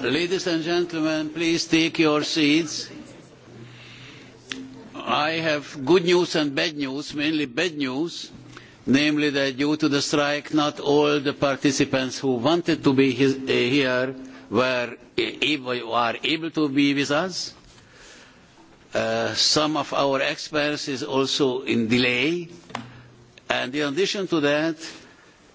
Ladies and gentlemen, please take your seats. I have good news and bad news, mainly bad news, namely that due to the strike, not all the participants who wanted to be his, uh, here were eh, able, are able to be with us. Uh, some of our experts is also in delay. And in addition to that,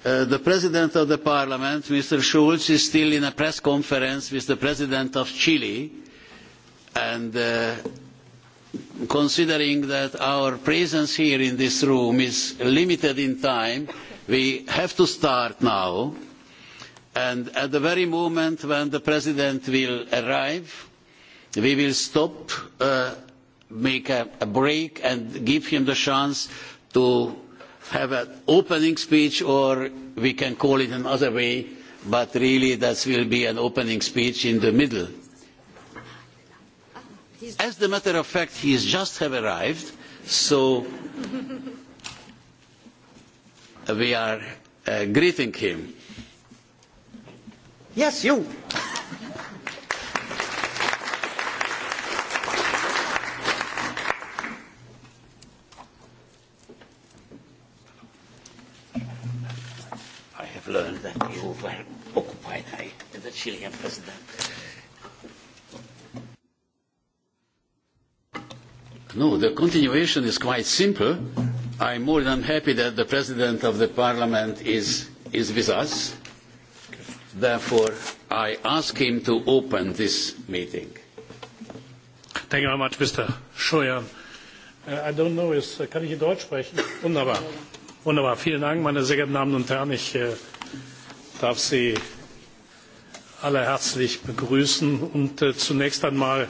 Uh, the president of the parliament, Mr. Schulz, is still in a press conference with the president of Chile, and uh, considering that our presence here in this room is limited in time, we have to start now. And at the very moment when the president will arrive, we will stop, uh, make a, a break, and give him the chance to have an opening speech or we can call it another way, but really that will be an opening speech in the middle. As a matter of fact, he just have arrived, so we are uh, greeting him. Yes, you. were occupied by the Chilean president. No, the continuation is quite simple. I'm more than happy that the President of the Parliament is, is with us. Therefore, I ask him to open this meeting. Thank you very much, Mr. Scheuer. Uh, I don't know, is, uh, kann ich in Deutsch sprechen? Wunderbar. Wunderbar. Vielen Dank, meine sehr geehrten Damen und Herren. Ich, uh, darf Sie alle herzlich begrüßen und äh, zunächst einmal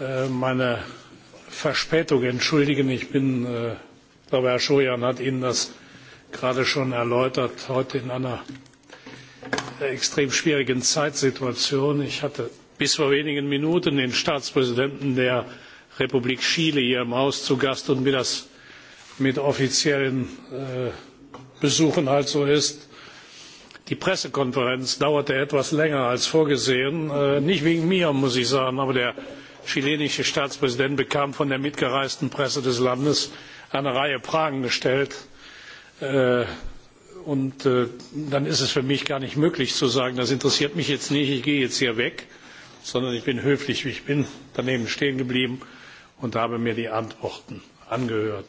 äh, meine Verspätung entschuldigen. Ich bin, äh, glaube, Herr Schurian hat Ihnen das gerade schon erläutert, heute in einer extrem schwierigen Zeitsituation. Ich hatte bis vor wenigen Minuten den Staatspräsidenten der Republik Chile hier im Haus zu Gast und wie das mit offiziellen Besuchen halt so ist, die pressekonferenz dauerte etwas länger als vorgesehen äh, nicht wegen mir muss ich sagen aber der chilenische staatspräsident bekam von der mitgereisten presse des landes eine reihe fragen gestellt äh, und äh, dann ist es für mich gar nicht möglich zu sagen das interessiert mich jetzt nicht ich gehe jetzt hier weg sondern ich bin höflich wie ich bin daneben stehen geblieben und habe mir die antworten angehört.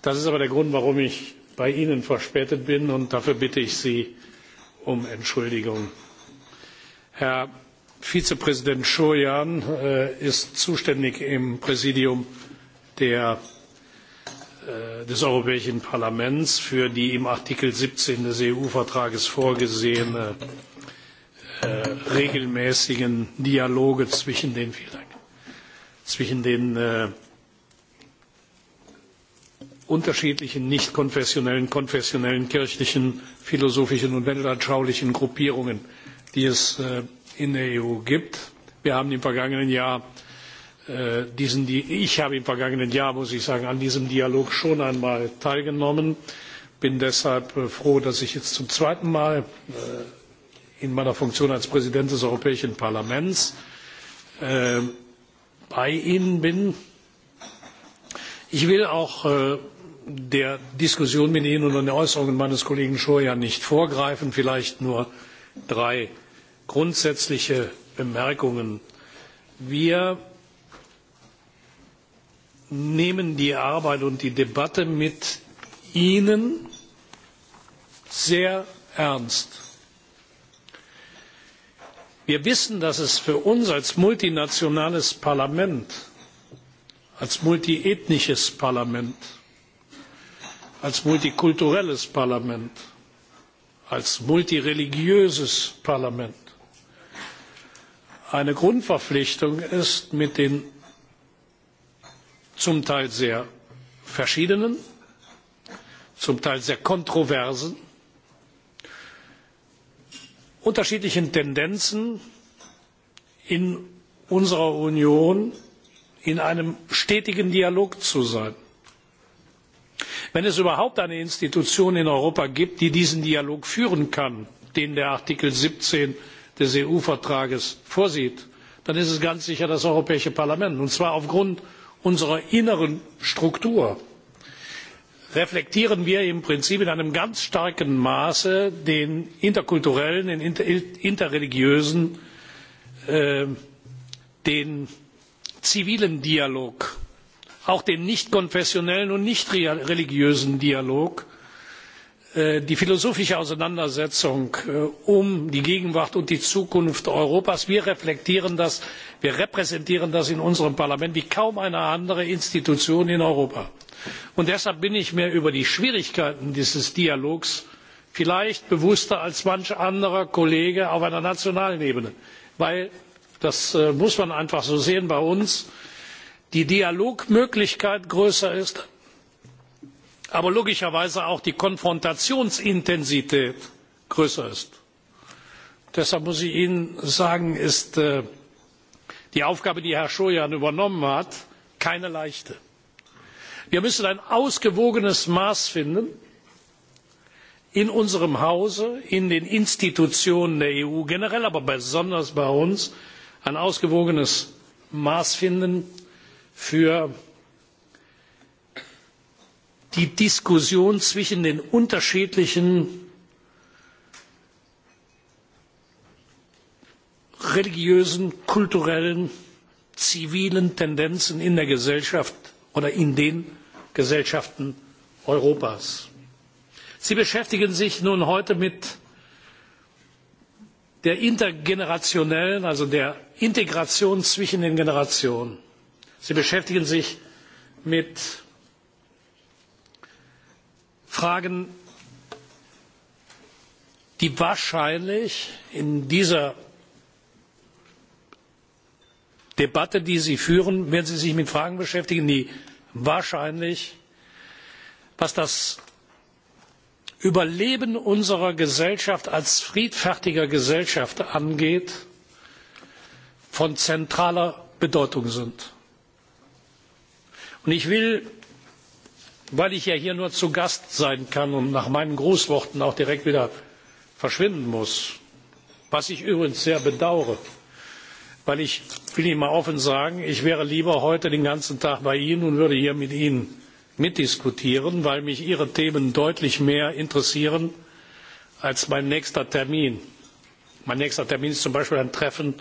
das ist aber der grund warum ich bei ihnen verspätet bin und dafür bitte ich sie um Entschuldigung. Herr Vizepräsident Schurjan äh, ist zuständig im Präsidium äh, des Europäischen Parlaments für die in Artikel siebzehn des eu vertrags vorgesehenen äh, regelmäßigen Dialoge zwischen den unterschiedlichen nichtkonfessionellen, konfessionellen, kirchlichen, philosophischen und weltanschaulichen Gruppierungen, die es äh, in der EU gibt. Wir haben im vergangenen Jahr äh, diesen, ich habe im vergangenen Jahr, muss ich sagen, an diesem Dialog schon einmal teilgenommen. Bin deshalb äh, froh, dass ich jetzt zum zweiten Mal in meiner Funktion als Präsident des Europäischen Parlaments bei Ihnen bin. Ich will auch der Diskussion mit Ihnen und den Äußerungen meines Kollegen Scheuer nicht vorgreifen, vielleicht nur drei grundsätzliche Bemerkungen. Wir nehmen die Arbeit und die Debatte mit Ihnen sehr ernst. Wir wissen, dass es für uns als multinationales Parlament, als multiethnisches Parlament als multikulturelles parlament als multireligiöses parlament eine grundverpflichtung ist mit den zum teil sehr verschiedenen zum teil sehr kontroversen unterschiedlichen tendenzen in unserer union in einem stetigen dialog zu sein wenn es überhaupt eine institution in europa gibt die diesen dialog führen kann den der artikel siebzehn des eu vertrags vorsieht dann ist es ganz sicher das europäische parlament und zwar aufgrund unserer inneren struktur reflektieren wir im prinzip in einem ganz starken maße den interkulturellen den interreligiösen äh, den zivilen dialog auch den nicht konfessionellen und nicht religiösen dialog äh, die philosophische auseinandersetzung äh, um die gegenwart und die zukunft europas. wir reflektieren das wir repräsentieren das in unserem parlament wie kaum eine andere institution in europa. Und deshalb bin ich mir über die schwierigkeiten dieses dialogs vielleicht bewusster als manch anderer kollege auf einer nationalen ebene weil das äh, muss man einfach so sehen bei uns die dialogmöglichkeit größer ist aber logischerweise auch die konfrontationsintensität größer ist. deshalb muss ich ihnen sagen ist äh, die aufgabe die herr surjn übernommen hat keine leichte. wir müssen ein ausgewogenes maß finden in unserem hause in den institutionen der eu generell aber besonders bei uns ein ausgewogenes maß finden für die diskussion zwischen den unterschiedlichen religiösen kulturellen zivilen tendenzen in der gesellschaft oder in den gesellschaften europas. sie beschäftigen sich nun heute mit der intergenerationellen also der integration zwischen den generationen sie beschäftigen sich mit fragen die wahrscheinlich in dieser debatte die sie führen wenn sie sich mit fragen beschäftigen die wahrscheinlich was das überleben unserer gesellschaft als friedfertiger gesellschaft angeht von zentraler bedeutung sind. Und ich will weil ich ja hier nur zu gast sein kann und nach meinen grußworten auch direkt wieder verschwinden muss was ich übrigens sehr bedaure denn ich will ihnen mal offen sagen ich wäre lieber heute den ganzen tag bei ihnen und würde hier mit ihnen mitdiskutieren weil mich ihre themen deutlich mehr interessieren als mein nächster termin. mein nächster termin ist zum beispiel ein treffen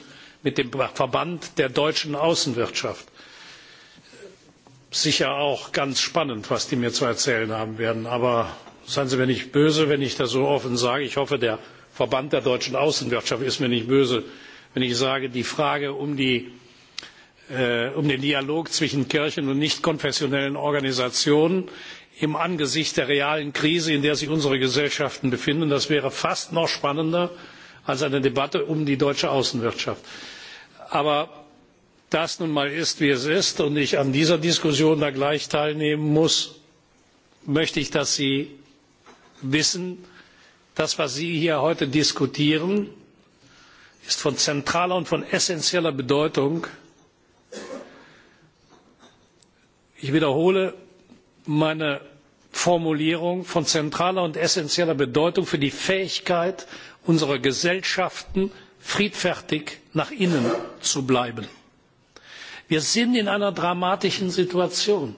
mit dem verband der deutschen außenwirtschaft sicher auch ganz spannend was die mir zu erzählen haben werden. aber seien sie mir nicht böse wenn ich das so offen sage ich hoffe der verband der deutschen außenwirtschaft ist mir nicht böse wenn ich sage die frage um, äh, um, den dialog zwischen kirchen und nichtkonfessionellen organisationen im angesicht der realen krise in der sich unsere gesellschaften befinden das wäre fast noch spannender als eine debatte um die deutsche außenwirtschaft. aber das nun einmal ist wie es ist und ich an dieser diskussion da gleich teilnehmen muss möchte ich dass sie wissen das was sie hier heute diskutieren ist von zentraler und von essenzieller bedeutung. ich wiederhole meine formulierung von zentraler und essenzieller bedeutung für die fähigkeit unserer gesellschaften friedfertig nach innen zu bleiben wir sind in einer dramatischen situation.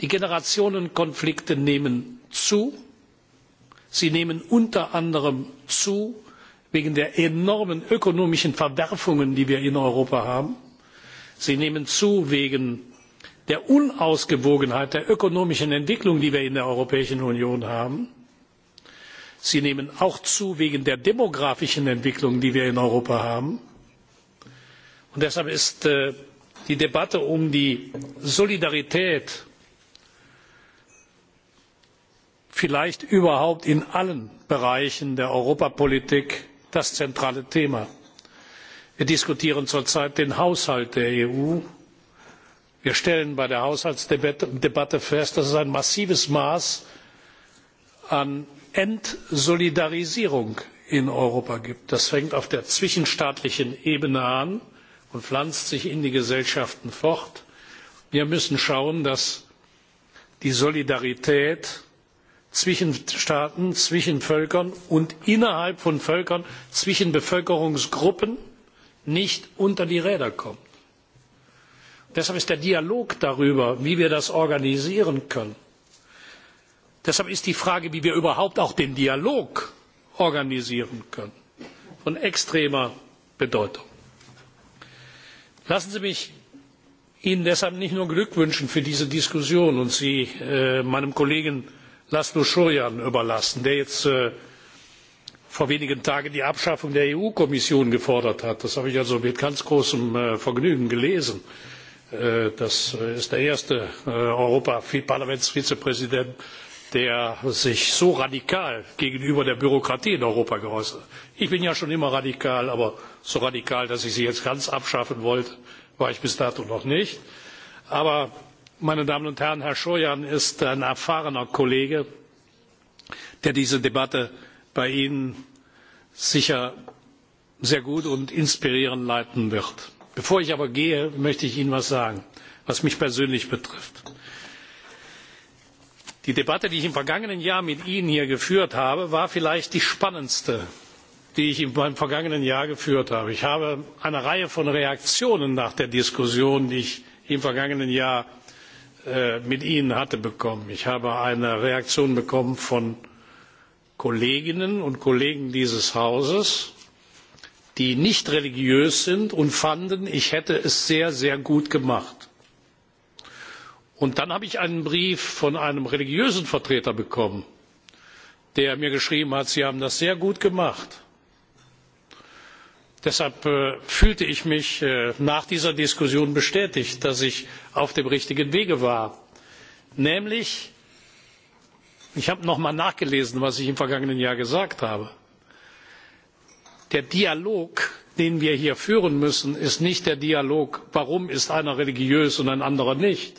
die generationenkonflikte nehmen zu sie nehmen unter anderem zu wegen der enormen ökonomischen verwerfungen die wir in europa haben sie nehmen zu wegen der unausgewogenheit der ökonomischen entwicklung die wir in der europäischen union haben sie nehmen auch zu wegen der demografischen entwicklung die wir in europa haben und deshalb ist äh, die debatte um die solidarität vielleicht überhaupt in allen bereichen der europapolitik das zentrale thema. wir diskutieren zurzeit den haushalt der eu. wir stellen bei der haushaltsdebatte fest dass es ein massives maß an entsolidarisierung in europa gibt. das fängt auf der zwischenstaatlichen ebene an und pflanzt sich in die gesellschaften fort. wir müssen schauen dass die solidarität zwischen staaten zwischen völkern und innerhalb von völkern zwischen bevölkerungsgruppen nicht unter die räder kommt. deshalb ist der dialog darüber wie wir das organisieren können deshalb ist die frage wie wir überhaupt auch den dialog organisieren können von extremer bedeutung lassen sie mich ihnen deshalb nicht nur glückwünschen für diese diskussion und sie äh, meinem kollegen lszl surjn überlassen der jetzt äh, vor wenigen tagen die abschaffung der eu kommission gefordert hat. das habe ich also mit ganz großem äh, vergnügen gelesen. das ist der erste europaparlamentsvizepräsident der sich so radikal gegenüber der Bürokratie in Europa geäußert hat. Ich bin ja schon immer radikal, aber so radikal, dass ich sie jetzt ganz abschaffen wollte, war ich bis dato noch nicht. Aber, meine Damen und Herren, Herr Scheuern ist ein erfahrener Kollege, der diese Debatte bei Ihnen sicher sehr gut und inspirierend leiten wird. Bevor ich aber gehe, möchte ich Ihnen etwas sagen, was mich persönlich betrifft die debatte die ich im vergangenen jahr mit ihnen hier geführt habe war vielleicht die spannendste die ich in meinem vergangenen jahr geführt habe. ich habe eine reihe von reaktionen nach der diskussion die ich im vergangenen jahr äh, mit ihnen hatte bekommen. ich habe eine reaktion bekommen von kolleginnen und kollegen dieses hauses die nicht religiös sind und fanden ich hätte es sehr sehr gut gemacht und dann habe ich einen brief von einem religiösen vertreter bekommen der mir geschrieben hat sie haben das sehr gut gemacht. deshalb äh, fühlte ich mich äh, nach dieser diskussion bestätigt dass ich auf dem richtigen wege war. nämlich ich habe noch einmal nachgelesen was ich im vergangenen jahr gesagt habe der dialog den wir hier führen müssen ist nicht der dialog warum ist einer religiös und ein anderer nicht?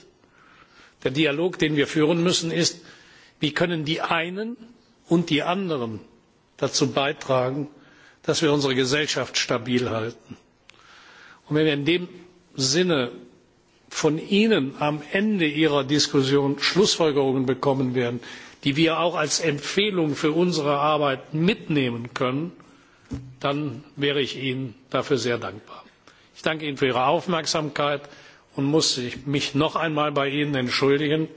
der dialog den wir führen müssen ist wie können die einen und die anderen dazu beitragen dass wir unsere gesellschaft stabil halten? Und wenn wir in dem sinne von ihnen am ende ihrer diskussion schlussfolgerungen bekommen werden die wir auch als empfehlung für unsere arbeit mitnehmen können dann wäre ich ihnen dafür sehr dankbar. ich danke ihnen für ihre aufmerksamkeit und muss mich noch einmal bei ihnen entschuldigen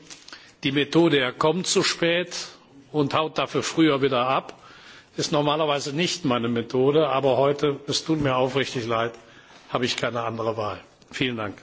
die methode er kommt zu spät und haut dafür früher wieder ab ist normalerweise nicht meine methode aber heute es tut mir aufrichtig leid habe ich keine andere wahl. vielen dank!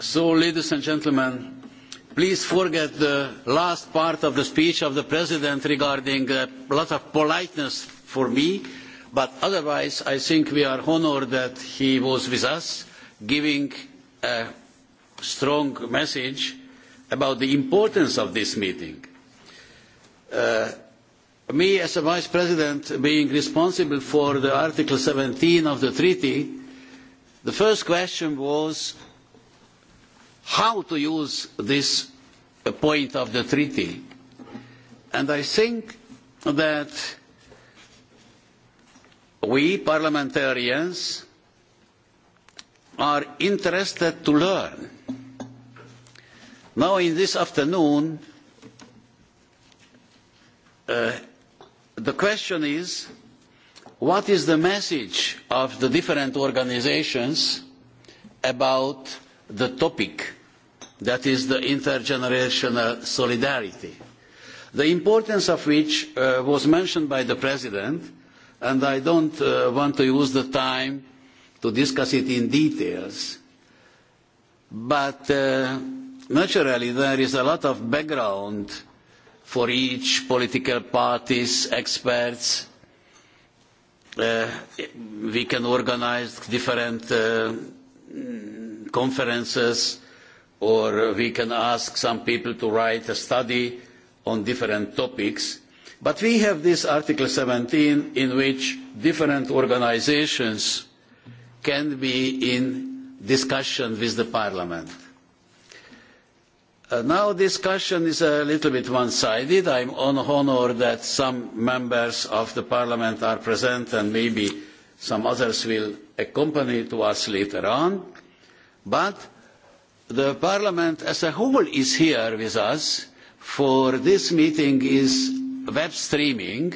So, ladies and gentlemen, please forget the last part of the speech of the President regarding a uh, lot of politeness for me, but otherwise I think we are honored that he was with us, giving a strong message about the importance of this meeting. Uh, me as a vice president being responsible for the article 17 of the treaty the first question was how to use this point of the treaty. And I think that we parliamentarians are interested to learn. Now in this afternoon, uh, the question is, what is the message of the different organisations about the topic that is the intergenerational solidarity, the importance of which uh, was mentioned by the President, and I don't uh, want to use the time to discuss it in details, but uh, naturally there is a lot of background for each political parties, experts, Uh, we can organise different uh, conferences or we can ask some people to write a study on different topics. But we have this Article 17 in which different organisations can be in discussion with the Parliament. Uh, now discussion is a little bit one-sided. I'm on honour that some members of the Parliament are present and maybe some others will accompany to us later on. But the Parliament as a whole is here with us for this meeting is web streaming.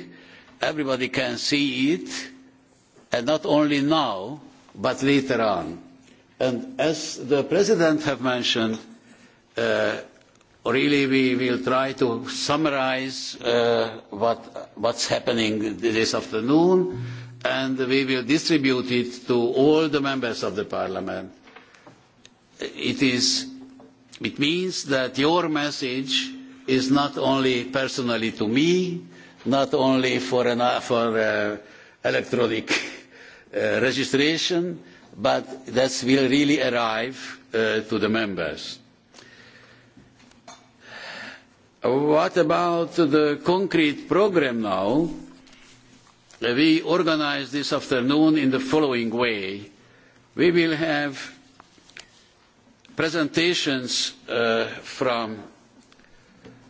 Everybody can see it, and not only now, but later on. And as the President have mentioned, uh, really we will try to summarize uh, what, what's happening this afternoon, and we will distribute it to all the members of the Parliament it is it means that your message is not only personally to me, not only for, an, for uh, electronic uh, registration, but that will really arrive uh, to the members. What about the concrete program now? We organize this afternoon in the following way. We will have presentations uh, from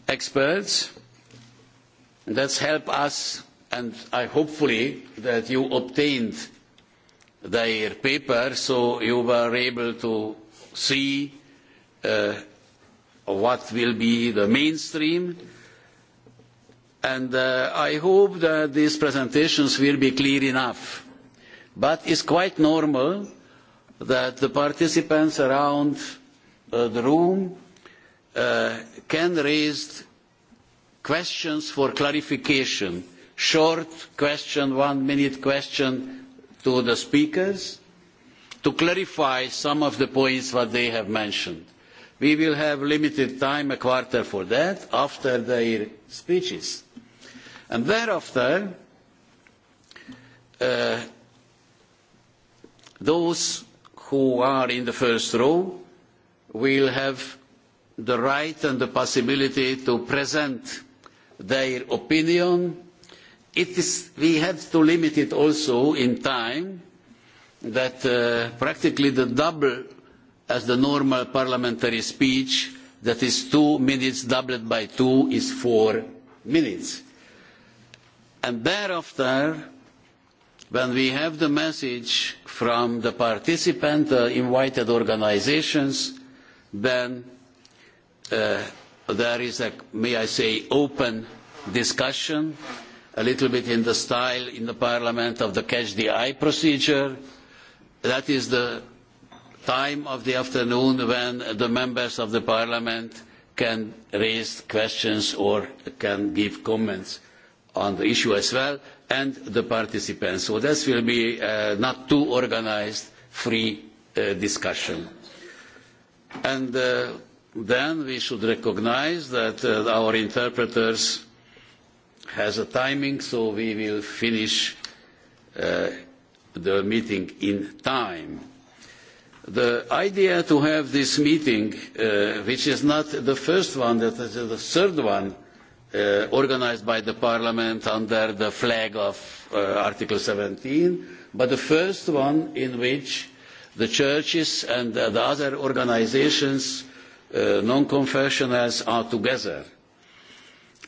experts that help us and I hopefully that you obtained their paper so you were able to see uh, what will be the mainstream and uh, I hope that these presentations will be clear enough but it's quite normal that the participants around uh, the room uh, can raise questions for clarification, short question, one minute question to the speakers to clarify some of the points that they have mentioned. We will have limited time, a quarter for that, after their speeches. And thereafter, uh, those who are in the first row will have the right and the possibility to present their opinion. It is, we have to limit it also in time that uh, practically the double as the normal parliamentary speech that is two minutes doubled by two is four minutes. And thereafter when we have the message from the participant uh, invited organizations, then uh, there is a, may I say, open discussion, a little bit in the style in the parliament of the catch the eye procedure. That is the time of the afternoon when the members of the parliament can raise questions or can give comments on the issue as well and the participants. So this will be uh, not too organised, free uh, discussion. And uh, then we should recognise that uh, our interpreters has a timing, so we will finish uh, the meeting in time. The idea to have this meeting, uh, which is not the first one, that is the third one, uh, organised by the Parliament under the flag of uh, Article 17, but the first one in which the churches and uh, the other organisations, uh, non-confessionals, are together.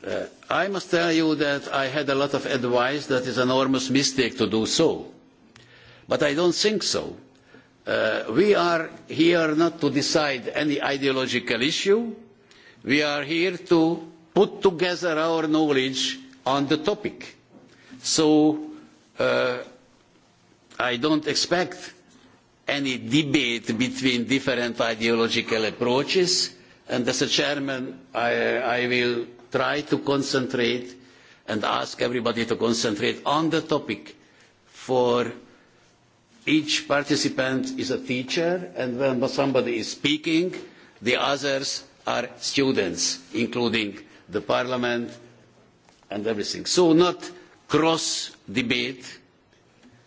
Uh, I must tell you that I had a lot of advice that is an enormous mistake to do so. But I don't think so. Uh, we are here not to decide any ideological issue. We are here to put together our knowledge on the topic. So uh, I don't expect any debate between different ideological approaches. And as a chairman, I, I will try to concentrate and ask everybody to concentrate on the topic for each participant is a teacher and when somebody is speaking, the others are students, including the parliament and everything. So not cross debate,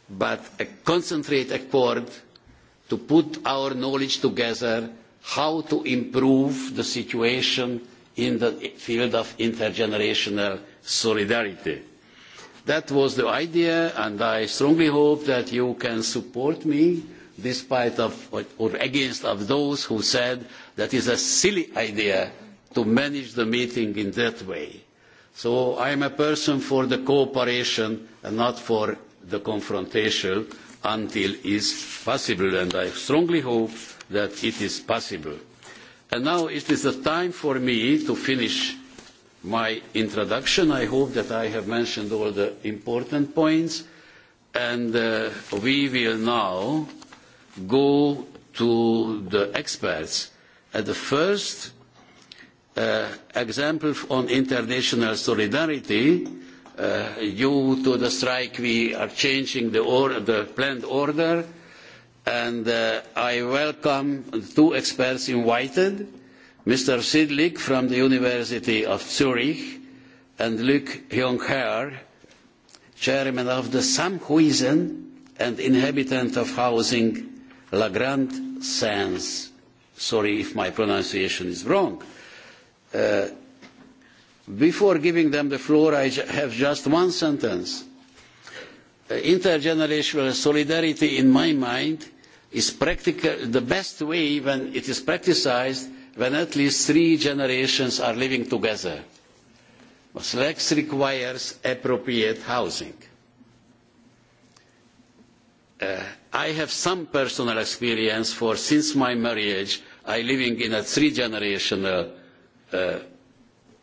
but a concentrate accord to put our knowledge together how to improve the situation in the field of intergenerational solidarity. That was the idea, and I strongly hope that you can support me despite of or against of those who said that is a silly idea to manage the meeting in that way. So I am a person for the cooperation and not for the confrontation until is possible, and I strongly hope that it is possible. And now it is the time for me to finish my introduction. I hope that I have mentioned all the important points, and uh, we will now go to the experts. At the first uh, example on international solidarity, uh, due to the strike, we are changing the, or the planned order, and uh, I welcome two experts invited, Mr. Sidlik from the University of Zurich and Luc Jongher, chairman of the Samhuisen and inhabitant of housing La Grande Sans. Sorry if my pronunciation is wrong Uh, before giving them the floor, I have just one sentence. Uh, intergenerational solidarity, in my mind, is practical, the best way when it is practiced when at least three generations are living together. Slex requires appropriate housing. Uh, I have some personal experience for since my marriage, I living in a three generational uh,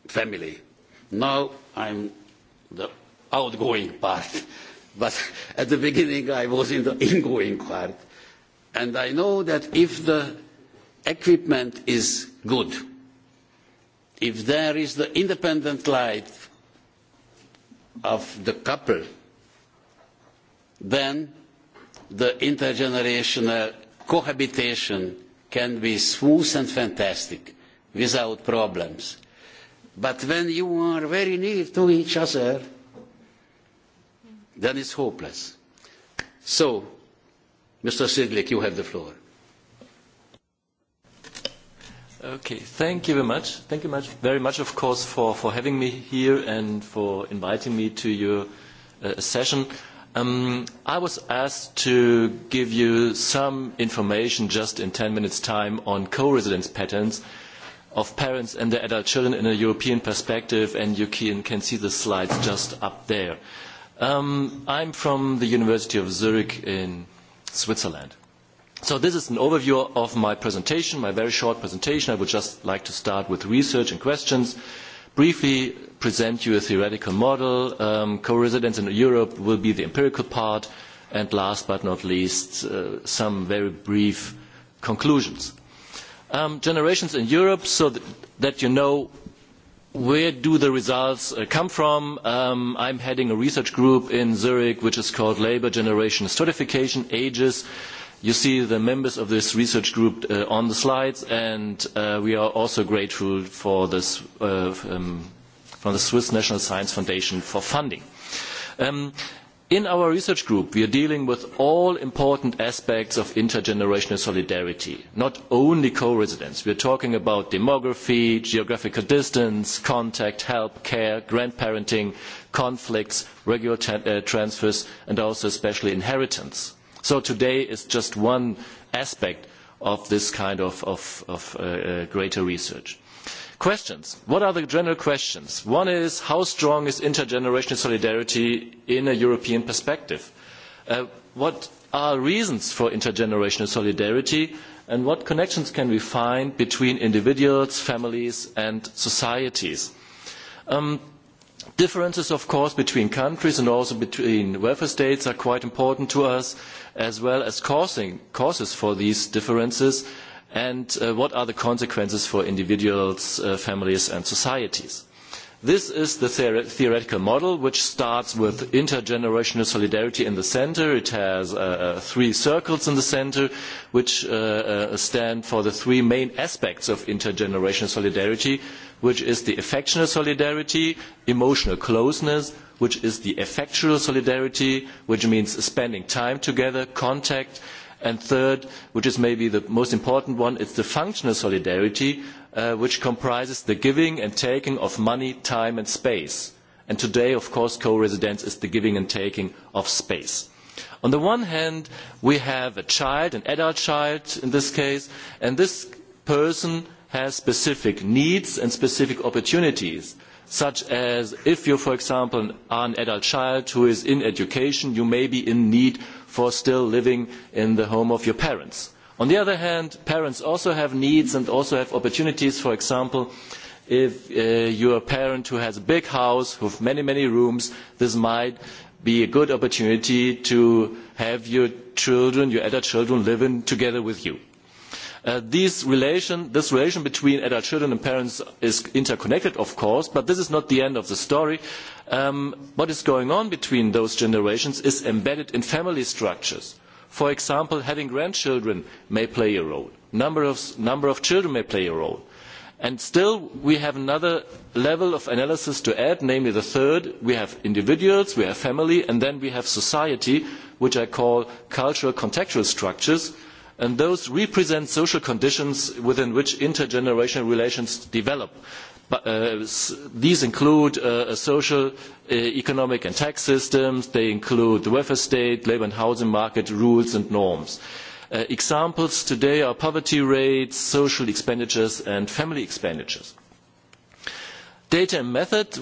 family. Now I'm the outgoing part, but at the beginning I was in the ingoing part. And I know that if the equipment is good, if there is the independent light of the couple, then the intergenerational cohabitation can be smooth and fantastic without problems. But when you are very near to each other, then it's hopeless. So, Mr. Sidlik, you have the floor. Okay, thank you very much. Thank you much, very much, of course, for, for having me here and for inviting me to your uh, session. Um, I was asked to give you some information just in 10 minutes' time on co-residence patterns of parents and their adult children in a European perspective, and you can, can see the slides just up there. Um, I'm from the University of Zurich in Switzerland. So this is an overview of my presentation, my very short presentation. I would just like to start with research and questions, briefly present you a theoretical model, um, co-residence in Europe will be the empirical part, and last but not least, uh, some very brief conclusions. Um, generations in Europe so that, you know where do the results uh, come from? i um, I'm heading a research group in Zurich which is called Labour Generation Stratification Ages. You see the members of this research group uh, on the slides and uh, we are also grateful to um, from the Swiss National Science Foundation for funding in our research group we are dealing with all important aspects of intergenerational solidarity not only co-residence we are talking about demography geographical distance contact help care grandparenting conflicts regular uh, transfers and also especially inheritance so today is just one aspect of this kind of, of, of uh, uh greater research questions what are the general questions? one is how strong is intergenerational solidarity in a european perspective? Uh, what are reasons for intergenerational solidarity and what connections can we find between individuals families and societies? Um, differences of course between countries and also between welfare states are quite important to us as well as causing, causes for these differences and uh, what are the consequences for individuals, uh, families and societies. This is the theoretical model which starts with intergenerational solidarity in the center. It has uh, uh three circles in the center which uh, uh, stand for the three main aspects of intergenerational solidarity which is the affectional solidarity, emotional closeness, which is the effectual solidarity, which means spending time together, contact, and third which is maybe the most important one it's the functional solidarity uh, which comprises the giving and taking of money time and space and today of course co-residence is the giving and taking of space on the one hand we have a child an adult child in this case and this person has specific needs and specific opportunities such as if you, for example, are an adult child who is in education, you may be in need for still living in the home of your parents. On the other hand, parents also have needs and also have opportunities, for example, if uh, are a parent who has a big house with many, many rooms, this might be a good opportunity to have your children, your adult children, living together with you. Uh, this relation between adult children and parents is interconnected, of course, but this is not the end of the story. Um, what is going on between those generations is embedded in family structures. For example, having grandchildren may play a role. Number of, number of children may play a role. And still, we have another level of analysis to add, namely the third. We have individuals, we have family, and then we have society, which I call cultural contextual structures, and those represent social conditions within which intergenerational relations develop. But, uh, these include uh, social, uh, economic and tax systems, they include the welfare state, labour and housing market rules and norms. Uh, examples today are poverty rates, social expenditures and family expenditures. Data and method,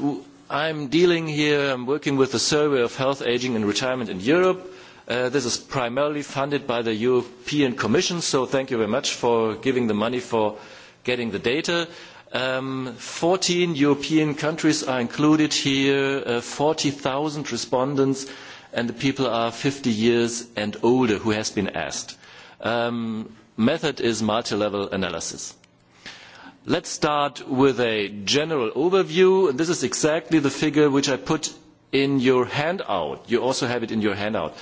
I'm dealing here, I'm working with the Survey of Health, Ageing and Retirement in Europe, Uh, this is primarily funded by the European Commission, so thank you very much for giving the money for getting the data. Um, 14 European countries are included here, uh, 40,000 respondents, and the people are 50 years and older who has been asked. Um, method is multi-level analysis. Let's start with a general overview. This is exactly the figure which I put in your handout. You also have it in your handout.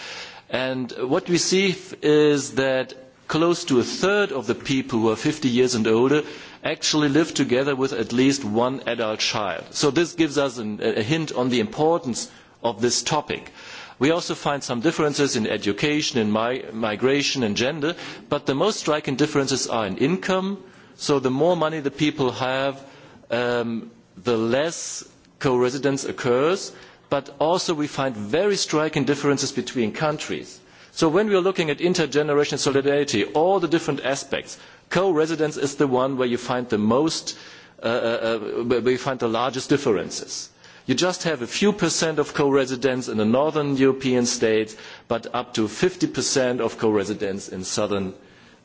And what we see is that close to a third of the people who are 50 years and older actually live together with at least one adult child. So this gives us an, a hint on the importance of this topic. We also find some differences in education, in mi migration and gender, but the most striking differences are in income. So the more money the people have, um, the less co-residence occurs but also we find very striking differences between countries. So when we are looking at intergenerational solidarity, all the different aspects, co-residence is the one where you find the most, uh, uh, uh where you find the largest differences. You just have a few percent of co-residents in the northern European states, but up to 50% of co-residents in southern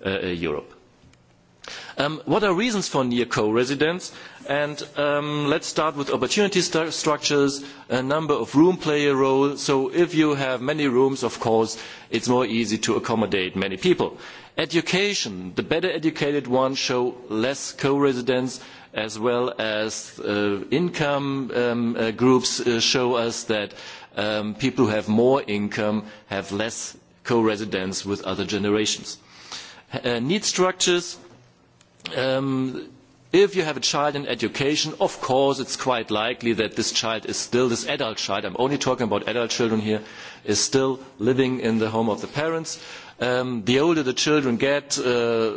uh, uh Europe. Um, what are reasons for near co-residence? And um, let's start with opportunity st structures. A number of rooms play a role. So if you have many rooms, of course, it's more easy to accommodate many people. Education, the better educated ones show less co-residence as well as uh, income um, uh, groups uh, show us that um, people who have more income have less co-residence with other generations. Uh, need structures, um, if you have a child in education, of course it's quite likely that this child is still, this adult child, I'm only talking about adult children here, is still living in the home of the parents. Um, the older the children get, uh,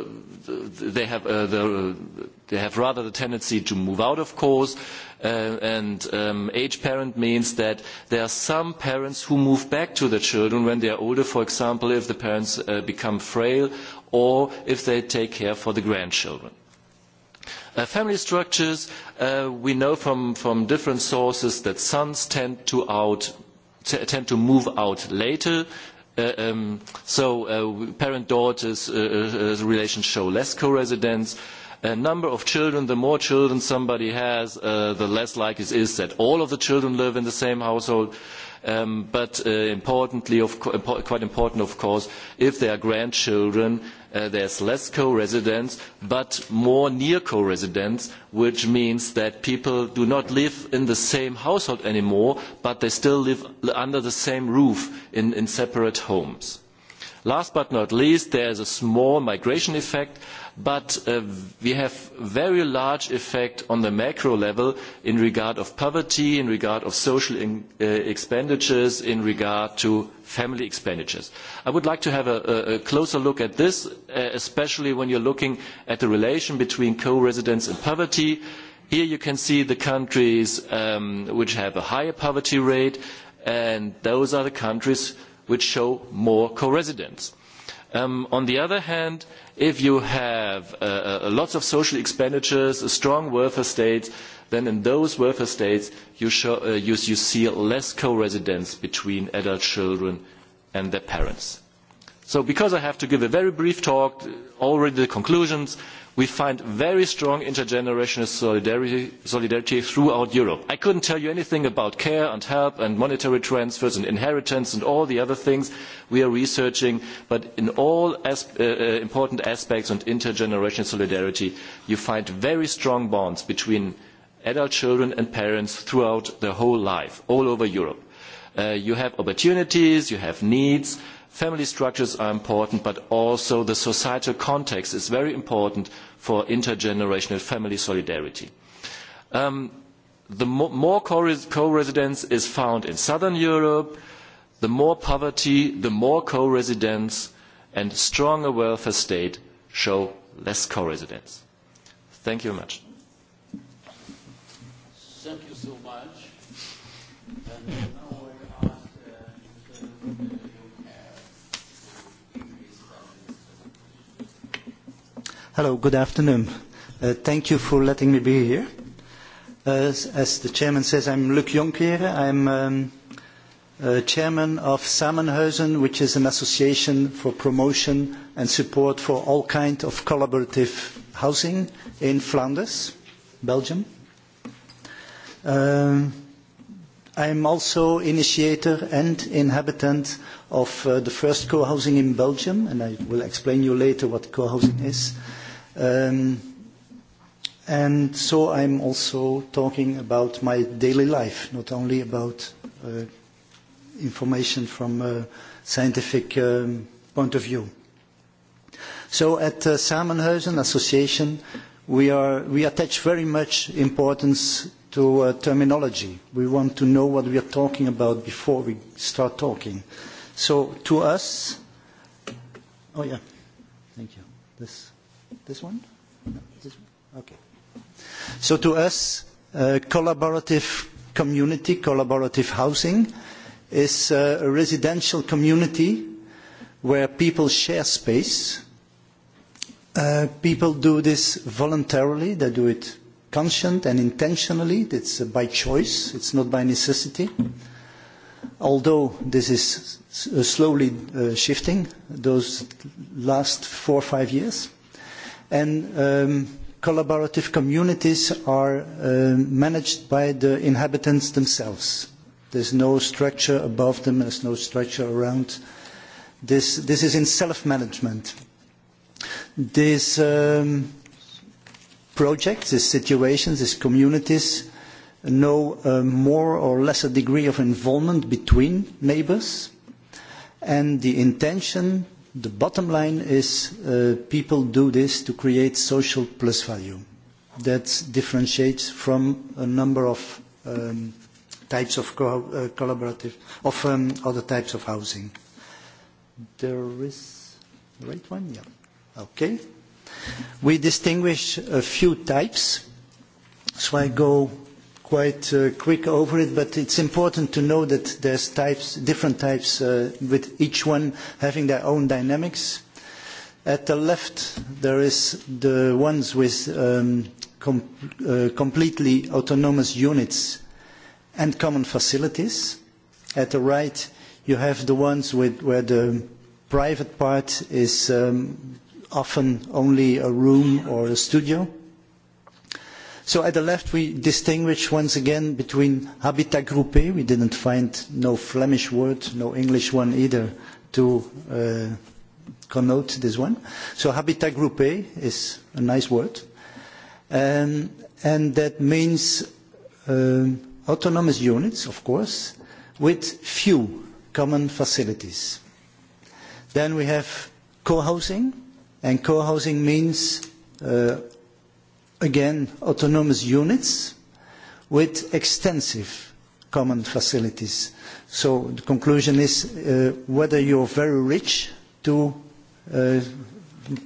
they, have, uh, the, they have rather the tendency to move out, of course. Uh, and um, age parent means that there are some parents who move back to the children when they are older, for example, if the parents uh, become frail or if they take care for the grandchildren. Uh, family structures, uh, we know from, from different sources that sons tend to, out, tend to move out later. Uh, um, so uh, parent-daughter's uh, uh, relations show less co-residence. A number of children, the more children somebody has, the less likely it is that all of the children live in the same household. Um, but importantly, of, quite important, of course, if they are grandchildren, uh, there's less co-residence, but more near co-residence, which means that people do not live in the same household anymore, but they still live under the same roof in, in separate homes. Last but not least, there is a small migration effect but uh, we have very large effect on the macro level in regard of poverty, in regard of social uh, expenditures, in regard to family expenditures. I would like to have a, closer look at this, uh, especially when you are looking at the relation between co-residence and poverty. Here you can see the countries um, which have a higher poverty rate, and those are the countries which show more co-residence. Um, on the other hand, If you have uh, uh, lots of social expenditures, a strong welfare state, then in those welfare states uh, you, you see less co-residence between adult children and their parents. So because I have to give a very brief talk, already the conclusions, we find very strong intergenerational solidarity, solidarity throughout Europe. I couldn't tell you anything about care and help and monetary transfers and inheritance and all the other things we are researching, but in all as, uh, uh, important aspects on intergenerational solidarity, you find very strong bonds between adult children and parents throughout their whole life, all over Europe. Uh, you have opportunities, you have needs. Family structures are important, but also the societal context is very important for intergenerational family solidarity. Um, the mo more co-residence is found in southern Europe, the more poverty, the more co-residence, and stronger welfare state show less co-residence. Thank you very much. Thank you so much. And uh, Hello, good afternoon. Uh, thank you for letting me be here. as, uh, as the chairman says, I'm Luc Jonker. I'm um, uh, chairman of Samenhuizen, which is an association for promotion and support for all kinds of collaborative housing in Flanders, Belgium. Um, I am also initiator and inhabitant of uh, the first co-housing in Belgium, and I will explain you later what co-housing is. Um, and so I'm also talking about my daily life, not only about uh, information from a scientific um, point of view. So at uh, Samenhuizen Association, we, are, we attach very much importance to uh, terminology. We want to know what we are talking about before we start talking. So to us, oh yeah, thank you. This This one? this one? Okay. So to us, uh, collaborative community, collaborative housing, is uh, a residential community where people share space. Uh, people do this voluntarily, they do it conscient and intentionally, it's uh, by choice, it's not by necessity. Although this is slowly uh, shifting, those last four or five years and um, collaborative communities are um, managed by the inhabitants themselves. There's no structure above them, there's no structure around. This, this is in self-management. These um, projects, these situations, these communities know a um, more or a degree of involvement between neighbors, and the intention the bottom line is uh, people do this to create social plus value. That differentiates from a number of um, types of co uh, collaborative, of um, other types of housing. There is the right one, yeah. Okay. We distinguish a few types. So I go quite uh, quick over it, but it's important to know that there's types, different types, uh, with each one having their own dynamics. At the left, there is the ones with um, com uh, completely autonomous units and common facilities. At the right, you have the ones with, where the private part is um, often only a room or a studio So at the left, we distinguish once again between Habitagruppe. We didn't find no Flemish word, no English one either to uh, connote this one. So Habitagruppe is a nice word. Um, and that means um, autonomous units, of course, with few common facilities. Then we have co-housing, and co-housing means uh, again, autonomous units with extensive common facilities. So the conclusion is uh, whether you are very rich to uh,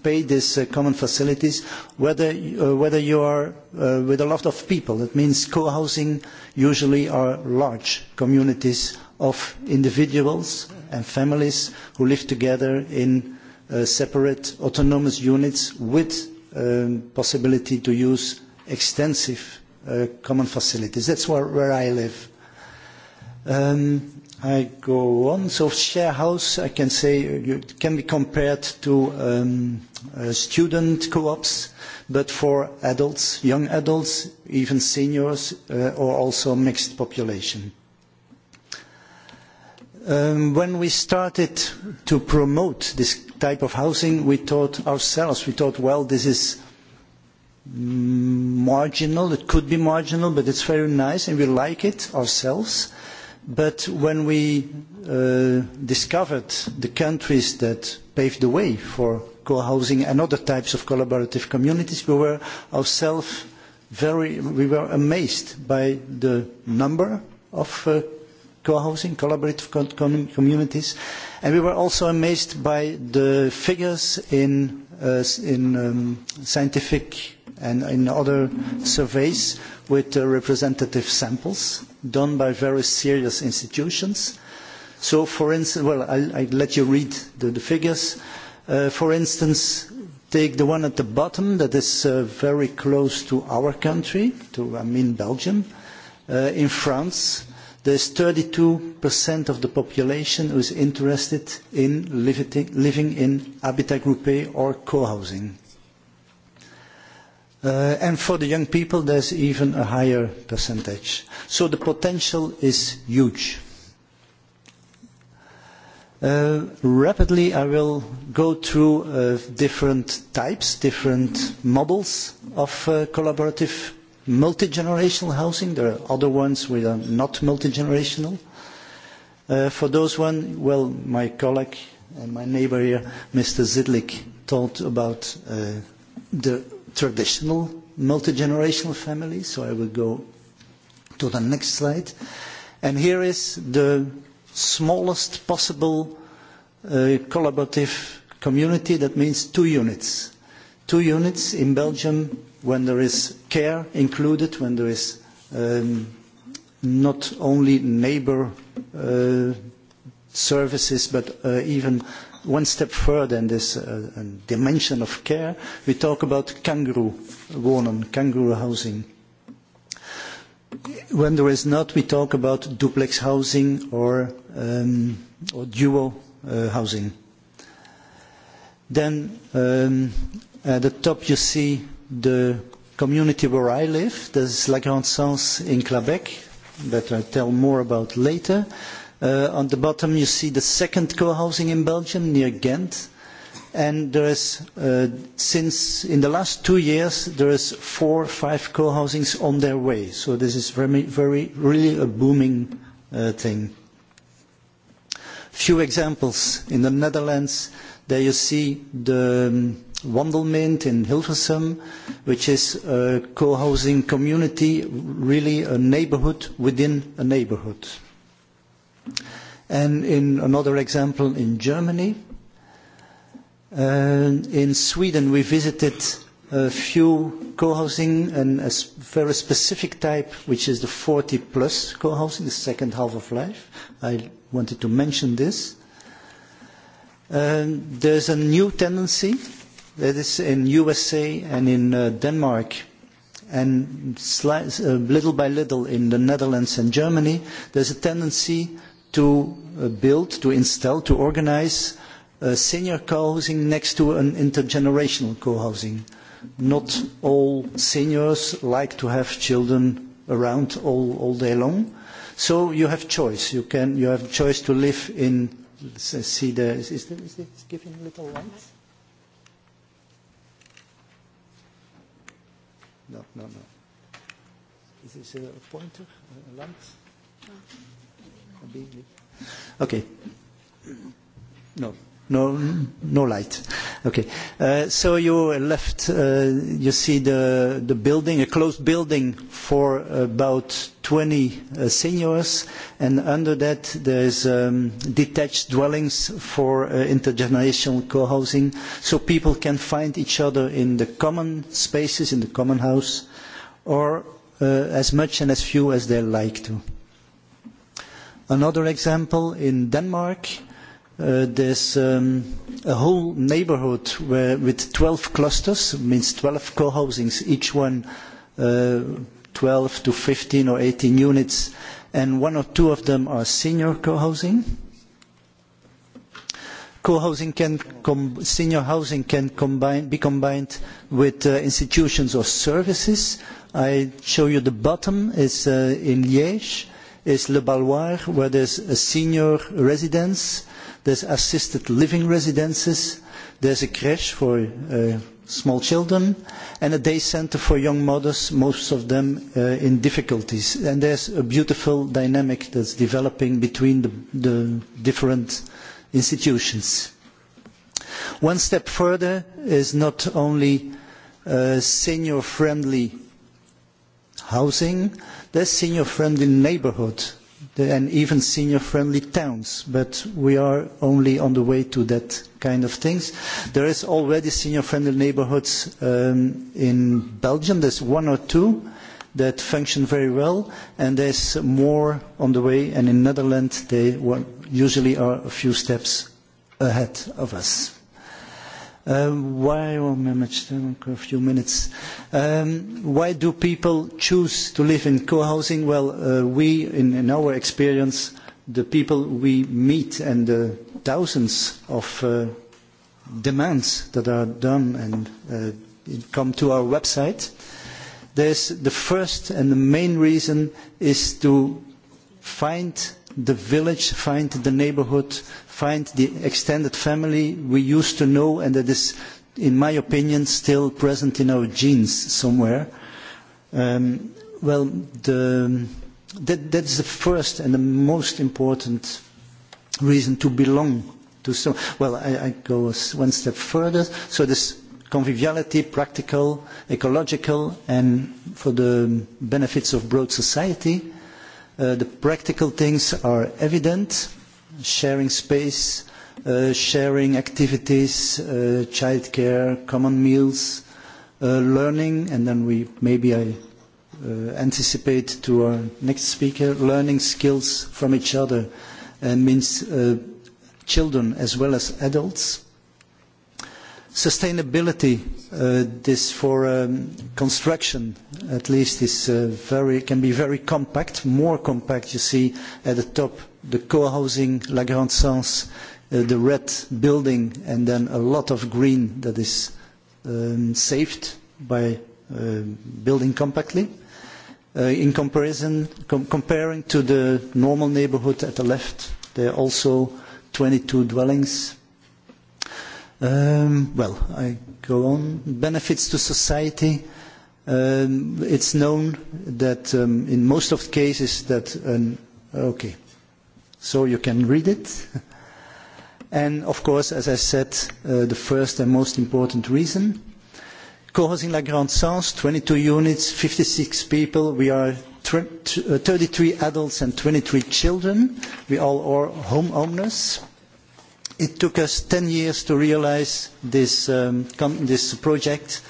pay these uh, common facilities, whether, uh, whether you are uh, with a lot of people. That means co-housing usually are large communities of individuals and families who live together in uh, separate autonomous units with Um, possibility to use extensive uh, common facilities. That's where, where I live. Um, I go on. So share house, I can say, uh, you can be compared to um, uh, student co-ops, but for adults, young adults, even seniors, uh, or also mixed population. Um, when we started to promote this type of housing, we thought ourselves, we thought, well, this is marginal, it could be marginal, but it's very nice and we like it ourselves. But when we uh, discovered the countries that paved the way for co-housing and other types of collaborative communities, we were ourselves very, we were amazed by the number of uh, co-housing, collaborative communities. And we were also amazed by the figures in, uh, in um, scientific and in other surveys with uh, representative samples done by very serious institutions. So for instance, well, I'll, I'll let you read the, the figures. Uh, for instance, take the one at the bottom that is uh, very close to our country, to, I mean Belgium. Uh, in France, There There's 32% of the population who is interested in living in habitat groupé or co-housing. Uh, and for the young people, there's even a higher percentage. So the potential is huge. Uh, rapidly, I will go through uh, different types, different models of uh, collaborative multi-generational housing. There are other ones which are not multi-generational. Uh, for those one, well, my colleague and my neighbor here, Mr. Zidlik, talked about uh, the traditional multi-generational family. So I will go to the next slide. And here is the smallest possible uh, collaborative community. That means two units. Two units in Belgium when there is care included, when there is um, not only neighbour uh, services, but uh, even one step further in this uh, dimension of care, we talk about kangaroo wonen, kangaroo housing. When there is not, we talk about duplex housing or, um, or duo uh, housing. Then um, at the top you see the community where I live, there's La Grande Sens in Quebec, that I tell more about later. Uh, on the bottom you see the second co-housing in Belgium near Ghent. And there is, uh, since in the last two years, there is four or five co-housings on their way. So this is very, very really a booming uh, thing. Few examples. In the Netherlands, there you see the um, Wandelmint in Hilversum, which is a co-housing community, really a neighborhood within a neighborhood. And in another example in Germany, uh, in Sweden we visited a few co-housing and a very specific type, which is the 40 plus co-housing, the second half of life. I wanted to mention this. Uh, there's a new tendency that is in USA and in uh, Denmark and uh, little by little in the Netherlands and Germany, there's a tendency to uh, build, to install, to organize uh, senior co-housing next to an intergenerational co-housing. Not all seniors like to have children around all, all day long. So you have choice. You, can, you have choice to live in, see the, is, is, there, is this giving little lights? no, no, no. Is this a pointer, uh, a lamp? A beam? Okay. No no, no light. Okay. Uh, so you left, uh, you see the, the building, a closed building for about 20 uh, seniors, and under that there's um, detached dwellings for uh, intergenerational co-housing, so people can find each other in the common spaces, in the common house, or uh, as much and as few as they like to. Another example in Denmark, Uh, there's um, a whole neighborhood where, with 12 clusters, means 12 co-housings, each one uh, 12 to 15 or 18 units, and one or two of them are senior co-housing. Co-housing can com senior housing can combine, be combined with uh, institutions or services. I show you the bottom is uh, in Liège, is Le Balloir, where there's a senior residence There's assisted living residences. There's a crèche for uh, small children and a day center for young mothers, most of them uh, in difficulties. And there's a beautiful dynamic that's developing between the, the different institutions. One step further is not only uh, senior-friendly housing, there's senior-friendly neighborhood and even senior-friendly towns, but we are only on the way to that kind of things. There is already senior-friendly neighborhoods um, in Belgium. There's one or two that function very well, and there's more on the way. And in Netherlands, they usually are a few steps ahead of us. Um, why, oh, a few minutes. Um, why do people choose to live in co-housing? Well, uh, we, in, our experience, the people we meet and the thousands of uh, demands that are done and uh, come to our website, there's the first and the main reason is to find the village, find the neighbourhood find the extended family we used to know and that is, in my opinion, still present in our genes somewhere. Um, well, the, that, that's the first and the most important reason to belong to some. Well, I, I go one step further. So this conviviality, practical, ecological, and for the benefits of broad society. Uh, the practical things are evident sharing space, uh, sharing activities, uh, childcare, common meals, uh, learning, and then we maybe I uh, uh, anticipate to our next speaker, learning skills from each other uh, means children as well as adults. Sustainability, this for um, construction at least is very, can be very compact, more compact you see at the top the co-housing, La Grande Sens, uh, the red building, and then a lot of green that is um, saved by uh, building compactly. Uh, in comparison, com comparing to the normal neighborhood at the left, there are also 22 dwellings. Um, well, I go on. Benefits to society. Um, it's known that um, in most of the cases that an okay so you can read it. And of course, as I said, uh, the first and most important reason. Cohos in La Grande Sens, 22 units, 56 people. We are 33 uh, adults and 23 children. We all are homeowners. It took us 10 years to realize this, um, this project,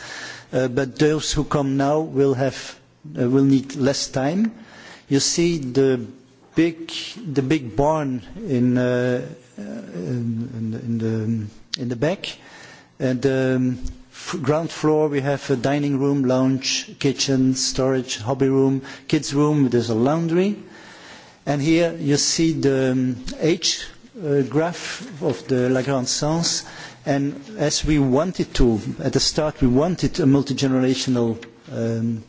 uh, but those who come now will, have, uh, will need less time. You see, the big, the big barn in, uh, uh, in, in, the, in the back. And the um, ground floor, we have a dining room, lounge, kitchen, storage, hobby room, kids room. There's a laundry. And here you see the um, age uh, graph of the Lagrange sense. And as we wanted to, at the start, we wanted a multi-generational um,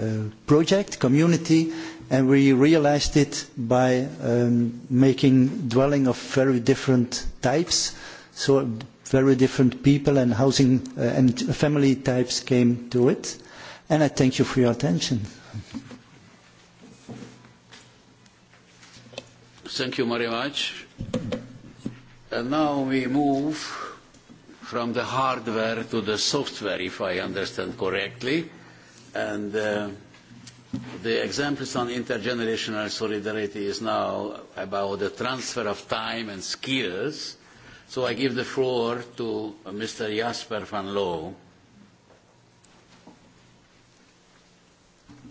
uh, project, community, and we realised it by um, making dwelling of very different types so very different people and housing uh, and family types came to it and I thank you for your attention. Thank you very much. And now we move from the hardware to the software, if I understand correctly. And uh, The examples on intergenerational solidarity is now about the transfer of time and skills. So I give the floor to Mr. Jasper van Loo.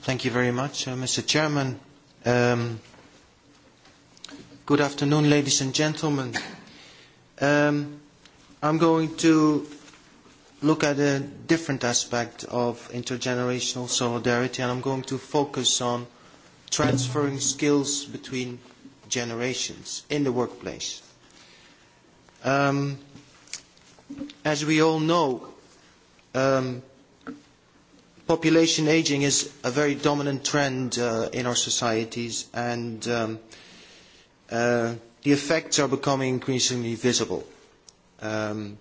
Thank you very much, uh, Mr. Chairman. Um, good afternoon, ladies and gentlemen. Um, I'm going to look at a different aspect of intergenerational solidarity, and I'm going to focus on transferring skills between generations in the workplace. Um, as we all know, um, population ageing is a very dominant trend uh, in our societies, and um, uh, the effects are becoming increasingly visible. Um,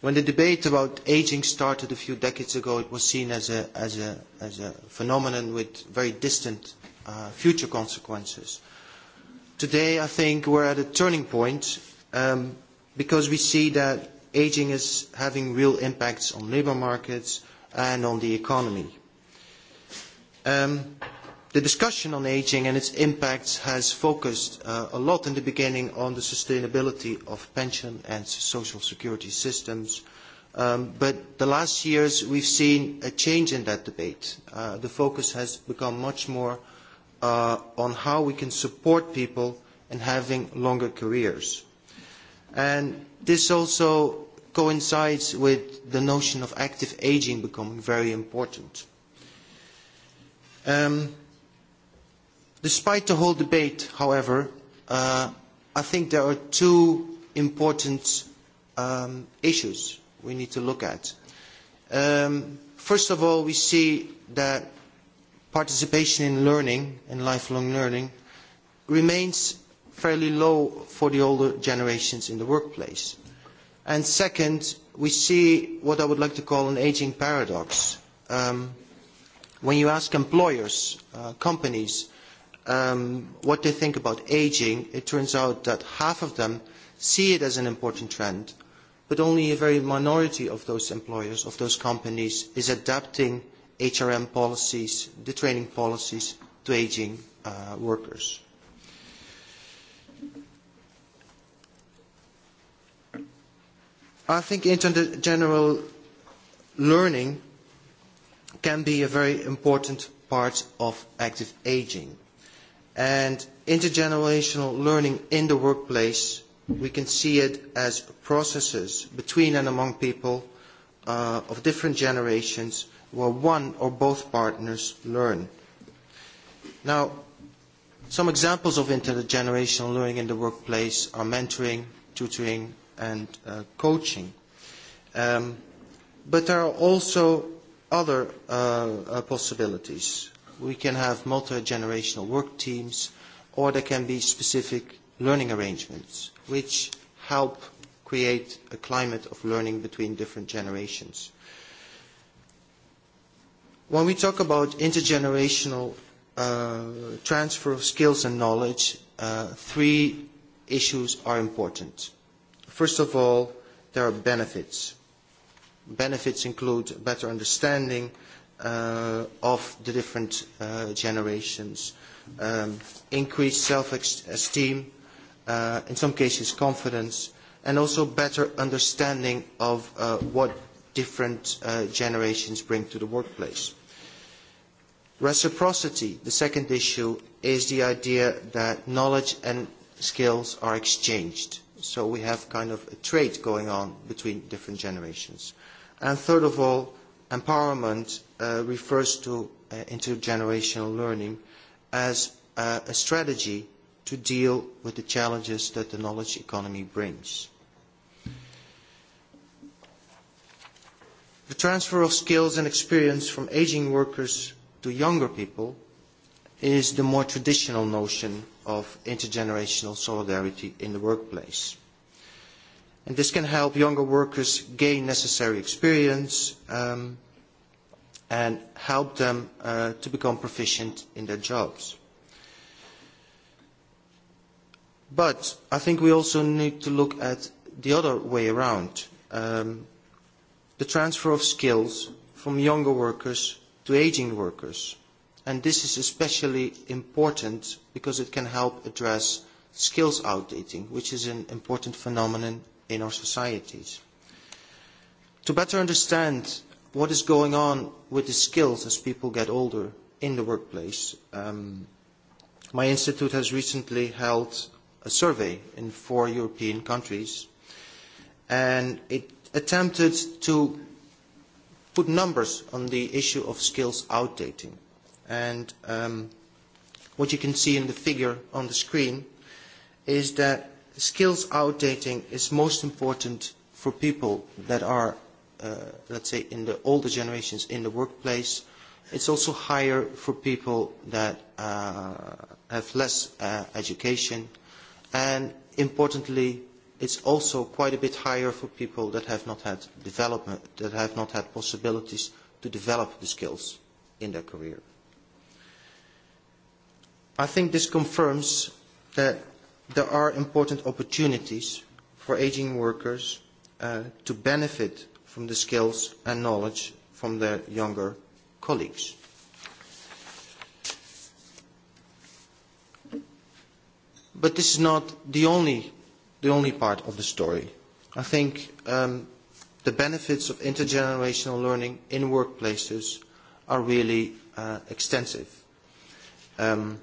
When the debate about aging started a few decades ago, it was seen as a, as a, as a phenomenon with very distant uh, future consequences. Today, I think we're at a turning point um, because we see that aging is having real impacts on labour markets and on the economy. Um, the discussion on ageing and its impacts has focused uh, a lot in the beginning on the sustainability of pension and social security systems. Um, but the last years we've seen a change in that debate. Uh, the focus has become much more uh, on how we can support people in having longer careers. And this also coincides with the notion of active ageing becoming very important. Um, Despite the whole debate, however, uh, I think there are two important um, issues we need to look at. Um, first of all, we see that participation in learning and lifelong learning remains fairly low for the older generations in the workplace. And second, we see what I would like to call an ageing paradox. Um, when you ask employers, uh, companies, um, what they think about ageing, it turns out that half of them see it as an important trend, but only a very minority of those employers, of those companies, is adapting HRM policies, the training policies, to ageing uh, workers. I think intergeneral learning can be a very important part of active ageing. And intergenerational learning in the workplace, we can see it as processes between and among people uh, of different generations where one or both partners learn. Now, some examples of intergenerational learning in the workplace are mentoring, tutoring, and uh, coaching. Um, but there are also other uh, uh possibilities we can have multi-generational work teams, or there can be specific learning arrangements, which help create a climate of learning between different generations. When we talk about intergenerational uh, transfer of skills and knowledge, uh, three issues are important. First of all, there are benefits. Benefits include better understanding, uh, of the different uh, generations. Um, increased self-esteem, uh, in some cases confidence, and also better understanding of uh, what different uh, generations bring to the workplace. Reciprocity, the second issue, is the idea that knowledge and skills are exchanged. So we have kind of a trade going on between different generations. And third of all, empowerment uh, refers to uh, intergenerational learning as uh, a strategy to deal with the challenges that the knowledge economy brings. The transfer of skills and experience from aging workers to younger people is the more traditional notion of intergenerational solidarity in the workplace. And this can help younger workers gain necessary experience um, and help them uh, to become proficient in their jobs. But I think we also need to look at the other way around. Um, the transfer of skills from younger workers to aging workers. And this is especially important because it can help address skills outdating, which is an important phenomenon in our societies. To better understand what is going on with the skills as people get older in the workplace, um, my institute has recently held a survey in four European countries, and it attempted to put numbers on the issue of skills outdating. And um, what you can see in the figure on the screen is that skills outdating is most important for people that are, uh, let's say, in the older generations in the workplace. It's also higher for people that uh, have less uh, education. And importantly, it's also quite a bit higher for people that have not had development, that have not had possibilities to develop the skills in their career. I think this confirms that there are important opportunities for aging workers uh, to benefit from the skills and knowledge from their younger colleagues. But this is not the only, the only part of the story. I think um, the benefits of intergenerational learning in workplaces are really uh, extensive. Um,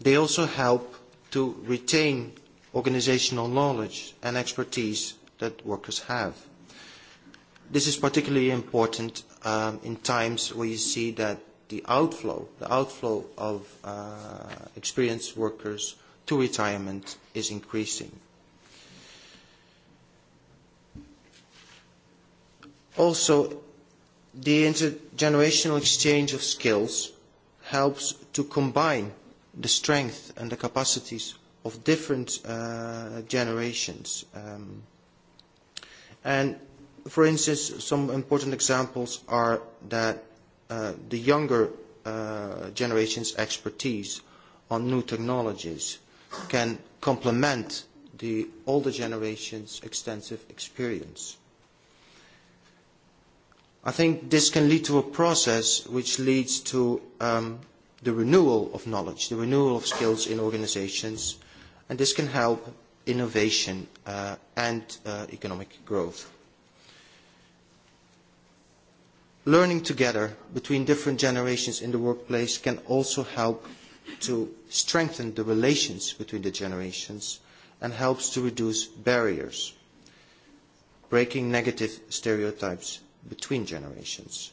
they also help to retain organisational knowledge and expertise that workers have. This is particularly important um, in times where you see that the outflow, the outflow of uh, experienced workers to retirement is increasing. Also, the intergenerational exchange of skills helps to combine the strength and the capacities of different uh, generations. Um, and for instance, some important examples are that uh, the younger uh, generation's expertise on new technologies can complement the older generation's extensive experience. I think this can lead to a process which leads to um, the renewal of knowledge, the renewal of skills in organizations, and this can help innovation uh, and uh, economic growth. Learning together between different generations in the workplace can also help to strengthen the relations between the generations and helps to reduce barriers, breaking negative stereotypes between generations.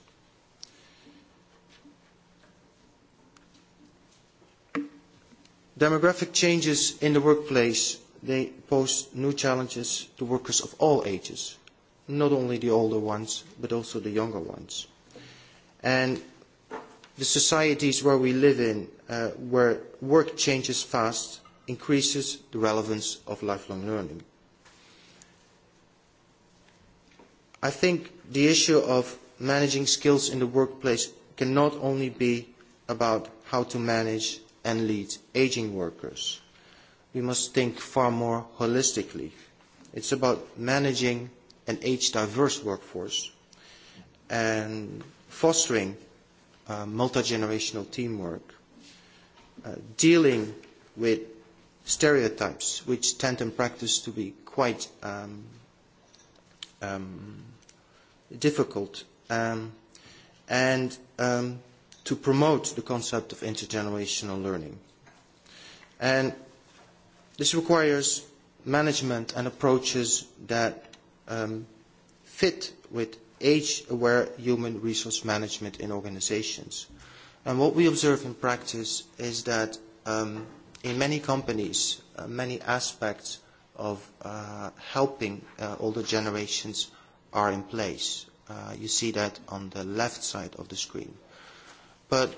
Demographic changes in the workplace, they pose new challenges to workers of all ages, not only the older ones, but also the younger ones. And the societies where we live in, uh, where work changes fast, increases the relevance of lifelong learning. I think the issue of managing skills in the workplace cannot only be about how to manage and lead aging workers. We must think far more holistically. It's about managing an age-diverse workforce and fostering uh, multi-generational teamwork, uh, dealing with stereotypes which tend in practice to be quite um, um, difficult um, and um, to promote the concept of intergenerational learning. And this requires management and approaches that um, fit with age-aware human resource management in organizations. And what we observe in practice is that um, in many companies, uh, many aspects of uh, helping uh, older generations are in place. Uh, you see that on the left side of the screen. But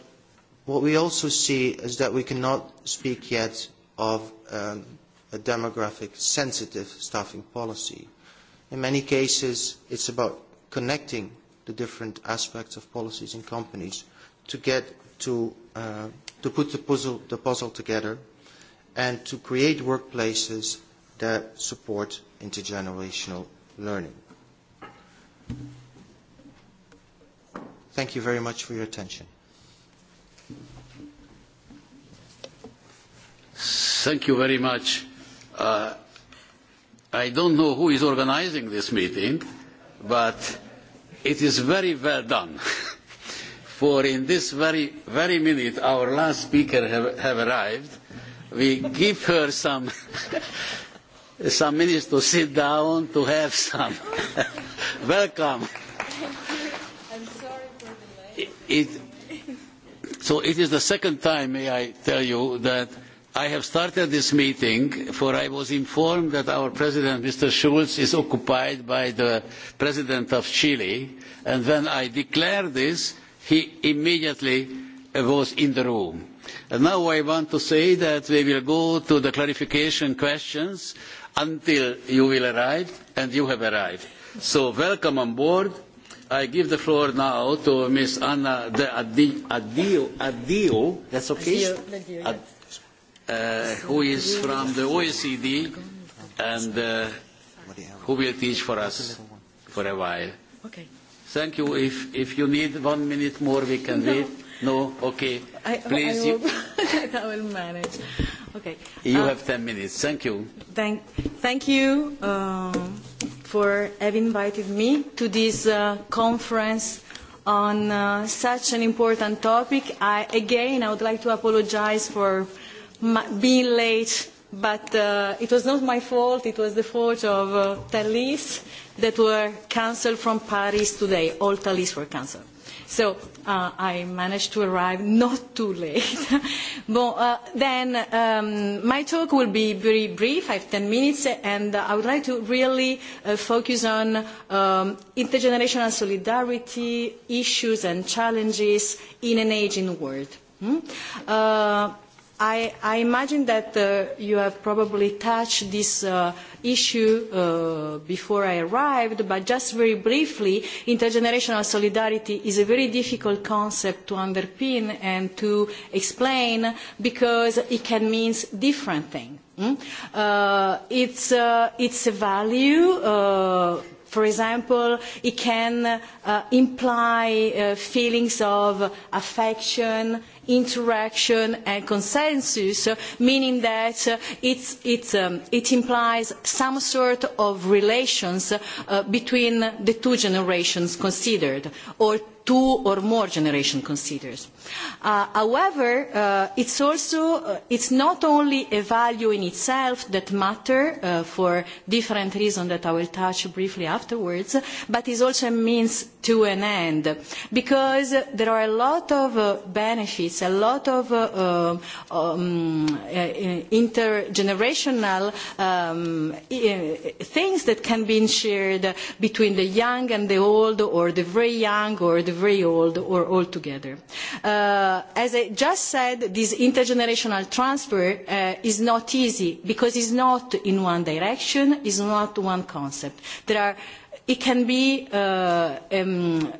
what we also see is that we cannot speak yet of um, a demographic sensitive staffing policy. In many cases, it's about connecting the different aspects of policies and companies to get to, uh, to put the puzzle, the puzzle together and to create workplaces that support intergenerational learning. Thank you very much for your attention. Thank you very much. Uh, I don't know who is organising this meeting, but it is very well done. For in this very, very minute, our last speaker have, have arrived. We give her some, some minutes to sit down, to have some. Welcome. It, so it is the second time, may I tell you, that I have started this meeting, for I was informed that our President, Mr. Schulz, is occupied by the President of Chile, and when I declared this, he immediately was in the room. And now I want to say that we will go to the clarification questions until you will arrive, and you have arrived. So welcome on board. I give the floor now to Ms. Anna de Adio. that's okay? yes uh, who is from the OECD and uh, who will teach for us for a while. Okay. Thank you. If, if you need one minute more, we can no. wait. No? Okay. I, Please. I will, you... I will manage. Okay. You uh, have 10 minutes. Thank you. Thank, thank you uh, for having invited me to this uh, conference on uh, such an important topic. I, again, I would like to apologize for being late, but uh, it was not my fault. It was the fault of uh, Thalys that were cancelled from Paris today. All Thalys were cancelled. So uh, I managed to arrive not too late. bon, uh, then um, my talk will be very brief. I have 10 minutes, and I would like to really uh, focus on um, intergenerational solidarity issues and challenges in an aging world. Hmm? Uh, I, I imagine that uh, you have probably touched this uh, issue uh, before I arrived, but just very briefly, intergenerational solidarity is a very difficult concept to underpin and to explain because it can mean different things. Mm? Uh, it's, uh, it's a value uh, for example, it can uh, imply uh, feelings of affection interaction and consensus, uh, meaning that uh, it's, it's, um, it implies some sort of relations uh, between the two generations considered, or two or more generations considered. Uh, however, uh, it's also uh, it's not only a value in itself that matter uh, for different reasons that I will touch briefly afterwards, but is also a means to an end because there are a lot of uh, benefits It's a lot of uh, uh um, uh, intergenerational um, uh, things that can be shared between the young and the old, or the very young or the very old, or all together. Uh, as I just said, this intergenerational transfer uh, is not easy because it's not in one direction, it's not one concept. There are, it can be uh, um,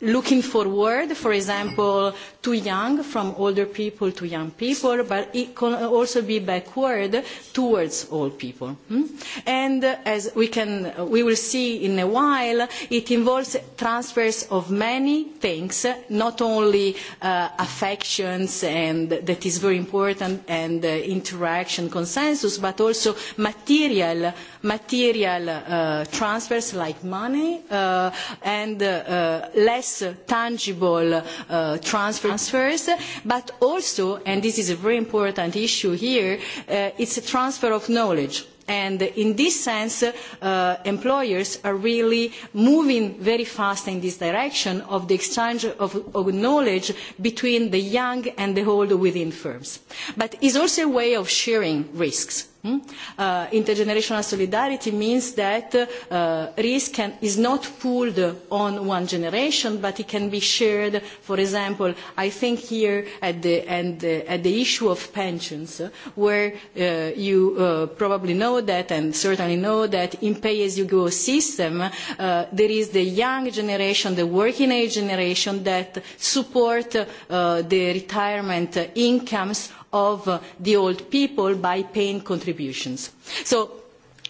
looking forward, for example, to young, from older people to young people, but it can also be backward towards old people. Hmm? And as we, can, we will see in a while, it involves transfers of many things, not only uh, affections, and that is very important, and uh, interaction consensus, but also material material uh, transfers like money uh, and uh, uh less tangible uh, transfers, but also, and this is a very important issue here, uh, it's a transfer of knowledge and in this sense uh, employers are really moving very fast in this direction of the exchange of, of knowledge between the young and the old within firms. But it's also a way of sharing risks Hmm? Uh, intergenerational solidarity means that uh, risk can, is not pooled on one generation, but it can be shared. For example, I think here at the, and, uh, at the issue of pensions, uh, where uh, you uh, probably know that and certainly know that in pay-as-you-go system, there is the young generation, the working age generation that support the retirement incomes of uh, the old people by paying contributions. So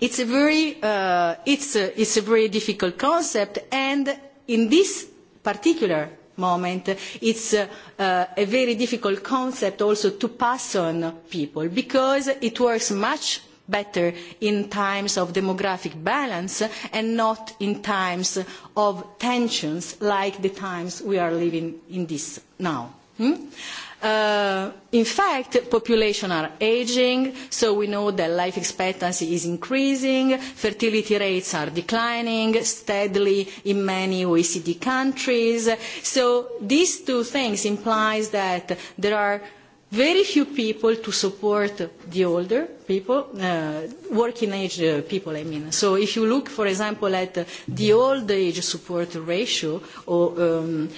it's a very, uh, it's a, it's a very difficult concept and in this particular moment it's uh, uh, a very difficult concept also to pass on people because it works much better in times of demographic balance and not in times of tensions like the times we are living in this now. Hmm? Uh, in fact, population are aging, so we know that life expectancy is increasing, fertility rates are declining steadily in many OECD countries. So these two things implies that there are very few people to support the older people, uh, working age uh, people, I mean. So if you look, for example, at the old age support ratio, or um,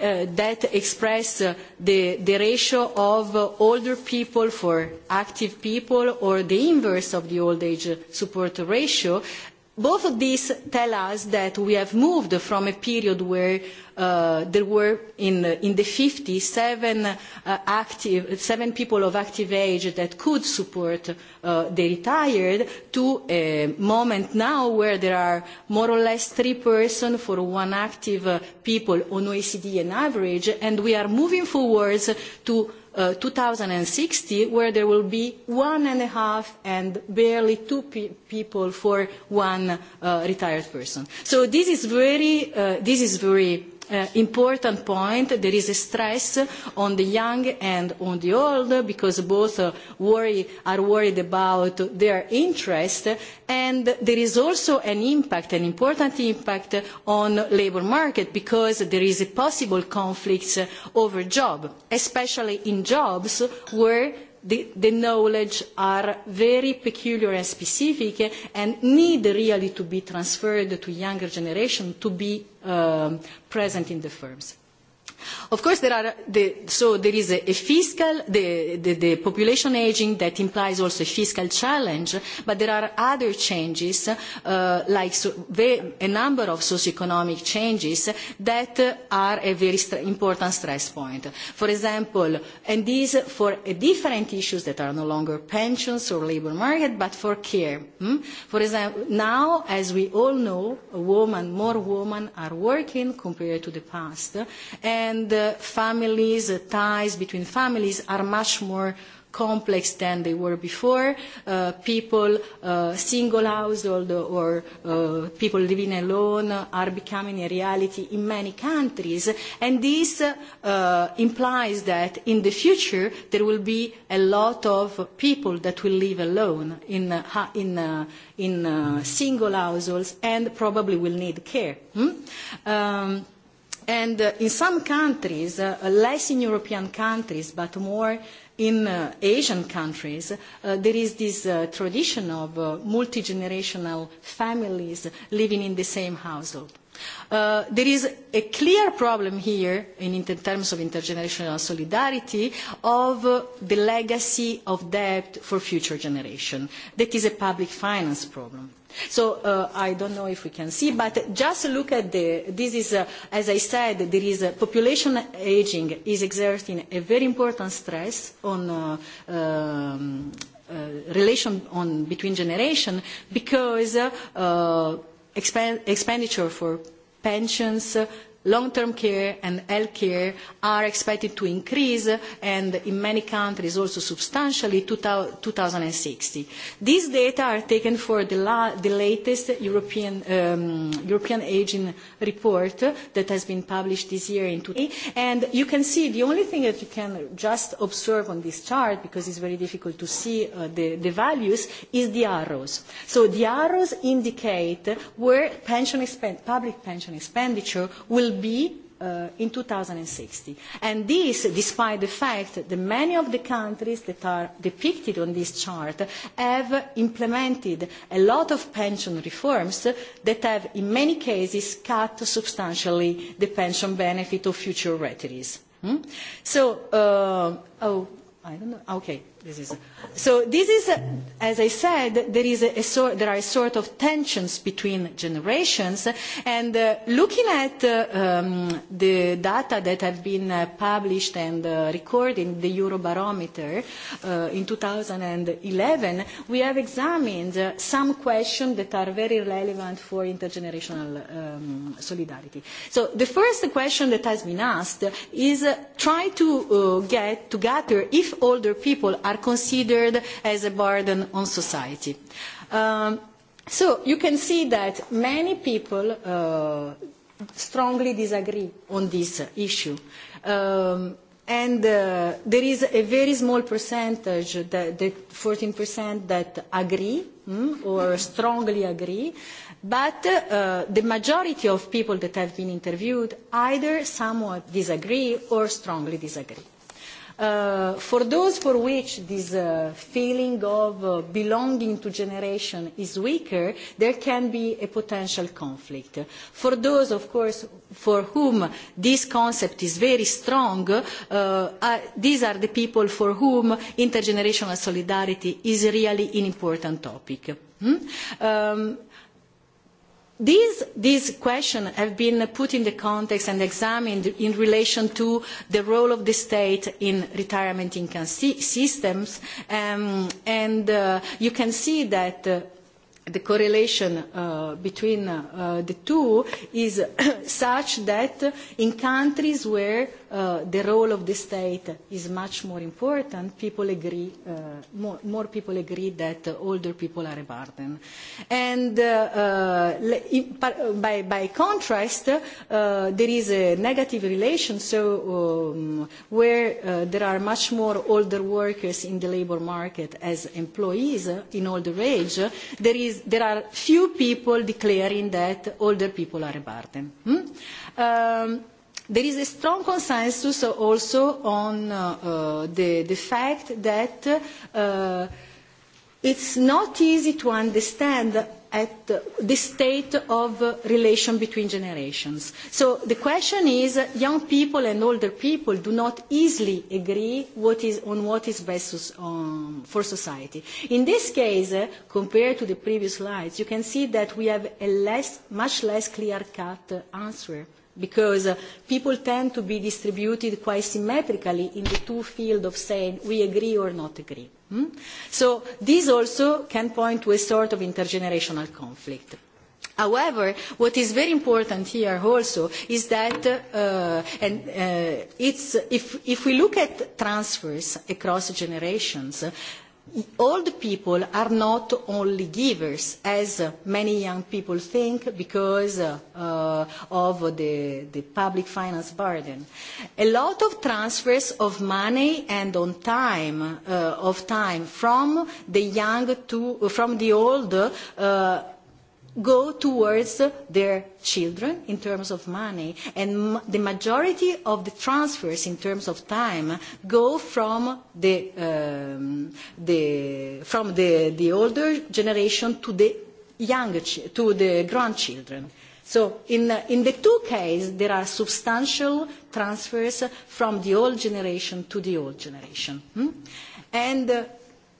Uh, that express uh, the, the, ratio of uh, older people for active people or the inverse of the old age support ratio Both of these tell us that we have moved from a period where uh, there were in, in the 50s seven, uh, active, seven people of active age that could support uh, the retired to a moment now where there are more or less three persons for one active uh, people on OECD on average and we are moving forwards to 2060, uh, where there will be one and a half and barely two pe people for one uh, retired person. So this is very, uh, this is very uh, important point. There is a stress on the young and on the old because both uh, worry, are worried about their interest and there is also an impact, an important impact on labour market because there is a possible conflict over job, especially in jobs where the, the knowledge are very peculiar and specific and need really to be transferred to younger generation to be um, present in the firms. Of course, there are the, so there is a, a fiscal, the, the, the population aging that implies also a fiscal challenge, but there are other changes, uh, like so, a number of socioeconomic changes that are a very st important stress point. For example, and these for a different issues that are no longer pensions or labour market, but for care. Hmm? For example, now, as we all know, a woman, more women are working compared to the past, and and uh, families, uh, ties between families are much more complex than they were before. Uh, people, uh, single household or uh, people living alone are becoming a reality in many countries. And this uh, implies that in the future there will be a lot of people that will live alone in, uh, in, uh, in single households and probably will need care. Hmm? Um, And uh, in some countries, uh, less in European countries, but more in uh, Asian countries, uh, there is this uh, tradition of uh, multi-generational families living in the same household. Uh, there is a clear problem here in, terms of intergenerational solidarity of uh, the legacy of debt for future generations. That is a public finance problem. So uh, I don't know if we can see, but just look at the, this is, uh, as I said, there is a population aging is exerting a very important stress on uh, um, uh, relation on between generation because uh, uh, expen expenditure for pensions, long-term care and health care are expected to increase and in many countries also substantially to 2060. These data are taken for the, la the latest European, um, European Aging report that has been published this year in today. And you can see the only thing that you can just observe on this chart because it's very difficult to see uh, the, the values is the arrows. So the arrows indicate where pension public pension expenditure will will be uh, in 2060. And this, despite the fact that many of the countries that are depicted on this chart have implemented a lot of pension reforms that have, in many cases, cut substantially the pension benefit of future retirees. Hmm? So, uh, oh, I don't know, okay. This is, so this is, as I said, there, is a, a sort, there are sort of tensions between generations. And uh, looking at uh, um, the data that have been uh, published and uh, recorded in the Eurobarometer uh, in 2011, we have examined uh, some questions that are very relevant for intergenerational um, solidarity. So the first question that has been asked is try to get to gather if older people are are considered as a burden on society. Um, so you can see that many people uh, strongly disagree on this issue. Um, and uh, there is a very small percentage, the 14% that agree mm, or strongly agree, but uh, the majority of people that have been interviewed either somewhat disagree or strongly disagree. Uh, for those for which this uh, feeling of uh, belonging to generation is weaker, there can be a potential conflict. For those, of course, for whom this concept is very strong, uh, uh, these are the people for whom intergenerational solidarity is really an important topic. Hmm? Um, These, these questions have been put in the context and examined in relation to the role of the state in retirement income systems, um, and uh, you can see that uh, the correlation uh, between uh, the two is such that in countries where Uh, the role of the state is much more important, people agree, uh, more, more, people agree that older people are a burden. And uh, uh, by, by, contrast, there is a negative relation, so um, where there are much more older workers in the labour market as employees in older age, there, is, there are few people declaring that older people are a burden. Hmm? Um, There is a strong consensus also on uh, uh, the, the, fact that uh, it's not easy to understand at the state of relation between generations. So the question is, young people and older people do not easily agree what is, on what is best um, for society. In this case, compared to the previous slides, you can see that we have a less, much less clear-cut answer because uh, people tend to be distributed quite symmetrically in the two fields of saying we agree or not agree. Hmm? So this also can point to a sort of intergenerational conflict. However, what is very important here also is that uh, and, uh, if, if, we look at transfers across generations, old people are not only givers, as many young people think, because uh, of the, the, public finance burden. A lot of transfers of money and on time uh, of time from the young to from the old. Uh, go towards their children in terms of money and the majority of the transfers in terms of time go from the, um, the from the, the older generation to the younger to the grandchildren so in in the two cases there are substantial transfers from the old generation to the old generation hmm? and uh,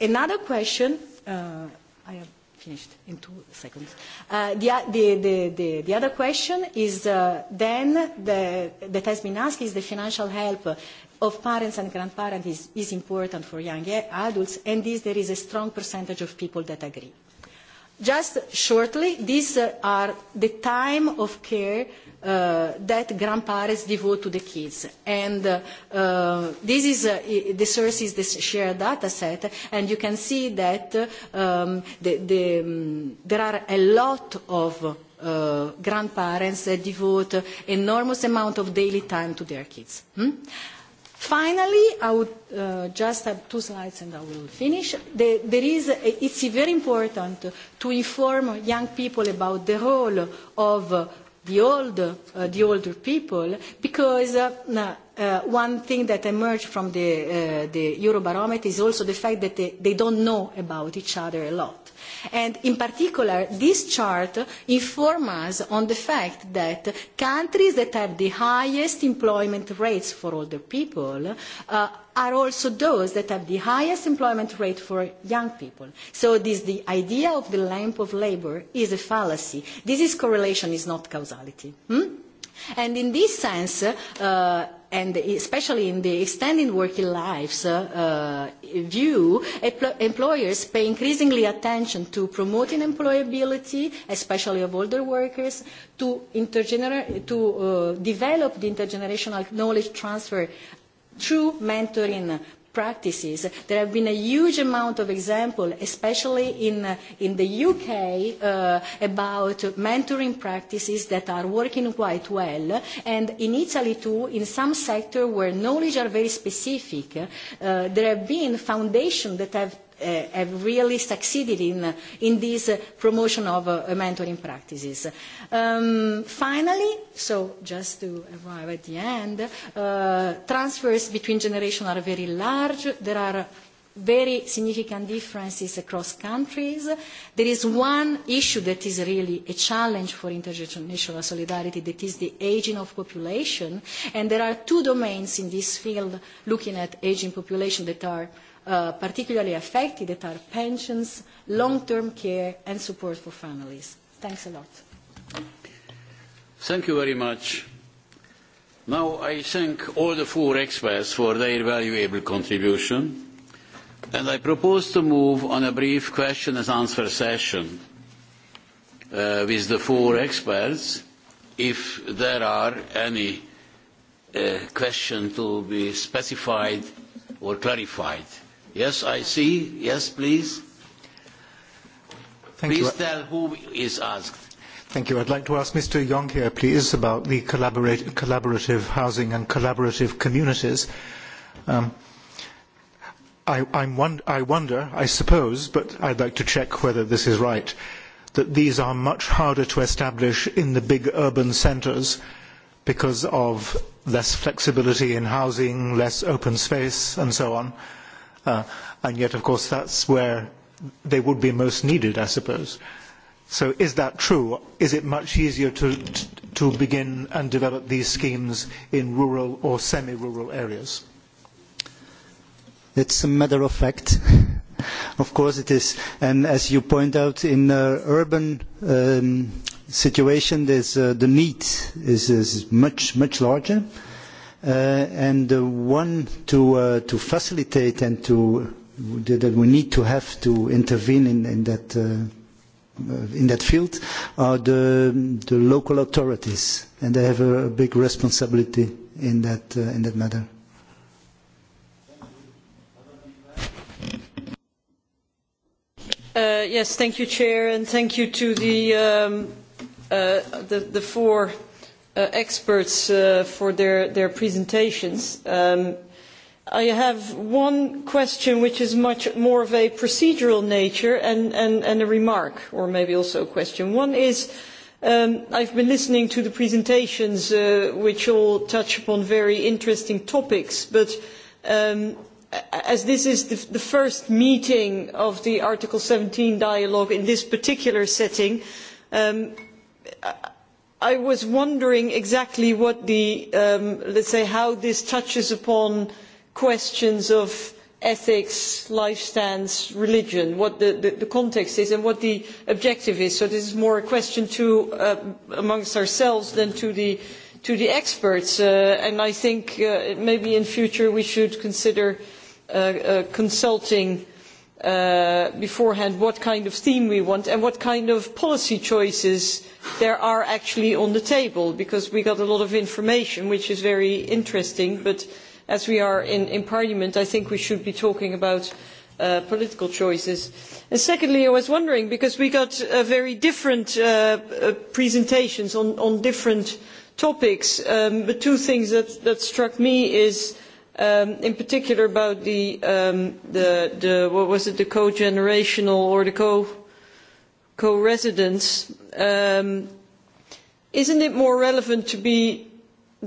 another question uh, I have finished in two seconds. Uh, the, the, the, the, the other question is uh, then the, that has been asked is the financial help of parents and grandparents is, is important for young adults, and this there is a strong percentage of people that agree. Just shortly, these uh, are the time of care uh, that grandparents devote to the kids. And uh, uh, this is, uh, the source is the shared data set, and you can see that uh, um, the, the, um, there are a lot of Uh, grandparents that devote enormous amount of daily time to their kids. Hmm? Finally, I would uh, just have two slides and I will finish. The, there is, it's very important to inform young people about the role of uh, the, old, uh, the older people because uh, uh, one thing that emerged from the, uh, the Eurobarometer is also the fact that they, they don't know about each other a lot And in particular, this chart informs us on the fact that countries that have the highest employment rates for older people uh, are also those that have the highest employment rate for young people. So this, the idea of the lamp of labour is a fallacy. This is correlation, is not causality. Hmm? And in this sense, uh, and especially in the extending working lives uh, uh view, employers pay increasingly attention to promoting employability, especially of older workers, to, intergener- to uh, develop the intergenerational knowledge transfer through mentoring practices. There have been a huge amount of examples, especially in, uh, in the UK, uh, about mentoring practices that are working quite well. And in Italy, too, in some sectors where knowledge are very specific, uh, there have been foundations that have Uh, have really succeeded in, uh, in this uh, promotion of mentoring practices. Um, finally, so just to arrive at the end, transfers between generations are very large. There are very significant differences across countries. There is one issue that is really a challenge for intergenerational solidarity, that is the aging of population. And there are two domains in this field looking at aging population that are Uh, particularly affected, that are pensions, long-term care and support for families. Thanks a lot. Thank you very much. Now I thank all the four experts for their valuable contribution and I propose to move on a brief question and answer session uh, with the four experts if there are any uh, question to be specified or clarified. Yes, I see. Yes, please. Thank please you. tell who is asked. Thank you. I'd like to ask Mr. Yong here, please, about the collaborative housing and collaborative communities. Um, I, I'm one, I wonder, I suppose, but I'd like to check whether this is right, that these are much harder to establish in the big urban centres because of less flexibility in housing, less open space, and so on. Uh, Uh, and yet, of course, that's where they would be most needed, I suppose. So is that true? Is it much easier to, to begin and develop these schemes in rural or semi-rural areas? It's a matter of fact. of course it is. And as you point out, in an urban um, situation, there's, uh, the need is, is much, much larger. Uh, Uh, and the uh, one to, uh, to facilitate and to, that we need to have to intervene in, in, that, uh, uh, in that field are the, the local authorities, and they have a, a big responsibility in that, uh, in that matter. yes, thank you, Chair, and thank you to the, um, the, the four uh, experts uh, for their, their presentations. Um, I have one question which is much more of a procedural nature and, and, and a remark, or maybe also a question. One is, um, I've been listening to the presentations uh, which all touch upon very interesting topics, but um, as this is the, the first meeting of the Article 17 dialogue in this particular setting, um, I i was wondering exactly the, um, let's say how this touches upon questions of ethics life stance religion what the, context is and what the objective is so this is more a question to uh, amongst ourselves than to the to the experts uh, and i think uh, maybe in future we should consider consulting Uh, beforehand what kind of theme we want and what kind of policy choices there are actually on the table because we got a lot of information which is very interesting but as we are in, parliament i think we should be talking about uh, political choices. And secondly i was wondering because we got very different uh, presentations on, different topics um, but two things that, that struck me is um, in particular about the, um, the, the, what was it, the co-generational or the co, residence um, isn't it more relevant to be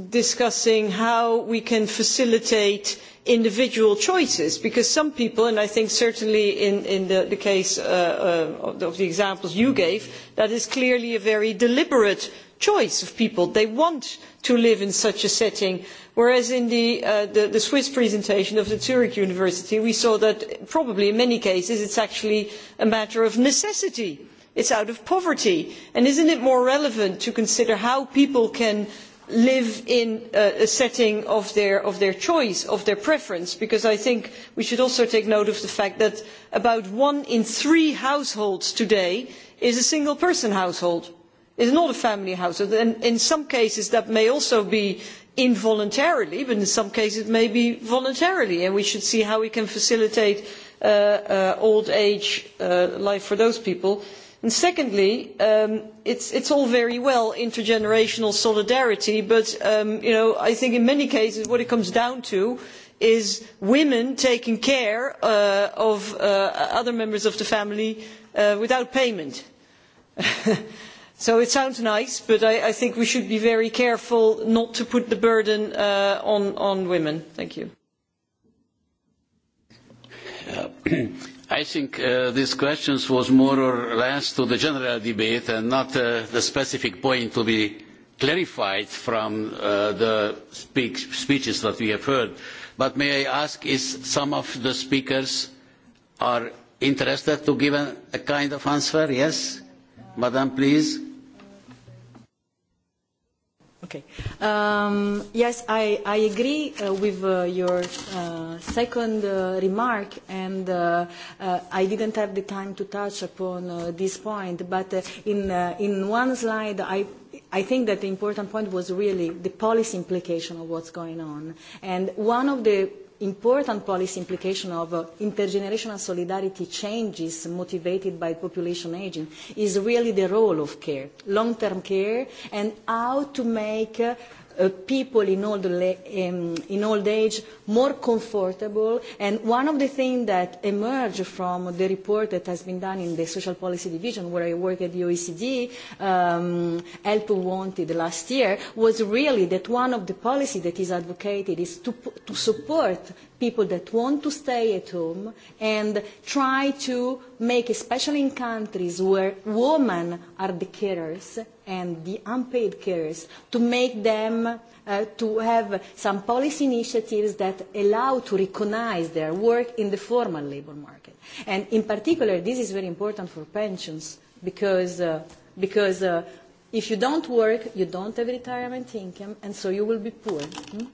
discussing how we can facilitate individual choices because some people and i think certainly in, in the, the case uh, of, uh, the, of the examples you gave that is clearly a very deliberate choice of people they want to live in such a setting whereas in uh, the, swiss presentation of the zurich university we saw that probably in many cases it is actually a matter of necessity it is out of poverty and is it not more relevant to consider how people can live in uh, a setting of their, of their choice of their preference because i think we should also take note of the fact that about one in three households today is a single person household is not a family household and in some cases that may also be involuntarily but in some cases maybe voluntarily and we should see how we can facilitate uh, uh, old age uh, life for those people. secondly um, it is all very well intergenerational solidarity but um, i think in many cases what it comes down to is women taking care of other members of the family without payment. so it sounds nice but I, i think we should be very careful not to put the burden uh, on, on women. thank you. Uh, i think uh, these questions was more or less to the general debate and not uh, the specific point to be clarified from uh, the speeches that we have heard. but may i ask if some of the speakers are interested to give a kind of answer? yes? madam please. Okay. Um, yes, I, I agree uh, with uh, your uh, second uh, remark, and uh, uh, I didn't have the time to touch upon this point, but in, in one slide, I I think that the important point was really the policy implication of what's going on. And one of the important policy implication of uh, intergenerational solidarity changes motivated by population aging is really the role of care, long-term care, and how to make uh, Uh, people in old, um, in old age more comfortable. And one of the things that emerged from the report that has been done in the social policy division where I work at the OECD, um, Help Wanted last year, was really that one of the policy that is advocated is to, to support people that want to stay at home and try to make, especially in countries where women are the carers and the unpaid carers, to make them uh, to have some policy initiatives that allow to recognize their work in the formal labor market. And in particular, this is very important for pensions because, uh, because uh, if you don't work, you don't have retirement income, and so you will be poor. Hmm?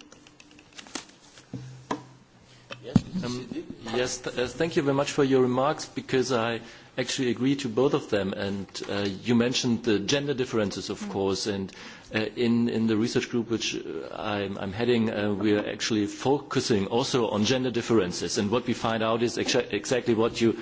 Um, yes, th uh, thank you very much for your remarks because I actually agree to both of them. And uh, you mentioned the gender differences, of mm. course. And uh, in, in the research group which uh, I'm, I'm heading, uh, we are actually focusing also on gender differences. And what we find out is exactly what you,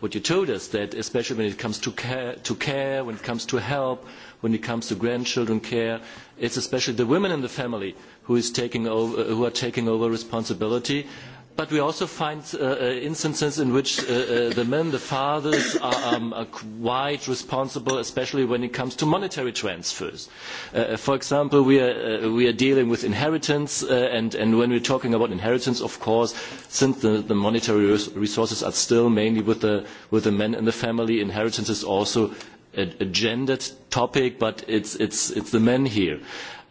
what you told us, that especially when it comes to care, to care, when it comes to help, when it comes to grandchildren care, it's especially the women in the family who, is taking over, who are taking over responsibility but we also find uh, uh instances in which uh, uh, the men, the fathers, are, um, are, quite responsible, especially when it comes to monetary transfers. Uh, for example, we are, we are, dealing with inheritance, and, and, when we're talking about inheritance, of course, since the, the monetary res resources are still mainly with the, with the men in the family, inheritance is also a, a gendered topic, but it's, it's, it's the men here.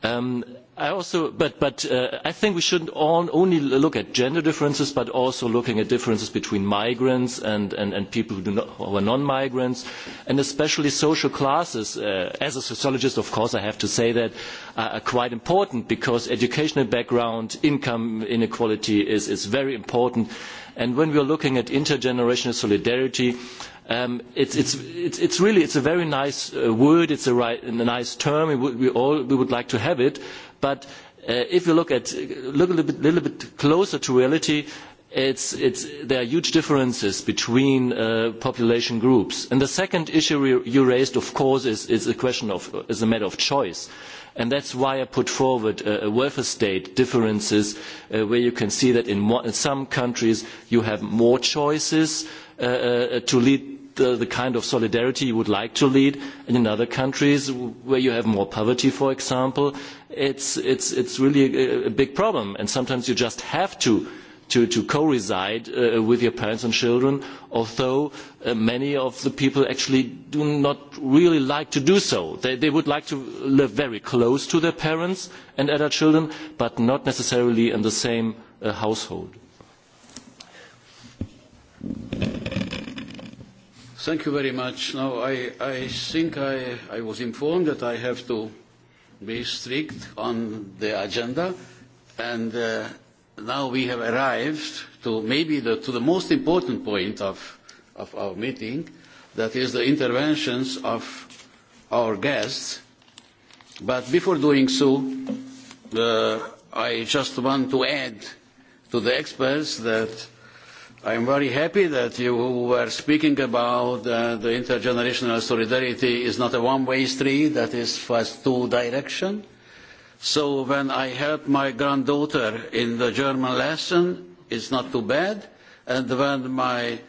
Um, I also, but, uh, I think we should not only look at gender differences, but also looking at differences between migrants and, people who, are non-migrants, and especially social classes. Uh, as a sociologist, of course, I have to say that are quite important because educational background, income inequality is, very important. And when we are looking at intergenerational solidarity, um, it it's, really it's a very nice uh, word. It's a, a nice term. We, would all we would like to have it But uh, if you look at look a little bit, little bit closer to reality, It's, it's, there are huge differences between uh, population groups. And the second issue you raised, of course, is, is, a question of, is a matter of choice. And that's why I put forward uh, welfare state differences, uh, where you can see that in, in, some countries you have more choices uh, uh, to lead the, the, kind of solidarity you would like to lead, and in other countries where you have more poverty, for example, it's, it's, really a, a big problem. And sometimes you just have to to, to co-reside uh, with your parents and children, although uh, many of the people actually do not really like to do so. They, they would like to live very close to their parents and other children, but not necessarily in the same uh, household. Thank you very much. Now, I, I think I, I was informed that I have to be strict on the agenda. And uh, now we have arrived to maybe the, to the most important point of, of our meeting, that is the interventions of our guests. But before doing so, uh, I just want to add to the experts that I am very happy that you were speaking about uh, the intergenerational solidarity is not a one-way street, that is first two-direction. So when I help my granddaughter in the German lesson, it's not too bad. And when my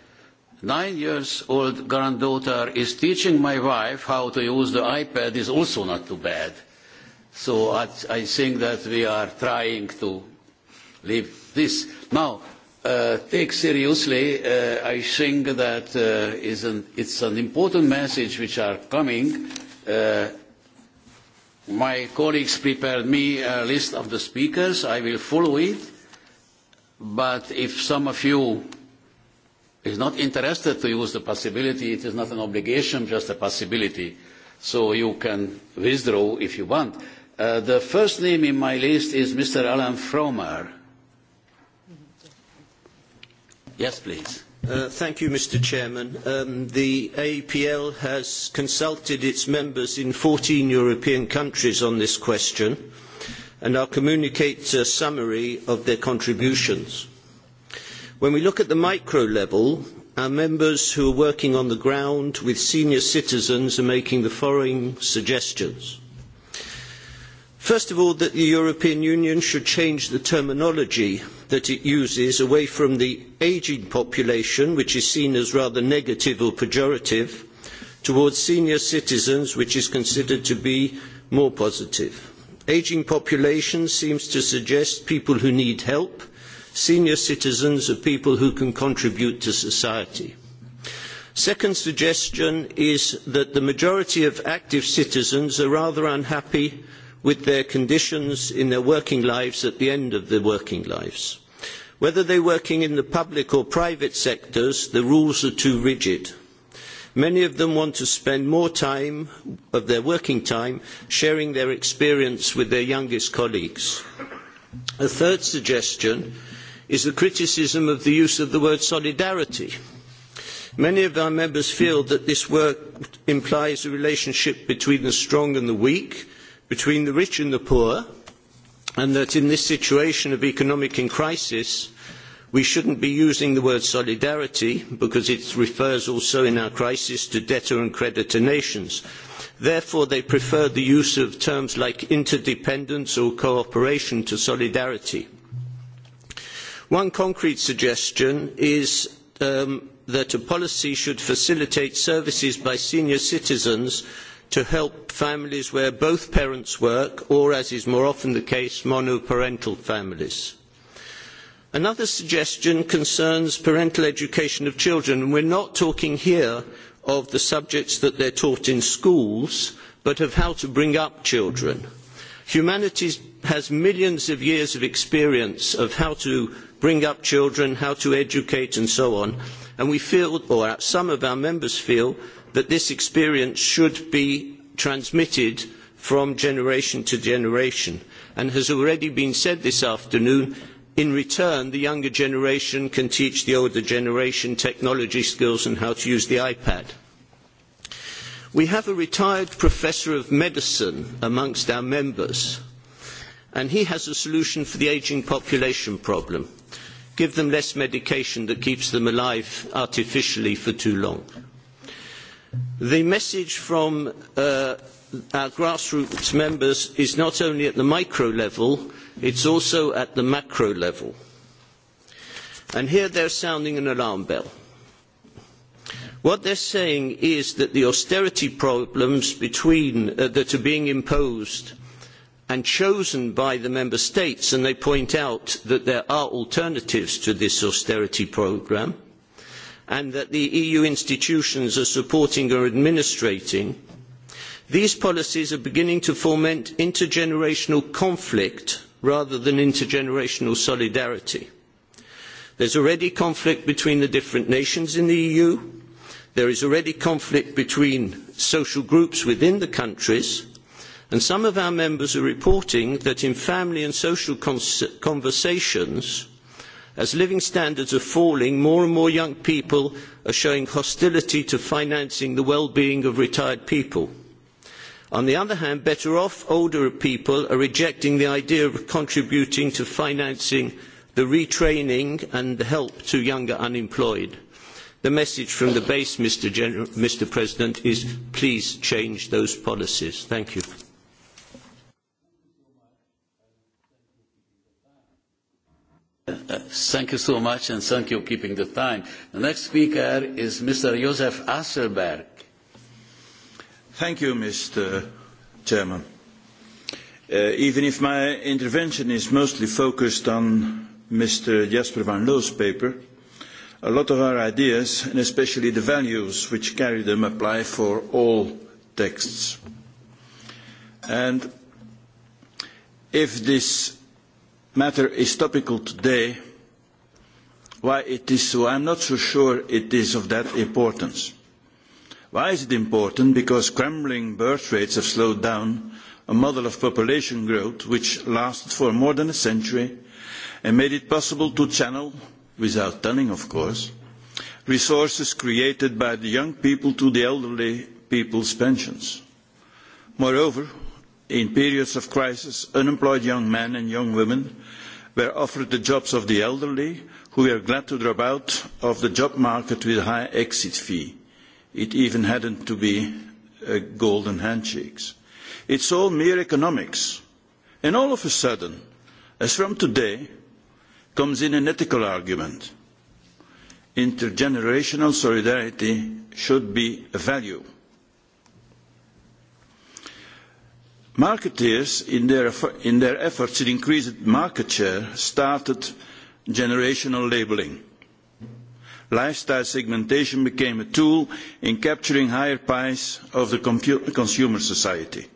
nine years old granddaughter is teaching my wife how to use the iPad is also not too bad. So I, I think that we are trying to live this. Now, Uh, take seriously, uh, I think that uh, is an, it's an important message which are coming. Uh, my colleagues prepared me a list of the speakers. I will follow it. But if some of you is not interested to use the possibility, it is not an obligation, just a possibility. So you can withdraw if you want. Uh, the first name in my list is Mr. Alan Fromer. Yes, please. Uh, thank you, Mr Chairman. Um, the AEPL has consulted its members in 14 European countries on this question, and I'll communicate a summary of their contributions. When we look at the micro level, our members who are working on the ground with senior citizens are making the following suggestions. First of all, that the European Union should change the terminology that it uses away from the ageing population, which is seen as rather negative or pejorative, towards senior citizens, which is considered to be more positive. Ageing population seems to suggest people who need help. Senior citizens are people who can contribute to society. Second suggestion is that the majority of active citizens are rather unhappy with their conditions in their working lives at the end of their working lives. Whether they are working in the public or private sectors, the rules are too rigid. Many of them want to spend more time of their working time sharing their experience with their youngest colleagues. A third suggestion is the criticism of the use of the word solidarity. Many of our members feel that this work implies a relationship between the strong and the weak, between the rich and the poor, and that in this situation of economic and crisis, we shouldn't be using the word solidarity because it refers also in our crisis to debtor and creditor nations. Therefore, they prefer the use of terms like interdependence or cooperation to solidarity. One concrete suggestion is um, that a policy should facilitate services by senior citizens to help families where both parents work or, as is more often the case, monoparental families. Another suggestion concerns parental education of children. We're not talking here of the subjects that they're taught in schools, but of how to bring up children. Humanity has millions of years of experience of how to bring up children, how to educate and so on, and we feel, or some of our members feel, that this experience should be transmitted from generation to generation. And has already been said this afternoon, in return, the younger generation can teach the older generation technology skills and how to use the iPad. We have a retired professor of medicine amongst our members, and he has a solution for the ageing population problem. Give them less medication that keeps them alive artificially for too long. The message from uh, our grassroots members is not only at the micro level, it's also at the macro level. And here they're sounding an alarm bell. What they're saying is that the austerity problems between, uh, that are being imposed and chosen by the member states, and they point out that there are alternatives to this austerity programme, and that the EU institutions are supporting or administrating, these policies are beginning to foment intergenerational conflict rather than intergenerational solidarity. There is already conflict between the different nations in the EU. There is already conflict between social groups within the countries. And some of our members are reporting that in family and social conversations, As living standards are falling, more and more young people are showing hostility to financing the well-being of retired people. On the other hand, better off older people are rejecting the idea of contributing to financing the retraining and the help to younger unemployed. The message from the base, Mr. General, Mr. President, is please change those policies. Thank you. thank you so much, and thank you for keeping the time. The next speaker is Mr. Josef Asselberg. Thank you, Mr. Chairman. Uh, even if my intervention is mostly focused on Mr. Jasper van Loo's paper, a lot of our ideas, and especially the values which carry them, apply for all texts. And if this matter is topical today, why it is so, I'm not so sure it is of that importance. Why is it important? Because crumbling birth rates have slowed down a model of population growth which lasted for more than a century and made it possible to channel, without telling of course, resources created by the young people to the elderly people's pensions. Moreover, in periods of crisis unemployed young men and young women were offered the jobs of the elderly who were glad to drop out of the job market with a high exit fee. It even had to be a uh, golden handshakes. It's all mere economics. And all of a sudden, as from today, comes in an ethical argument. Intergenerational solidarity should be a value Marketeers, in their, in their efforts to increase market share, started generational labelling. Lifestyle segmentation became a tool in capturing higher pies of the consumer society.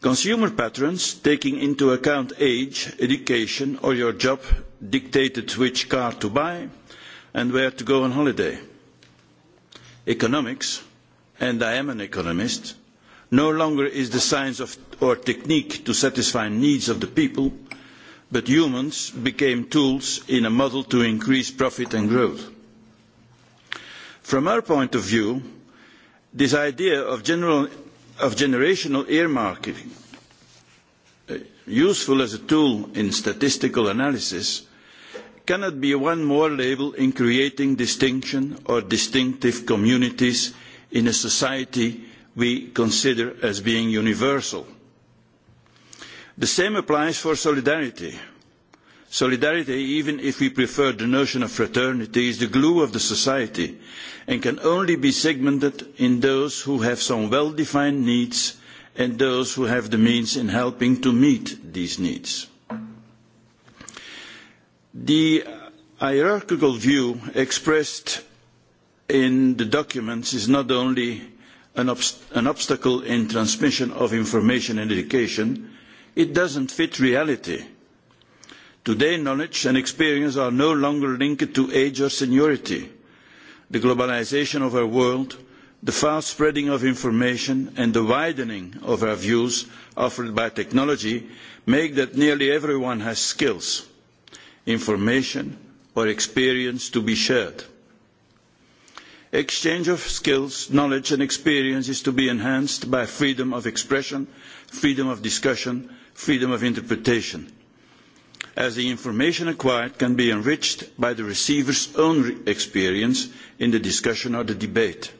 Consumer patterns, taking into account age, education or your job, dictated which car to buy and where to go on holiday. Economics, and I am an economist, no longer is the science of, or technique to satisfy needs of the people, but humans became tools in a model to increase profit and growth. From our point of view, this idea of, general, of generational earmarking, uh, useful as a tool in statistical analysis, cannot be one more label in creating distinction or distinctive communities in a society we consider as being universal. The same applies for solidarity. Solidarity, even if we prefer the notion of fraternity, is the glue of the society and can only be segmented in those who have some well-defined needs and those who have the means in helping to meet these needs. The hierarchical view expressed in the documents is not only an, obst an obstacle in transmission of information and education, it doesn't fit reality. Today, knowledge and experience are no longer linked to age or seniority. The globalization of our world, the fast spreading of information and the widening of our views offered by technology make that nearly everyone has skills, information or experience to be shared exchange of skills knowledge and experience is to be enhanced by freedom of expression freedom of discussion freedom of interpretation as the information acquired can be enriched by the receiver's own experience in the discussion or the debate.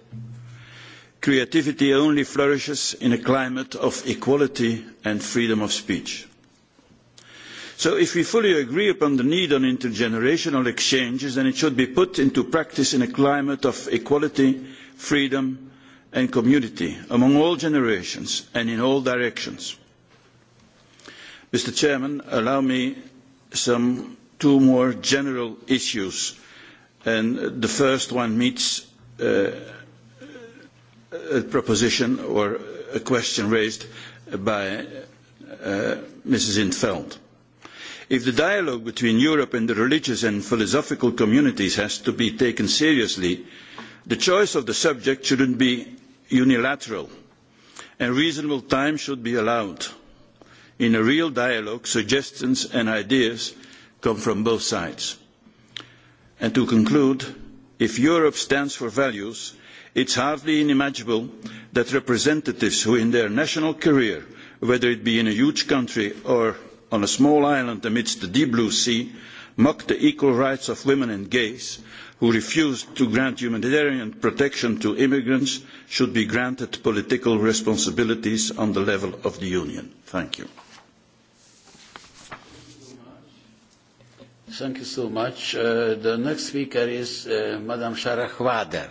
creativity only flourishes in a climate of equality and freedom of speech so if we fully agree upon the need for intergenerational exchanges then it should be put into practice in a climate of equality freedom and community among all generations and in all directions. mr Chairman, allow me some two more general issues and the first one meets uh, a proposition or a question raised by uh, mrs in 't veld. If the dialogue between Europe and the religious and philosophical communities has to be taken seriously, the choice of the subject shouldn't be unilateral, and reasonable time should be allowed. In a real dialogue, suggestions and ideas come from both sides. And to conclude, if Europe stands for values, it's hardly unimaginable that representatives who in their national career, whether it be in a huge country or on a small island amidst the deep blue sea mocked the equal rights of women and gays who refused to grant humanitarian protection to immigrants should be granted political responsibilities on the level of the Union. Thank you. Thank you so much. Uh, the next speaker is uh, Madam Sharah Wader.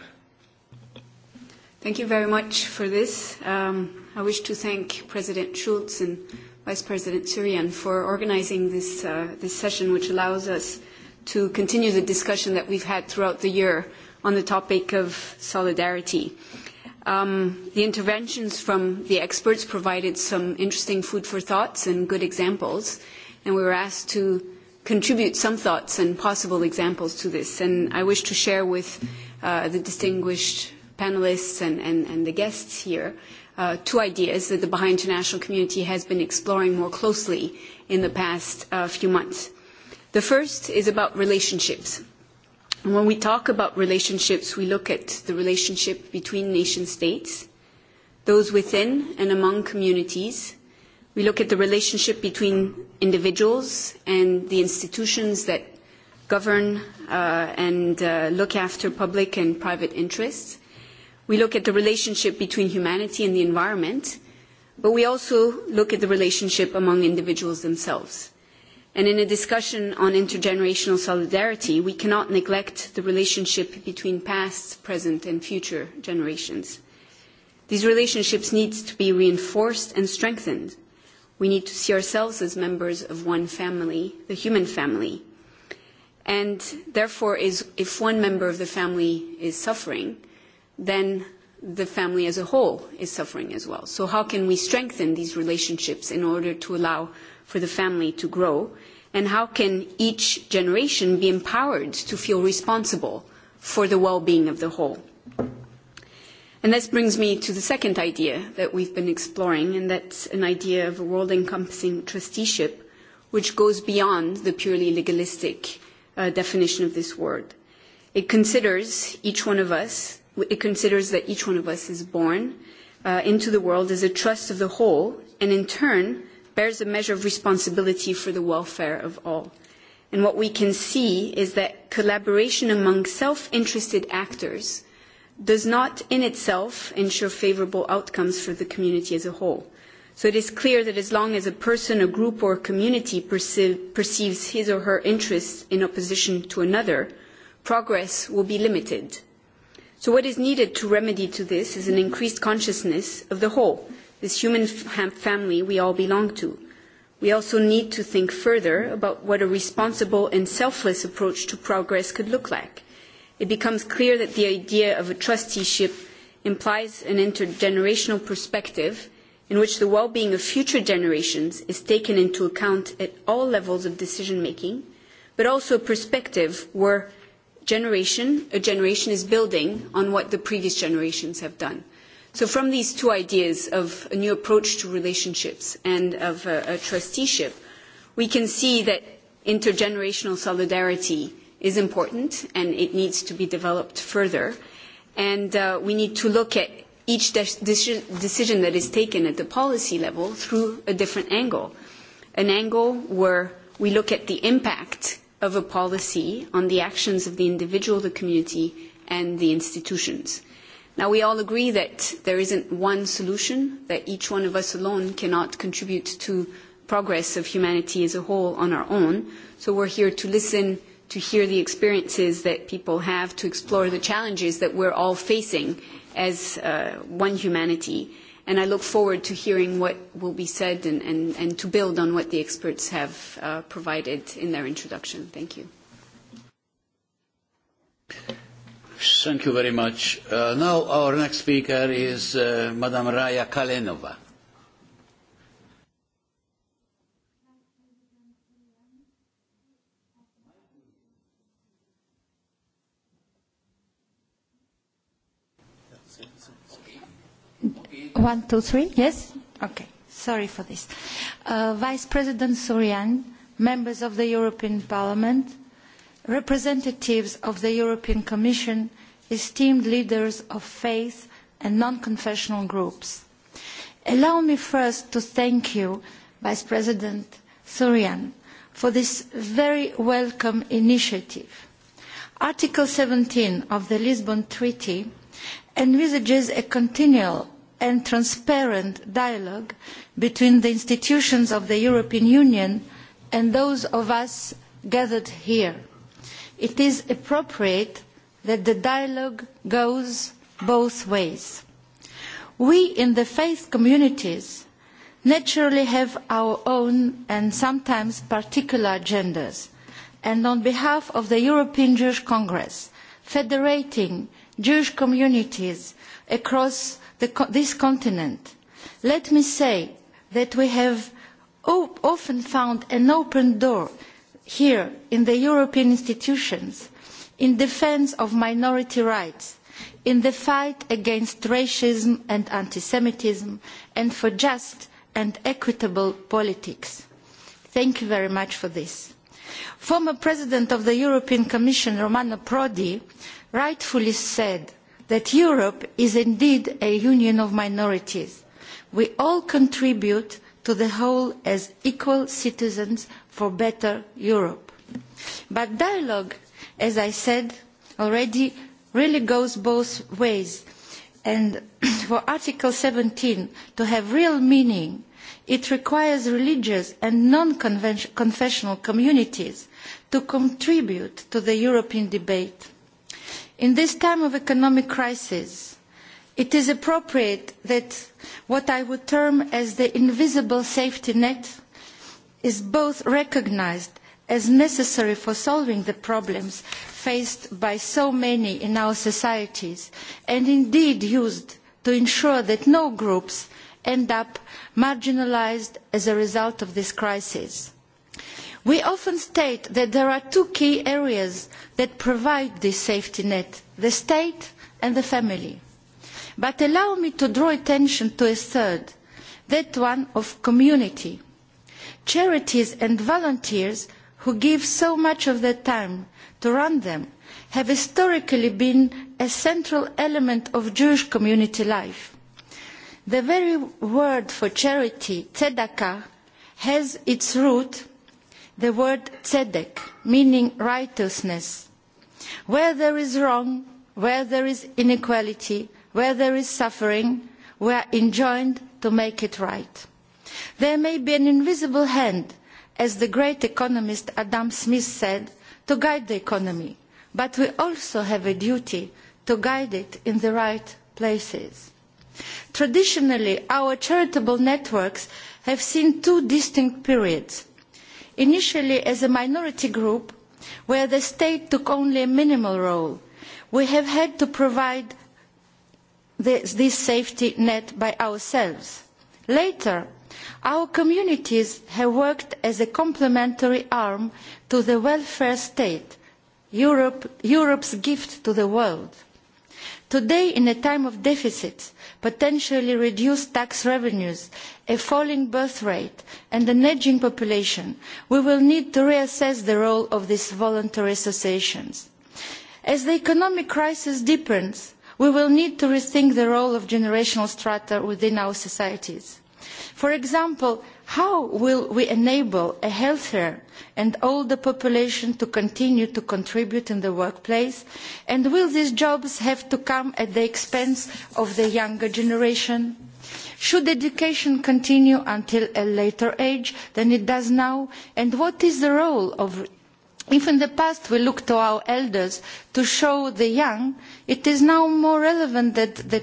Thank you very much for this. Um, I wish to thank President Schulz and Vice President Turian, for organizing this, uh, this session, which allows us to continue the discussion that we've had throughout the year on the topic of solidarity. Um, the interventions from the experts provided some interesting food for thoughts and good examples, and we were asked to contribute some thoughts and possible examples to this. And I wish to share with uh, the distinguished panelists and, and, and the guests here uh, two ideas that the Baha'i international community has been exploring more closely in the past uh, few months. The first is about relationships. And when we talk about relationships, we look at the relationship between nation states, those within and among communities. We look at the relationship between individuals and the institutions that govern uh, and uh, look after public and private interests. We look at the relationship between humanity and the environment, but we also look at the relationship among individuals themselves. And in a discussion on intergenerational solidarity, we cannot neglect the relationship between past, present and future generations. These relationships need to be reinforced and strengthened. We need to see ourselves as members of one family, the human family. And therefore, is, if one member of the family is suffering, then the family as a whole is suffering as well. So how can we strengthen these relationships in order to allow for the family to grow? And how can each generation be empowered to feel responsible for the well-being of the whole? And this brings me to the second idea that we've been exploring, and that's an idea of a world-encompassing trusteeship, which goes beyond the purely legalistic uh, definition of this word. It considers each one of us it considers that each one of us is born uh, into the world as a trust of the whole, and in turn bears a measure of responsibility for the welfare of all. And what we can see is that collaboration among self-interested actors does not in itself ensure favorable outcomes for the community as a whole. So it is clear that as long as a person, a group or a community perceive, perceives his or her interests in opposition to another, progress will be limited So what is needed to remedy to this is an increased consciousness of the whole, this human family we all belong to. We also need to think further about what a responsible and selfless approach to progress could look like. It becomes clear that the idea of a trusteeship implies an intergenerational perspective in which the well-being of future generations is taken into account at all levels of decision-making, but also a perspective where generation, a generation is building on what the previous generations have done. So from these two ideas of a new approach to relationships and of a, a trusteeship, we can see that intergenerational solidarity is important and it needs to be developed further. And uh, we need to look at each de deci-, decision that is taken at the policy level through a different angle, an angle where we look at the impact of a policy on the actions of the individual, the community, and the institutions. Now, we all agree that there isn't one solution, that each one of us alone cannot contribute to progress of humanity as a whole on our own. So we're here to listen, to hear the experiences that people have, to explore the challenges that we're all facing as uh, one humanity and I look forward to hearing what will be said and, and, and to build on what the experts have uh, provided in their introduction. Thank you. Thank you very much. Uh, now our next speaker is uh, Madame Raya Kalenova. One, two, three. Yes? Okay. Sorry for this. Uh, Vice President Surian, members of the European Parliament, representatives of the European Commission, esteemed leaders of faith and non-confessional groups. Allow me first to thank you, Vice President Surian, for this very welcome initiative. Article 17 of the Lisbon Treaty envisages a continual and transparent dialogue between the institutions of the European Union and those of us gathered here. It is appropriate that the dialogue goes both ways. We in the faith communities naturally have our own and sometimes particular agendas and on behalf of the European Jewish Congress, federating Jewish communities across the, this continent. Let me say that we have often found an open door here in the European institutions in defence of minority rights, in the fight against racism and anti-Semitism, and for just and equitable politics. Thank you very much for this. Former President of the European Commission, Romano Prodi, rightfully said that Europe is indeed a union of minorities. We all contribute to the whole as equal citizens for better Europe. But dialogue, as I said already, really goes both ways. And for Article 17 to have real meaning, it requires religious and non-confessional communities to contribute to the European debate In this time of economic crisis, it is appropriate that what I would term as the invisible safety net is both recognised as necessary for solving the problems faced by so many in our societies and indeed used to ensure that no groups end up marginalised as a result of this crisis. We often state that there are two key areas that provide this safety net, the state and the family. But allow me to draw attention to a third, that one of community. Charities and volunteers who give so much of their time to run them have historically been a central element of Jewish community life. The very word for charity, tzedakah, has its root the word tzedek, meaning righteousness. Where there is wrong, where there is inequality, where there is suffering, we are enjoined to make it right. There may be an invisible hand, as the great economist Adam Smith said, to guide the economy, but we also have a duty to guide it in the right places. Traditionally, our charitable networks have seen two distinct periods initially as a minority group where the state took only a minimal role. We have had to provide this, this safety net by ourselves. Later, our communities have worked as a complementary arm to the welfare state, Europe, Europe's gift to the world. Today, in a time of deficits, potentially reduced tax revenues, a falling birth rate and an ageing population, we will need to reassess the role of these voluntary associations. As the economic crisis deepens, we will need to rethink the role of generational strata within our societies For example, how will we enable a healthier and older population to continue to contribute in the workplace? And will these jobs have to come at the expense of the younger generation? Should education continue until a later age than it does now? And what is the role of if in the past we looked to our elders to show the young, it is now more relevant that the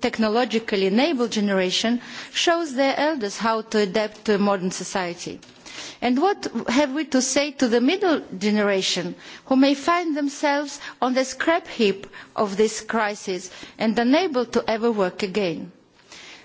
technologically enabled generation shows their elders how to adapt to a modern society. And what have we to say to the middle generation who may find themselves on the scrap heap of this crisis and unable to ever work again?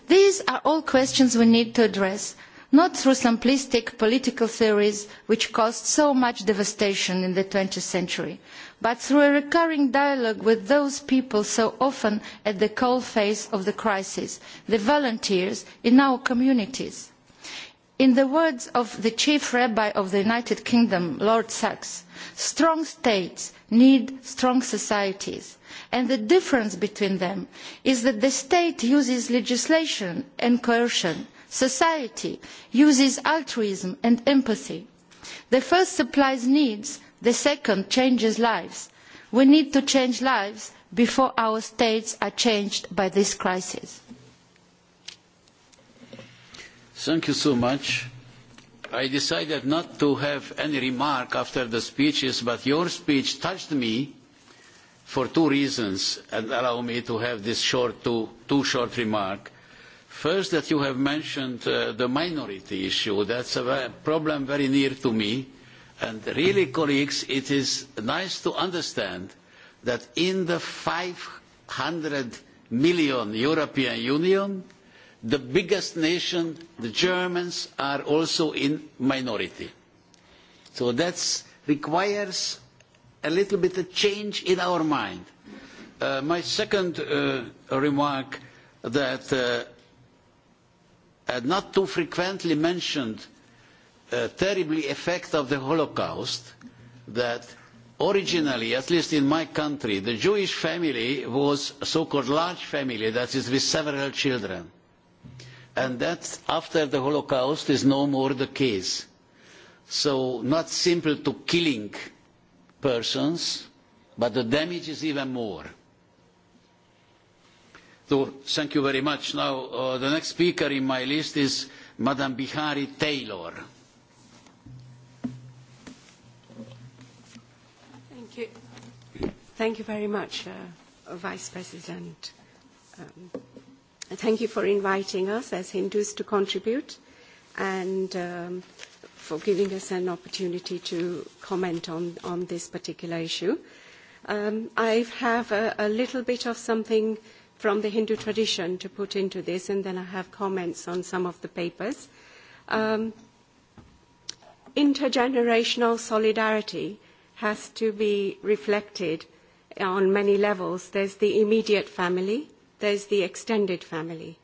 These are all questions we need to address not through simplistic political theories which caused so much devastation in the 20th century, but through a recurring dialogue with those people so often at the coalface of the crisis, the volunteers in our communities. In the words of the chief rabbi of the United Kingdom, Lord Sachs, strong states need strong societies and the difference between them is that the state uses legislation and coercion Society uses altruism and empathy. The first supplies needs, the second changes lives. We need to change lives before our states are changed by this crisis. Thank you so much. I decided not to have any remark after the speeches, but your speech touched me for two reasons and allow me to have this short two, two short remark. First, that you have mentioned uh, the minority issue. That's a problem very near to me. And really, colleagues, it is nice to understand that in the 500 million European Union, the biggest nation, the Germans, are also in minority. So that requires a little bit of change in our mind. Uh, my second uh, remark that uh, Uh, not too frequently mentioned uh, terrible effect of the Holocaust that originally, at least in my country, the Jewish family was a so-called large family, that is with several children. And that, after the Holocaust, is no more the case. So not simple to killing persons, but the damage is even more. So, thank you very much. Now, uh, the next speaker in my list is Madam Bihari Taylor. Thank you. Thank you very much, uh, Vice President. Um, thank you for inviting us as Hindus to contribute and um, for giving us an opportunity to comment on, on this particular issue. Um, I have a, a little bit of something uh, from the Hindu tradition to put into this, and then I have comments on some of the papers. Um, intergenerational solidarity has to be reflected on many levels. There's the immediate family, there's the extended family,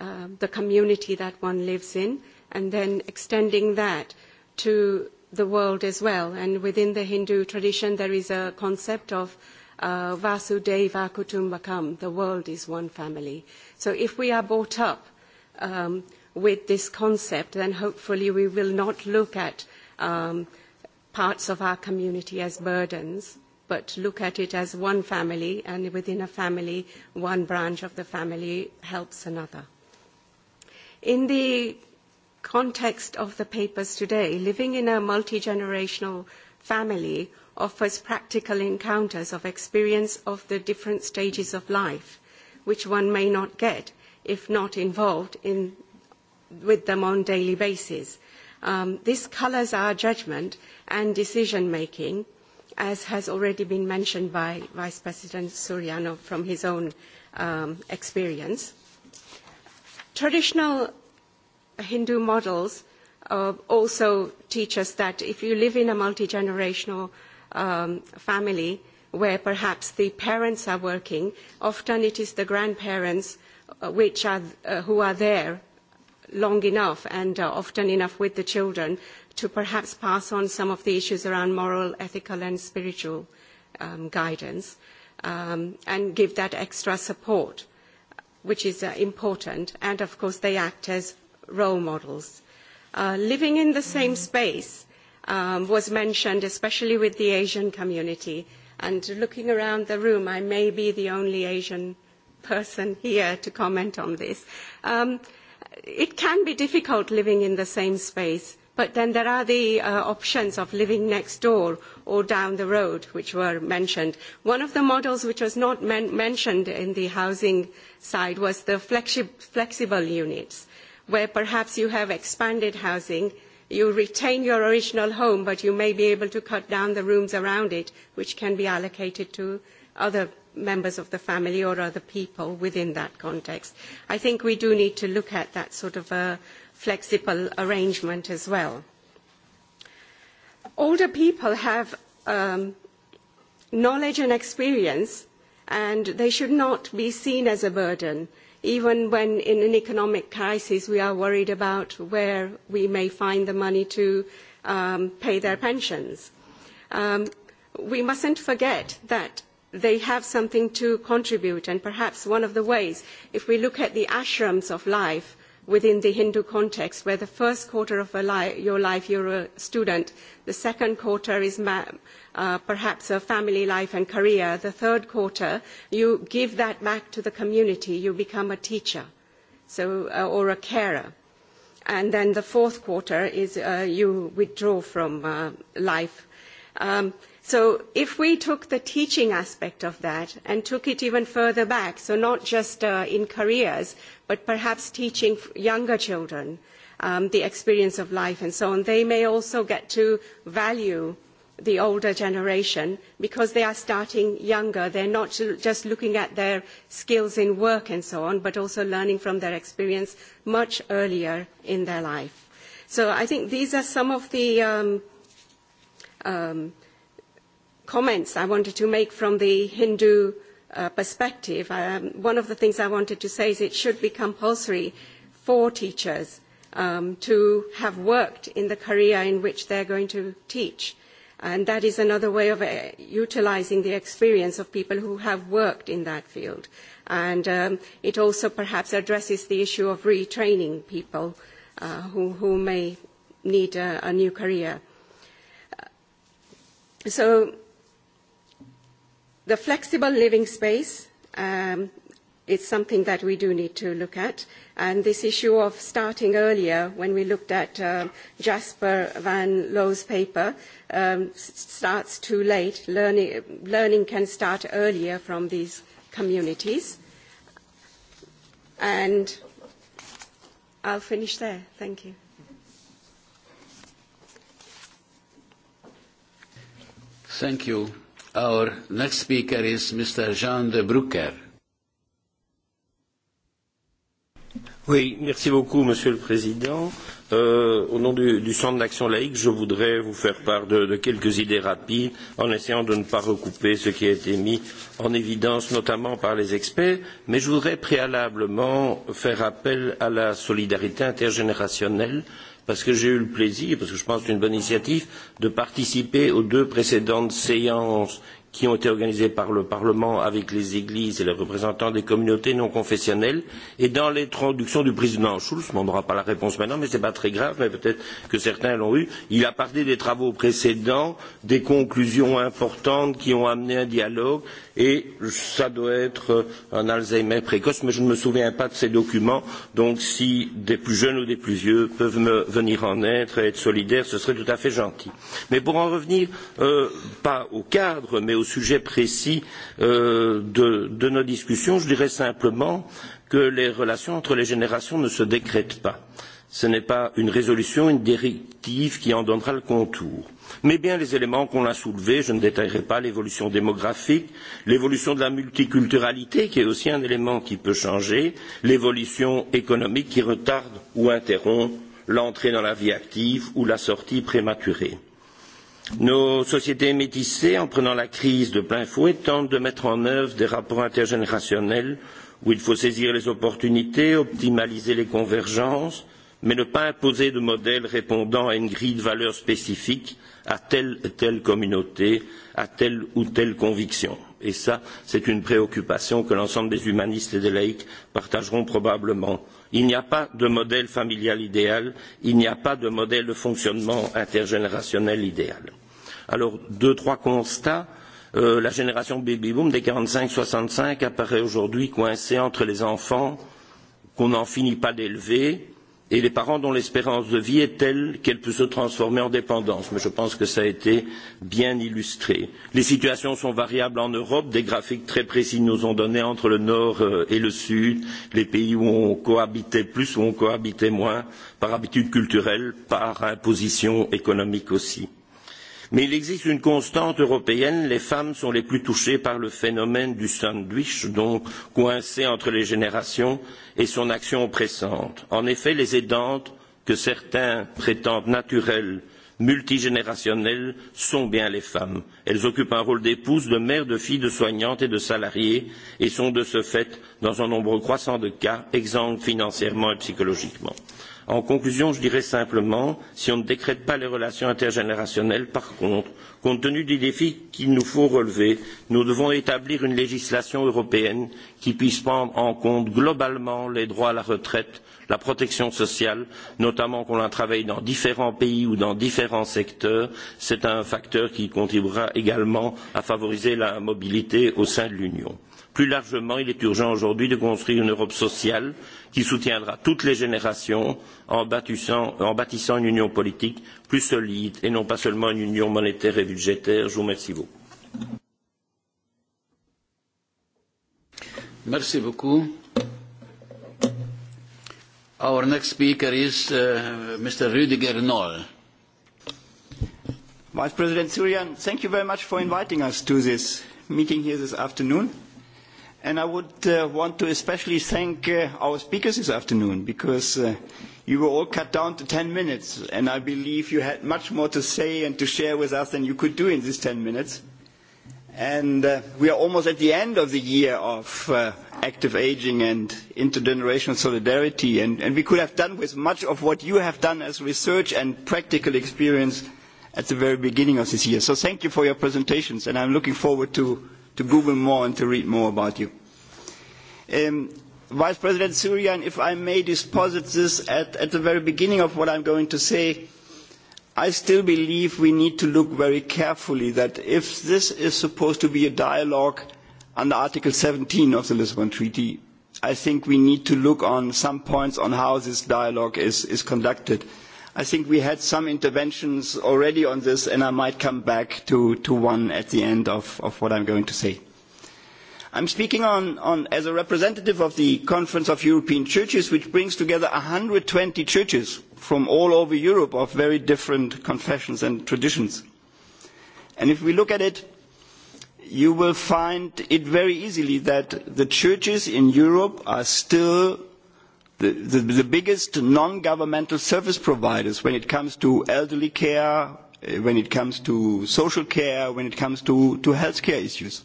um, the community that one lives in, and then extending that to the world as well. And within the Hindu tradition, there is a concept of uh, Vasudeva Kutumbakam, the world is one family. So if we are brought up um, with this concept, then hopefully we will not look at um, parts of our community as burdens, but look at it as one family, and within a family, one branch of the family helps another. In the context of the papers today, living in a multi-generational family offers practical encounters of experience of the different stages of life, which one may not get if not involved in, with them on a daily basis. Um, this colours our judgment and decision making, as has already been mentioned by Vice President Soriano from his own um, experience. Traditional Hindu models uh, also teach us that if you live in a multi-generational um, family where perhaps the parents are working, often it is the grandparents uh, which are, uh, who are there long enough and uh, often enough with the children to perhaps pass on some of the issues around moral, ethical and spiritual um, guidance um, and give that extra support, which is uh, important. And of course, they act as role models. Uh, living in the same space um, was mentioned, especially with the Asian community. And looking around the room, I may be the only Asian person here to comment on this. Um, it can be difficult living in the same space, but then there are the uh, options of living next door or down the road, which were mentioned. One of the models which was not men mentioned in the housing side was the flexi flexible units, where perhaps you have expanded housing You retain your original home, but you may be able to cut down the rooms around it, which can be allocated to other members of the family or other people within that context. I think we do need to look at that sort of a uh, flexible arrangement as well. Older people have um, knowledge and experience, and they should not be seen as a burden even when in an economic crisis we are worried about where we may find the money to um, pay their pensions. Um, we mustn't forget that they have something to contribute and perhaps one of the ways, if we look at the ashrams of life, within the Hindu context, where the first quarter of li your life you're a student, the second quarter is uh, perhaps a family life and career, the third quarter you give that back to the community, you become a teacher so, uh, or a carer. And then the fourth quarter is uh, you withdraw from uh, life. Um, so if we took the teaching aspect of that and took it even further back, so not just uh, in careers, but perhaps teaching younger children um, the experience of life and so on. They may also get to value the older generation because they are starting younger. They're not just looking at their skills in work and so on, but also learning from their experience much earlier in their life. So I think these are some of the um, um, comments I wanted to make from the Hindu Uh, perspective, um, one of the things I wanted to say is it should be compulsory for teachers um, to have worked in the career in which they're going to teach. And that is another way of uh, utilising the experience of people who have worked in that field. And um, it also perhaps addresses the issue of retraining people uh, who, who, may need a, a new career. Uh, so The flexible living space um, is something that we do need to look at. And this issue of starting earlier, when we looked at uh, Jasper Van Loo's paper, um, starts too late. Learning, learning can start earlier from these communities. And I'll finish there. Thank you. Thank you. Our next speaker is Mr. Jean de Brucker. Oui, merci beaucoup, Monsieur le Président. Euh, au nom du, du Centre d'action laïque, je voudrais vous faire part de, de quelques idées rapides en essayant de ne pas recouper ce qui a été mis en évidence, notamment par les experts, mais je voudrais préalablement faire appel à la solidarité intergénérationnelle parce que j'ai eu le plaisir, parce que je pense que c'est une bonne initiative, de participer aux deux précédentes séances qui ont été organisées par le Parlement avec les églises et les représentants des communautés non confessionnelles. Et dans les traductions du président Schulz, on n'aura pas la réponse maintenant, mais ce n'est pas très grave, mais peut-être que certains l'ont eu, il a parlé des travaux précédents, des conclusions importantes qui ont amené un dialogue, et ça doit être un Alzheimer précoce, mais je ne me souviens pas de ces documents, donc si des plus jeunes ou des plus vieux peuvent me venir en aide et être solidaires, ce serait tout à fait gentil. Mais pour en revenir, euh, pas au cadre, mais au sujet précis euh, de, de nos discussions, je dirais simplement que les relations entre les générations ne se décrètent pas. Ce n'est pas une résolution, une directive qui en donnera le contour mais bien les éléments qu'on a soulevés. Je ne détaillerai pas l'évolution démographique, l'évolution de la multiculturalité, qui est aussi un élément qui peut changer, l'évolution économique qui retarde ou interrompt l'entrée dans la vie active ou la sortie prématurée. Nos sociétés métissées, en prenant la crise de plein fouet, tentent de mettre en œuvre des rapports intergénérationnels où il faut saisir les opportunités, optimaliser les convergences, mais ne pas imposer de modèle répondant à une grille de valeurs spécifique à telle ou telle communauté, à telle ou telle conviction. Et ça, c'est une préoccupation que l'ensemble des humanistes et des laïcs partageront probablement il n'y a pas de modèle familial idéal il n'y a pas de modèle de fonctionnement intergénérationnel idéal. alors deux trois constats euh, la génération baby boom des quarante cinq soixante cinq apparaît aujourd'hui coincée entre les enfants qu'on n'en finit pas d'élever et les parents dont l'espérance de vie est telle qu'elle peut se transformer en dépendance. Mais je pense que ça a été bien illustré. Les situations sont variables en Europe. Des graphiques très précis nous ont donné entre le nord euh, et le sud, les pays où on cohabitait plus, ou où on cohabitait moins, par habitude culturelle, par imposition économique aussi. Mais il existe une constante européenne, les femmes sont les plus touchées par le phénomène du sandwich, donc coincé entre les générations, et son action oppressante. En effet, les aidantes, que certains prétendent naturelles, multigénérationnelles, sont bien les femmes. Elles occupent un rôle d'épouse, de mère, de fille, de soignante et de salariée, et sont de ce fait, dans un nombre croissant de cas, exemptes financièrement et psychologiquement. En conclusion, je dirais simplement, si on ne décrète pas les relations intergénérationnelles, par contre, compte tenu des défis qu'il nous faut relever, nous devons établir une législation européenne qui puisse prendre en compte globalement les droits à la retraite, la protection sociale, notamment qu'on la travaille dans différents pays ou dans différents secteurs. C'est un facteur qui contribuera également à favoriser la mobilité au sein de l'Union. Plus largement, il est urgent aujourd'hui de construire une Europe sociale qui soutiendra toutes les générations en bâtissant, en bâtissant une union politique plus solide et non pas seulement une union monétaire et budgétaire. Je vous remercie beaucoup. Merci beaucoup. Our next speaker is uh, Mr. Rüdiger Noll. Vice President Surian, thank you very much for inviting us to this meeting here this afternoon. And I would uh, want to especially thank uh, our speakers this afternoon because uh, you were all cut down to 10 minutes and I believe you had much more to say and to share with us than you could do in these 10 minutes. And uh, we are almost at the end of the year of uh, active aging and intergenerational solidarity and, and we could have done with much of what you have done as research and practical experience at the very beginning of this year. So thank you for your presentations and I'm looking forward to to Google more and to read more about you. Um, Vice President Surian, if I may deposit this at, at the very beginning of what I'm going to say, I still believe we need to look very carefully that if this is supposed to be a dialogue under Article 17 of the Lisbon Treaty, I think we need to look on some points on how this dialogue is, is conducted I think we had some interventions already on this, and I might come back to, to one at the end of, of what I'm going to say. I'm speaking on, on, as a representative of the Conference of European Churches, which brings together 120 churches from all over Europe of very different confessions and traditions. And if we look at it, you will find it very easily that the churches in Europe are still The, the, biggest non-governmental service providers when it comes to elderly care, eh, when it comes to social care, when it comes to, to healthcare issues.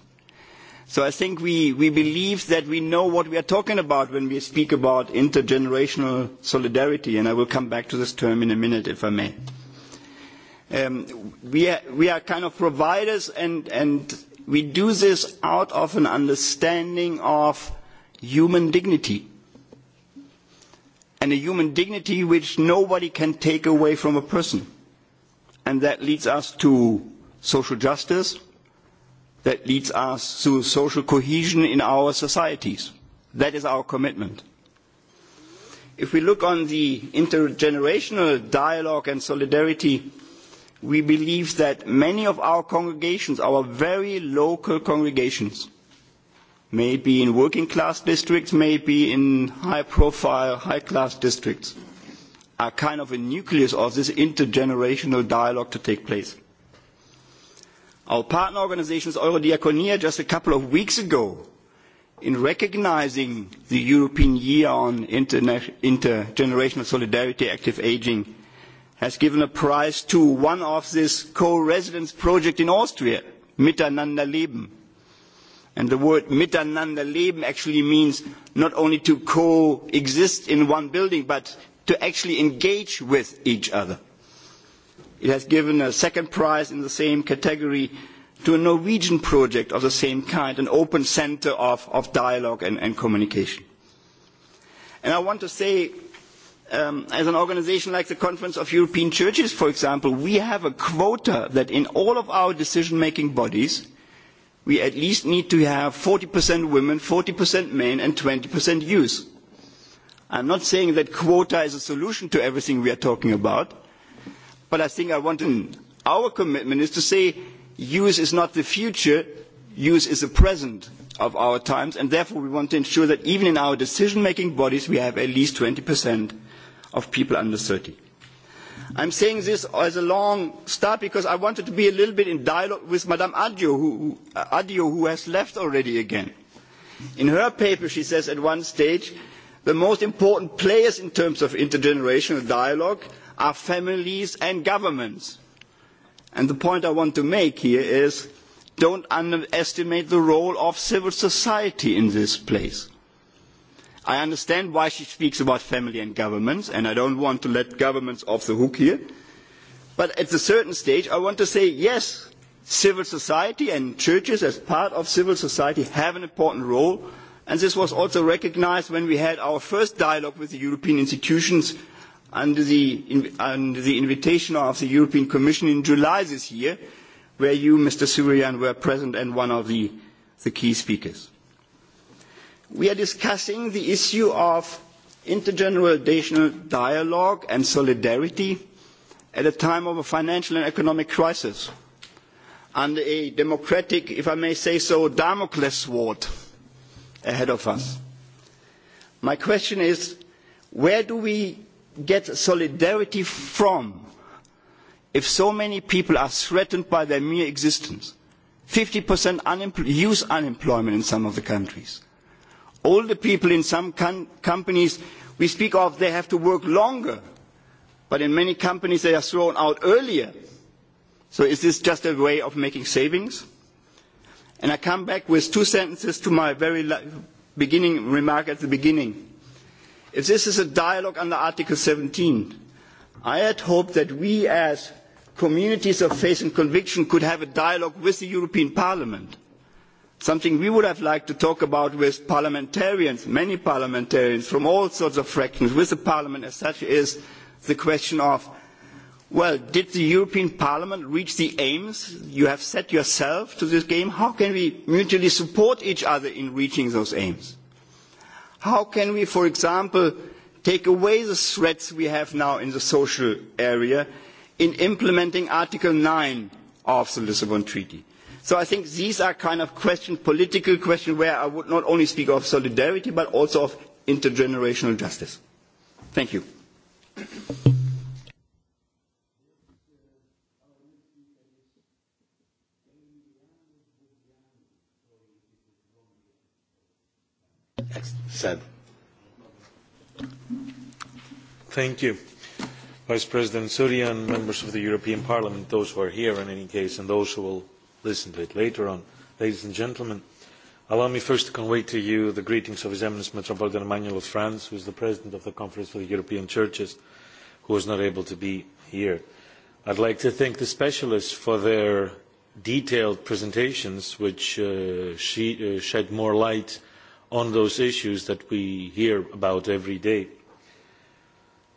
So I think we, we believe that we know what we are talking about when we speak about intergenerational solidarity, and I will come back to this term in a minute, if I may. Um, we, are, we are kind of providers, and, and we do this out of an understanding of human dignity and a human dignity which nobody can take away from a person. And that leads us to social justice, that leads us to social cohesion in our societies. That is our commitment. If we look on the intergenerational dialogue and solidarity, we believe that many of our congregations, our very local congregations, maybe in working class districts, maybe in high profile, high class districts, are kind of a nucleus of this intergenerational dialogue to take place. Our partner organizations, Eurodiaconia, just a couple of weeks ago, in recognizing the European Year on Intergenerational Solidarity, Active Aging, has given a prize to one of this co-residence project in Austria, Miteinander Leben And the word miteinander leben actually means not only to coexist in one building, but to actually engage with each other. It has given a second prize in the same category to a Norwegian project of the same kind, an open centre of, of, dialogue and, and, communication. And I want to say, um, as an organisation like the Conference of European Churches, for example, we have a quota that in all of our decision-making bodies, we at least need to have 40% women, 40% men, and 20% youth. I'm not saying that quota is a solution to everything we are talking about, but I think I want our commitment is to say youth is not the future, youth is the present of our times, and therefore we want to ensure that even in our decision-making bodies we have at least 20% of people under 30. I'm saying this as a long start because I wanted to be a little bit in dialogue with Madame Adio, who, uh, Adio, who has left already again. In her paper, she says at one stage, the most important players in terms of intergenerational dialogue are families and governments. And the point I want to make here is don't underestimate the role of civil society in this place I understand why she speaks about family and governments, and I don't want to let governments off the hook here. But at a certain stage, I want to say, yes, civil society and churches as part of civil society have an important role, and this was also recognised when we had our first dialogue with the European institutions under the, under the invitation of the European Commission in July this year, where you, Mr. Surian, were present and one of the, the key speakers we are discussing the issue of intergenerational dialogue and solidarity at a time of a financial and economic crisis under a democratic, if I may say so, Damocles sword ahead of us. My question is, where do we get solidarity from if so many people are threatened by their mere existence? 50% youth unemployment in some of the countries all the people in some companies we speak of they have to work longer but in many companies they are thrown out earlier so is this just a way of making savings and i come back with two sentences to my very beginning remark at the beginning if this is a dialogue under article 17 i had hoped that we as communities of faith and conviction could have a dialogue with the european parliament something we would have liked to talk about with parliamentarians, many parliamentarians from all sorts of fractions, with the parliament as such, is the question of, well, did the European Parliament reach the aims you have set yourself to this game? How can we mutually support each other in reaching those aims? How can we, for example, take away the threats we have now in the social area in implementing Article 9 of the Lisbon Treaty? So I think these are kind of questions, political questions, where I would not only speak of solidarity, but also of intergenerational justice. Thank you. Said. Thank you. Vice President Surya and members of the European Parliament, those who are here in any case, and those who will listen to it later on. Ladies and gentlemen, allow me first to convey to you the greetings of His Eminence Metropolitan Emmanuel of France, who is the President of the Conference for the European Churches, who was not able to be here. I'd like to thank the specialists for their detailed presentations, which uh, she, uh, shed more light on those issues that we hear about every day.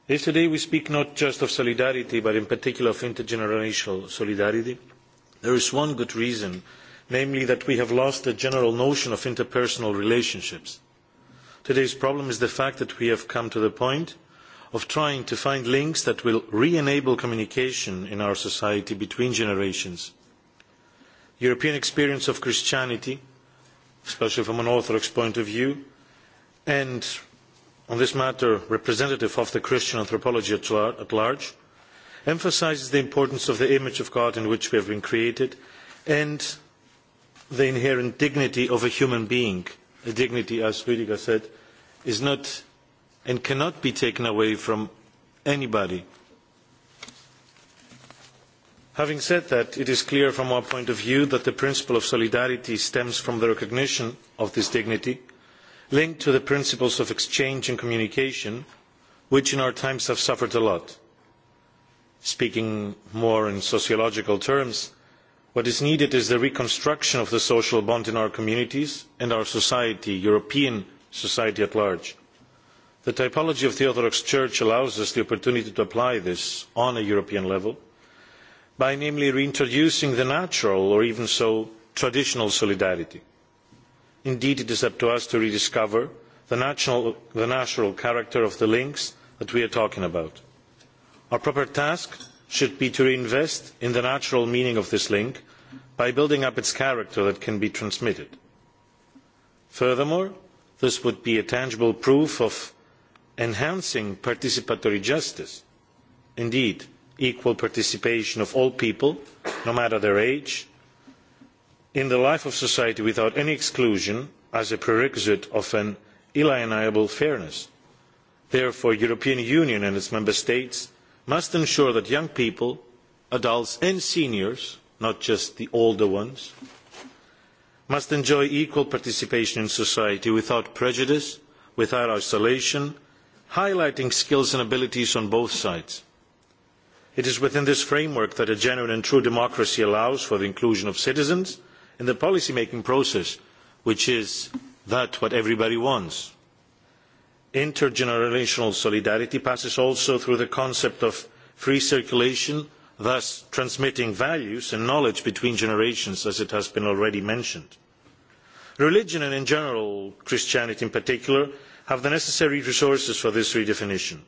If today we speak not just of solidarity, but in particular of intergenerational solidarity, there is one good reason namely that we have lost the general notion of interpersonal relationships. today's problem is the fact that we have come to the point of trying to find links that will re enable communication in our society between generations. the european experience of christianity especially from an orthodox point of view and on this matter representative of the christian anthropology at large emphasises the importance of the image of God in which we have been created and the inherent dignity of a human being. A dignity, as Rüdiger said, is not and cannot be taken away from anybody. Having said that, it is clear from our point of view that the principle of solidarity stems from the recognition of this dignity, linked to the principles of exchange and communication, which in our times have suffered a lot speaking more in sociological terms what is needed is the reconstruction of the social bond in our communities and our society european society at large. the typology of the orthodox church allows us the opportunity to apply this on a european level by namely reintroducing the natural or even so traditional solidarity. indeed it is up to us to rediscover the natural, the natural character of the links that we are talking about our proper task should be to reinvest in the natural meaning of this link by building up its character that can be transmitted. furthermore this would be a tangible proof of enhancing participatory justice indeed equal participation of all people no matter their age in the life of society without any exclusion as a prerequisite of an inalienable fairness. therefore the european union and its member states must ensure that young people adults and seniors not just the older ones must enjoy equal participation in society without prejudice without isolation highlighting skills and abilities on both sides. it is within this framework that a genuine and true democracy allows for the inclusion of citizens in the policy making process which is that what everybody wants intergenerational solidarity passes also through the concept of free circulation thus transmitting values and knowledge between generations as has been already mentioned. religion and in general christianity in particular have the necessary resources for this redefinition.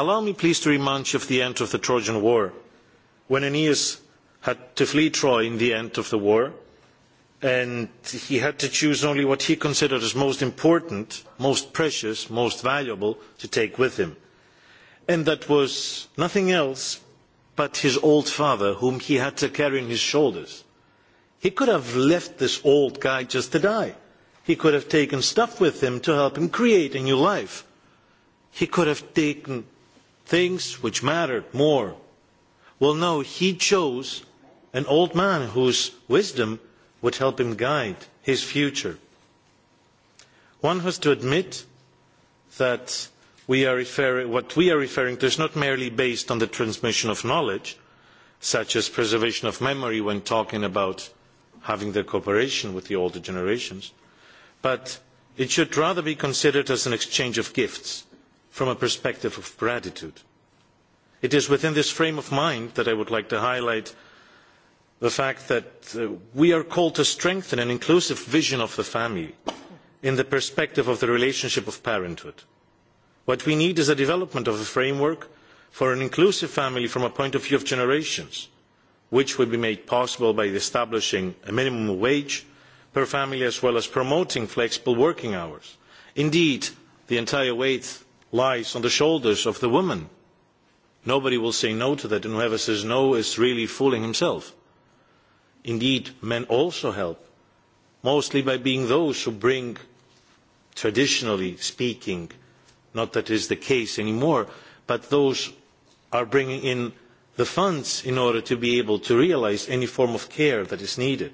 allow me please to remind you of the end of the trojan war when aeneas had to flee troy in the end of the war and he had to choose only what he considered as most important most precious most valuable to take with him and that was nothing else but his old father whom he had to carry on his shoulders he could have left this old guy just to die he could have taken stuff with him to help him create a new life he could have taken things which mattered more well no he chose an old man whose wisdom would help him guide his future. One has to admit that we refer, what we are referring to is not merely based on the transmission of knowledge, such as preservation of memory when talking about having the cooperation with the older generations, but it should rather be considered as an exchange of gifts from a perspective of gratitude. It is within this frame of mind that I would like to highlight the fact that uh, we are called to strengthen an inclusive vision of the family in the perspective of the relationship of parenthood. What we need is a development of a framework for an inclusive family from a point of view of generations, which will be made possible by establishing a minimum wage per family as well as promoting flexible working hours. Indeed, the entire weight lies on the shoulders of the woman. Nobody will say no to that, and whoever says no is really fooling himself. Indeed, men also help, mostly by being those who bring, traditionally speaking, not that is the case anymore, but those are bringing in the funds in order to be able to realise any form of care that is needed.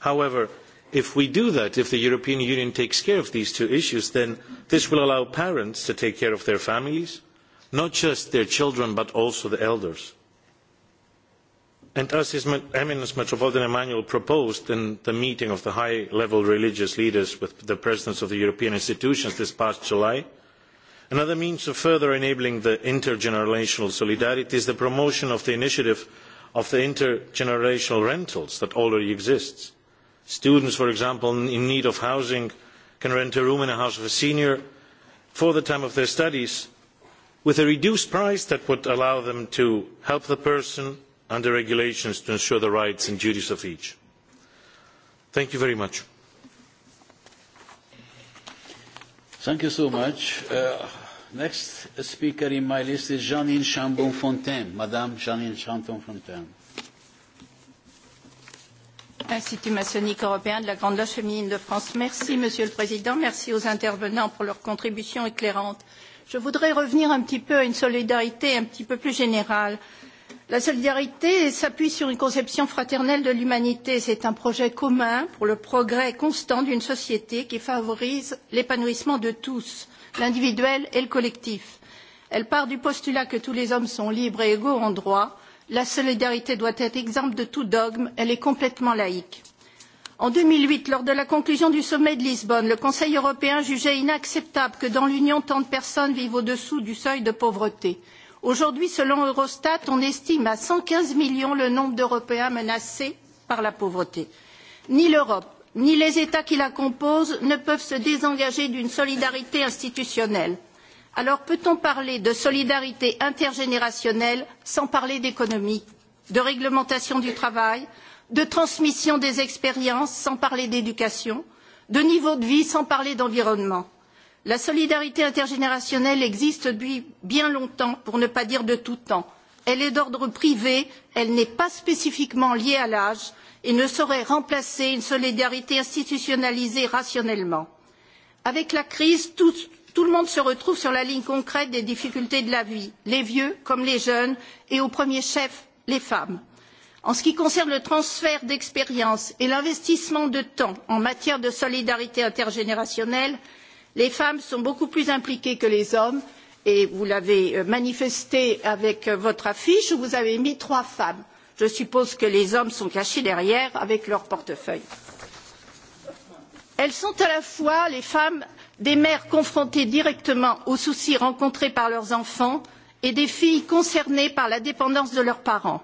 However, if we do that, if the European Union takes care of these two issues, then this will allow parents to take care of their families, not just their children, but also the elders and as his eminence metropolitan emmanuel proposed in the meeting of the high level religious leaders with the presidents of the european institutions this past july another means of further enabling the intergenerational solidarity is the promotion of the initiative of the intergenerational rentals that already exists. students for example in need of housing can rent a room in a house of a senior for the time of their studies with a reduced price that would allow them to help the person and the regulations to ensure the rights and duties of each. Thank you very much. Thank you so much. Uh, next speaker in my list is Jeanine Chambon-Fontaine. Madame Jeanine Chambon-Fontaine. Institut maçonnique européen de la Grande Loge féminine de France. Merci, Monsieur le Président. Merci aux intervenants pour leur contribution éclairante. Je voudrais revenir un petit peu à une solidarité un petit peu plus générale. La solidarité s'appuie sur une conception fraternelle de l'humanité. C'est un projet commun pour le progrès constant d'une société qui favorise l'épanouissement de tous, l'individuel et le collectif. Elle part du postulat que tous les hommes sont libres et égaux en droit. La solidarité doit être exempte de tout dogme. Elle est complètement laïque. En 2008, lors de la conclusion du sommet de Lisbonne, le Conseil européen jugeait inacceptable que dans l'Union tant de personnes vivent au-dessous du seuil de pauvreté aujourd'hui selon eurostat on estime à cent quinze millions le nombre d'européens menacés par la pauvreté. ni l'europe ni les états qui la composent ne peuvent se désengager d'une solidarité institutionnelle. alors peut on parler de solidarité intergénérationnelle sans parler d'économie de réglementation du travail de transmission des expériences sans parler d'éducation de niveau de vie sans parler d'environnement? la solidarité intergénérationnelle existe depuis bien longtemps pour ne pas dire de tout temps. elle est d'ordre privé elle n'est pas spécifiquement liée à l'âge et ne saurait remplacer une solidarité institutionnalisée rationnellement. avec la crise tout, tout le monde se retrouve sur la ligne concrète des difficultés de la vie les vieux comme les jeunes et au premier chef les femmes. en ce qui concerne le transfert d'expérience et l'investissement de temps en matière de solidarité intergénérationnelle les femmes sont beaucoup plus impliquées que les hommes et vous l'avez euh, manifesté avec euh, votre affiche où vous avez mis trois femmes. je suppose que les hommes sont cachés derrière avec leur portefeuille. elles sont à la fois les femmes des mères confrontées directement aux soucis rencontrés par leurs enfants et des filles concernées par la dépendance de leurs parents.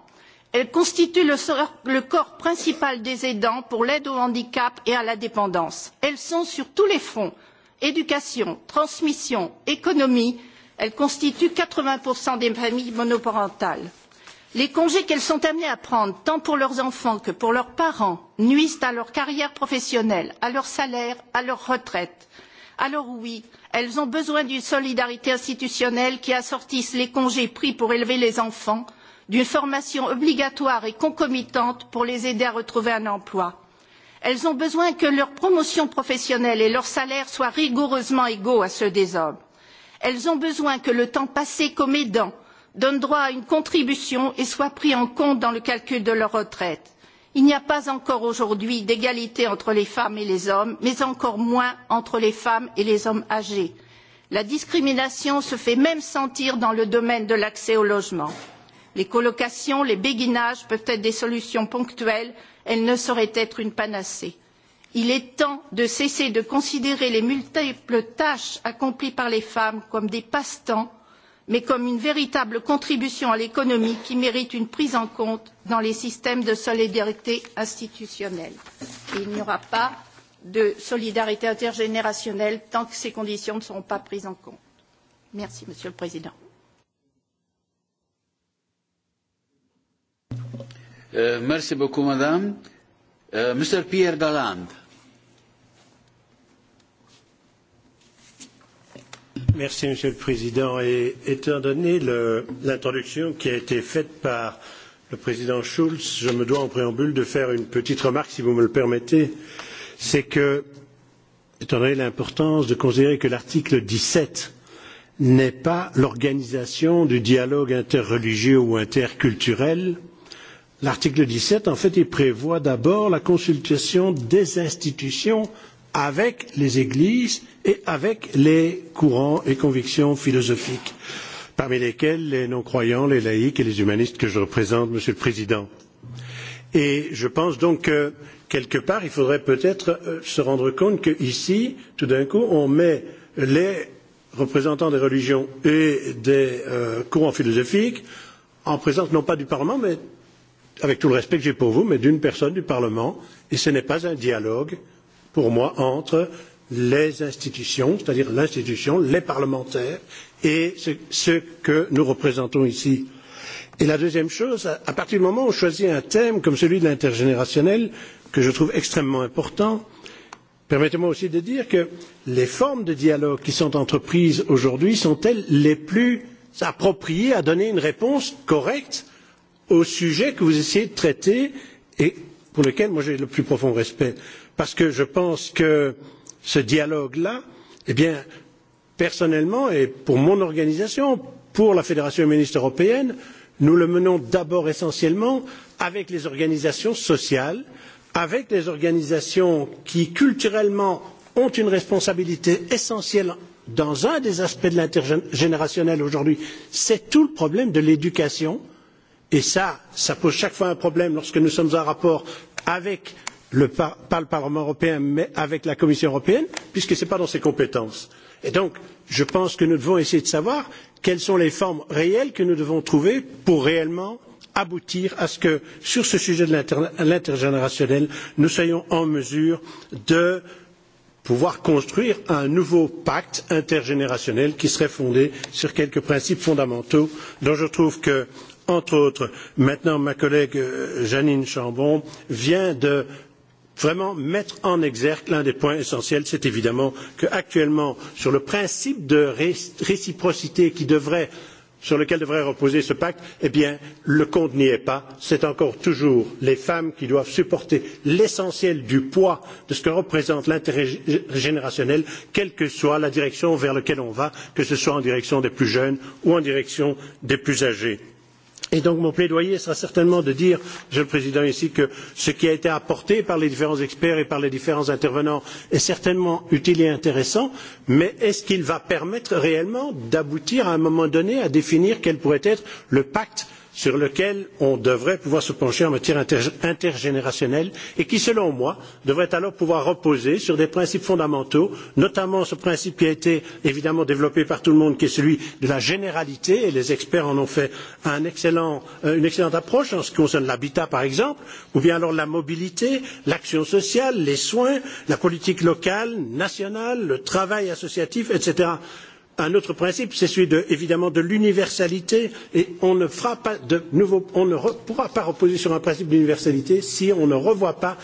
elles constituent le, le corps principal des aidants pour l'aide au handicap et à la dépendance. elles sont sur tous les fronts éducation transmission économie elles constituent quatre vingts des familles monoparentales. les congés qu'elles sont amenées à prendre tant pour leurs enfants que pour leurs parents nuisent à leur carrière professionnelle à leur salaire à leur retraite. alors oui elles ont besoin d'une solidarité institutionnelle qui assortisse les congés pris pour élever les enfants d'une formation obligatoire et concomitante pour les aider à retrouver un emploi elles ont besoin que leur promotion professionnelle et leur salaire soient rigoureusement égaux à ceux des hommes. elles ont besoin que le temps passé comme aidant donne droit à une contribution et soit pris en compte dans le calcul de leur retraite. il n'y a pas encore aujourd'hui d'égalité entre les femmes et les hommes mais encore moins entre les femmes et les hommes âgés. la discrimination se fait même sentir dans le domaine de l'accès au logement les colocations les béguinages peuvent être des solutions ponctuelles elles ne sauraient être une panacée. il est temps de cesser de considérer les multiples tâches accomplies par les femmes comme des passe temps mais comme une véritable contribution à l'économie qui mérite une prise en compte dans les systèmes de solidarité institutionnelle. Et il n'y aura pas de solidarité intergénérationnelle tant que ces conditions ne seront pas prises en compte. Merci, Monsieur le Président. Eh, merci beaucoup, madame. Uh, eh, Mr. Pierre Dalland. Merci, Monsieur le Président. Et étant donné l'introduction qui a été faite par le Président Schulz, je me dois en préambule de faire une petite remarque, si vous me le permettez. C'est que, étant donné l'importance de considérer que l'article 17 n'est pas l'organisation du dialogue interreligieux ou interculturel, euh, L'article 17, en fait, il prévoit d'abord la consultation des institutions avec les églises et avec les courants et convictions philosophiques, parmi lesquels les non-croyants, les laïcs et les humanistes que je représente, Monsieur le Président. Et je pense donc que, quelque part, il faudrait peut-être euh, se rendre compte qu'ici, tout d'un coup, on met les représentants des religions et des euh, courants philosophiques en présence non pas du Parlement, mais avec tout le respect que j'ai pour vous, mais d'une personne du Parlement, et ce n'est pas un dialogue, pour moi, entre les institutions, c'est-à-dire l'institution, les parlementaires et ce, ce que nous représentons ici. Et la deuxième chose, à, partir du moment où on choisit un thème comme celui de l'intergénérationnel, que je trouve extrêmement important, permettez-moi aussi de dire que les formes de dialogue qui sont entreprises aujourd'hui sont-elles les plus appropriées à donner une réponse correcte au sujet que vous essayez de traiter et pour lequel moi j'ai le plus profond respect parce que je pense que ce dialogue là eh bien personnellement et pour mon organisation pour la fédération humaniste européenne nous le menons d'abord essentiellement avec les organisations sociales avec les organisations qui culturellement ont une responsabilité essentielle dans un des aspects de l'intergénérationnel aujourd'hui c'est tout le problème de l'éducation Et ça, ça pose chaque fois un problème lorsque nous sommes en rapport avec le, par, pas le Parlement européen, mais avec la Commission européenne, puisque ce n'est pas dans ses compétences. Et donc, je pense que nous devons essayer de savoir quelles sont les formes réelles que nous devons trouver pour réellement aboutir à ce que, sur ce sujet de l'intergénérationnel, nous soyons en mesure de pouvoir construire un nouveau pacte intergénérationnel qui serait fondé sur quelques principes fondamentaux dont je trouve que entre autres. Maintenant, ma collègue euh, Janine Chambon vient de vraiment mettre en exergue l'un des points essentiels, c'est évidemment qu'actuellement, sur le principe de réciprocité qui devrait sur lequel devrait reposer ce pacte, eh bien, le compte n'y est pas. C'est encore toujours les femmes qui doivent supporter l'essentiel du poids de ce que représente l'intérêt générationnel, quelle que soit la direction vers laquelle on va, que ce soit en direction des plus jeunes ou en direction des plus âgés Et donc mon plaidoyer sera certainement de dire, Monsieur le Président, ici que ce qui a été apporté par les différents experts et par les différents intervenants est certainement utile et intéressant, mais est-ce qu'il va permettre réellement d'aboutir à un moment donné à définir quel pourrait être le pacte sur lequel on devrait pouvoir se pencher en matière intergénérationnelle et qui, selon moi, devrait alors pouvoir reposer sur des principes fondamentaux, notamment ce principe qui a été évidemment développé par tout le monde, qui est celui de la généralité, et les experts en ont fait un excellent, euh, une excellente approche en ce qui concerne l'habitat, par exemple, ou bien alors la mobilité, l'action sociale, les soins, la politique locale, nationale, le travail associatif, etc un autre principe, c'est celui de, évidemment de l'universalité, et on ne, fera pas de nouveau, on ne re, pourra pas reposer sur un principe d'universalité si on ne revoit pas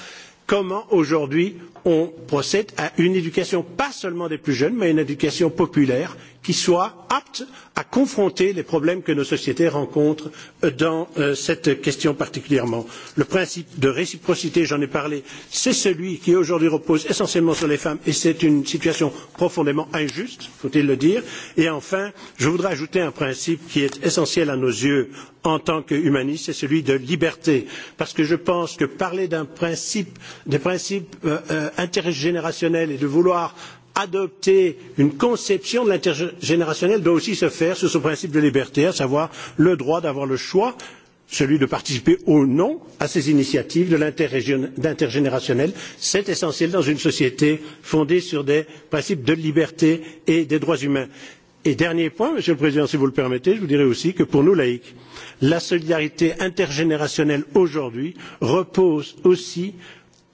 comment aujourd'hui on procède à une éducation, pas seulement des plus jeunes, mais une éducation populaire qui soit apte à confronter les problèmes que nos sociétés rencontrent dans euh, cette question particulièrement. Le principe de réciprocité, j'en ai parlé, c'est celui qui aujourd'hui repose essentiellement sur les femmes et c'est une situation profondément injuste, faut-il le dire. Et enfin, je voudrais ajouter un principe qui est essentiel à nos yeux en tant qu'humaniste, c'est celui de liberté. Parce que je pense que parler d'un principe, des principes euh, euh, intergénérationnels et de vouloir adopter une conception de l'intergénérationnel doit aussi se faire sur ce principe de liberté, à savoir le droit d'avoir le choix, celui de participer ou non à ces initiatives d'intergénérationnel. C'est essentiel dans une société fondée sur des principes de liberté et des droits humains. Et dernier point, Monsieur le Président, si vous le permettez, je vous dirais aussi que pour nous laïcs, la solidarité intergénérationnelle aujourd'hui repose aussi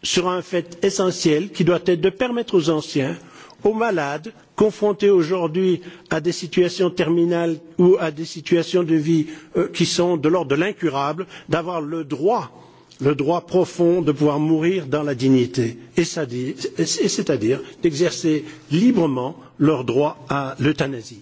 sur un fait essentiel qui doit être de permettre aux anciens aux malades confrontés aujourd'hui à des situations terminales ou à des situations de vie euh, qui sont de l'ordre de l'incurable d'avoir le droit le droit profond de pouvoir mourir dans la dignité c'est à dire d'exercer librement leur droit à l'euthanasie.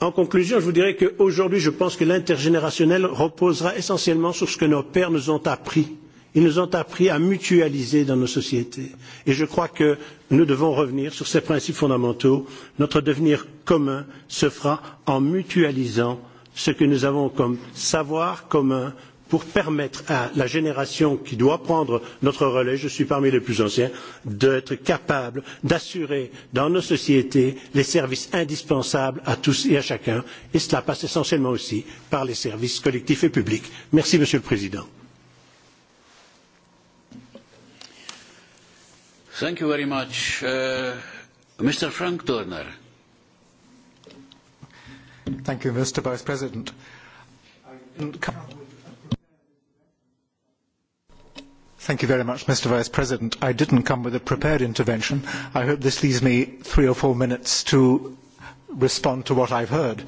En conclusion, je vous dirais qu'aujourd'hui, je pense que l'intergénérationnel reposera essentiellement sur ce que nos pères nous ont appris Ils nous ont appris à mutualiser dans nos sociétés. Et je crois que nous devons revenir sur ces principes fondamentaux. Notre devenir commun se fera en mutualisant ce que nous avons comme savoir commun pour permettre à la génération qui doit prendre notre relais, je suis parmi les plus anciens, d'être capable d'assurer dans nos sociétés les services indispensables à tous et à chacun. Et cela passe essentiellement aussi par les services collectifs et publics. Merci, Monsieur le Président. Thank you very much. Uh, Mr. Frank Turner. Thank you, Mr. Vice President. Thank you very much, Mr. Vice President. I didn't come with a prepared intervention. I hope this leaves me three or four minutes to respond to what I've heard,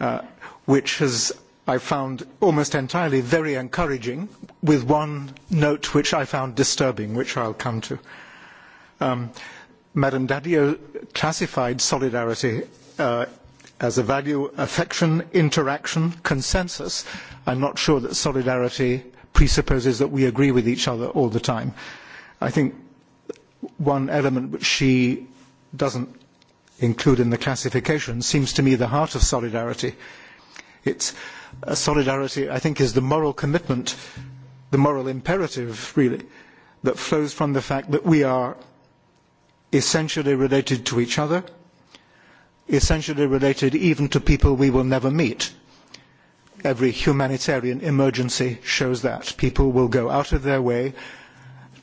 uh, which has I found almost entirely very encouraging, with one note which I found disturbing, which I'll come to. Uh, Um, Madame Daddio classified solidarity uh, as a value, affection, interaction, consensus. I'm not sure that solidarity presupposes that we agree with each other all the time. I think one element which she doesn't include in the classification seems to me the heart of solidarity. It's uh, solidarity, I think, is the moral commitment, the moral imperative, really, that flows from the fact that we are essentially related to each other, essentially related even to people we will never meet. Every humanitarian emergency shows that. People will go out of their way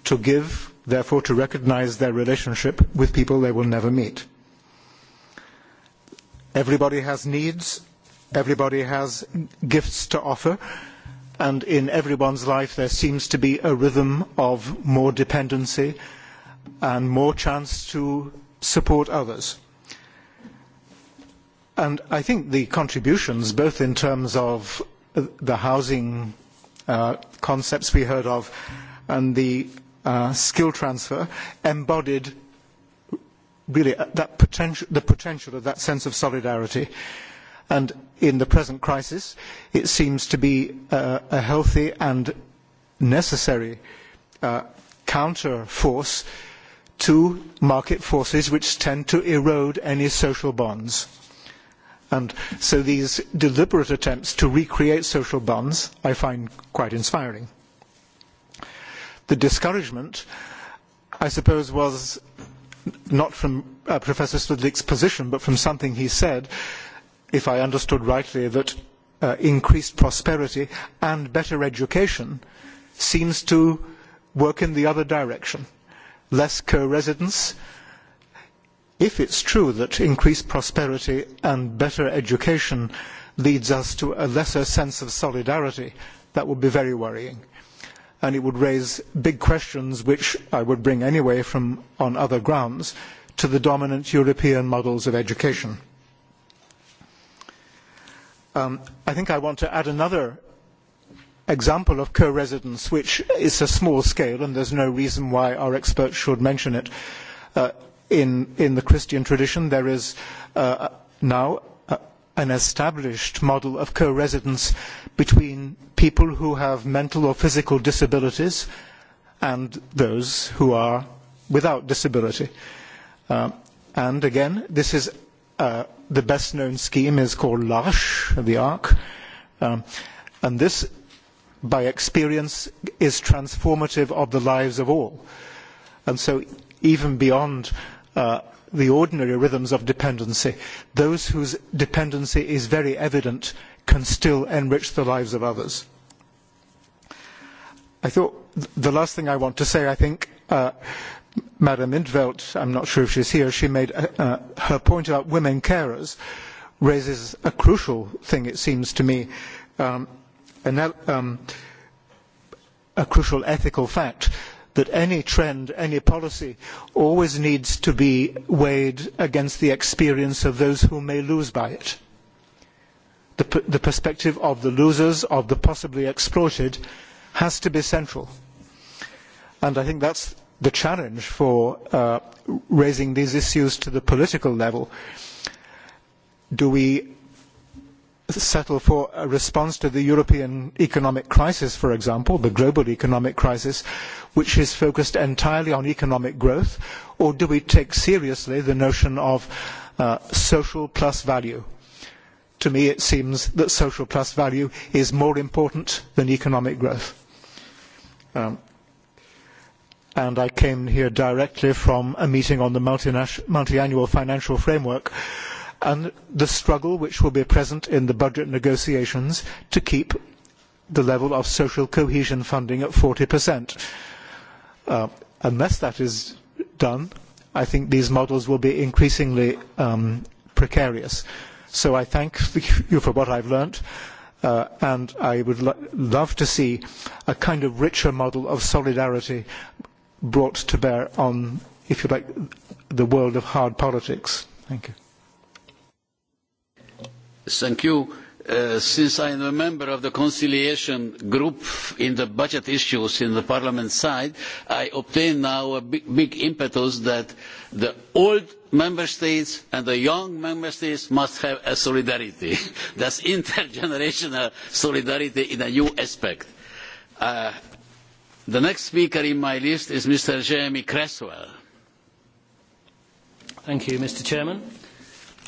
to give, therefore to recognise their relationship with people they will never meet. Everybody has needs, everybody has gifts to offer, and in everyone's life there seems to be a rhythm of more dependency, and more chance to support others. And I think the contributions, both in terms of the housing uh, concepts we heard of and the uh, skill transfer, embodied really that potential, the potential of that sense of solidarity. And in the present crisis, it seems to be uh, a healthy and necessary uh, counter force uh, to market forces which tend to erode any social bonds. And so these deliberate attempts to recreate social bonds I find quite inspiring. The discouragement, I suppose, was not from uh, Professor Sludlik's position, but from something he said, if I understood rightly, that uh, increased prosperity and better education seems to work in the other direction less co-residence. If it's true that increased prosperity and better education leads us to a lesser sense of solidarity, that would be very worrying. And it would raise big questions, which I would bring anyway from on other grounds, to the dominant European models of education. Um, I think I want to add another example of co-residence, which is a small scale, and there is no reason why our experts should mention it. Uh, in, in, the Christian tradition, there is uh, now uh, an established model of co-residence between people who have mental or physical disabilities and those who are without disability. Uh, and again, this is uh, the best known scheme is called L'Arche, the Ark, Um, and this by experience is transformative of the lives of all. And so even beyond uh, the ordinary rhythms of dependency, those whose dependency is very evident can still enrich the lives of others. I thought the last thing I want to say, I think uh, Madam Intveld, I'm not sure if she's here, she made uh, uh her point about women carers raises a crucial thing, it seems to me. Um, an, um, a crucial ethical fact that any trend, any policy always needs to be weighed against the experience of those who may lose by it. The, the perspective of the losers, of the possibly exploited, has to be central. And I think that's the challenge for uh, raising these issues to the political level. Do we settle for a response to the European economic crisis, for example, the global economic crisis, which is focused entirely on economic growth, or do we take seriously the notion of uh, social plus value? To me, it seems that social plus value is more important than economic growth. Um, and I came here directly from a meeting on the multi-annual financial framework, uh, and the struggle which will be present in the budget negotiations to keep the level of social cohesion funding at 40%. Uh, unless that is done, I think these models will be increasingly um, precarious. So I thank you for what I've learnt, uh, and I would lo love to see a kind of richer model of solidarity brought to bear on, if you like, the world of hard politics. Thank you. Thank you. Uh, since I am a member of the conciliation group in the budget issues in the parliament side, I obtain now a big, impetus that the old member states and the young member states must have a solidarity. That's intergenerational solidarity in a new aspect. Uh, the next speaker in my list is Mr. Jeremy Cresswell. Thank you, Mr. Chairman.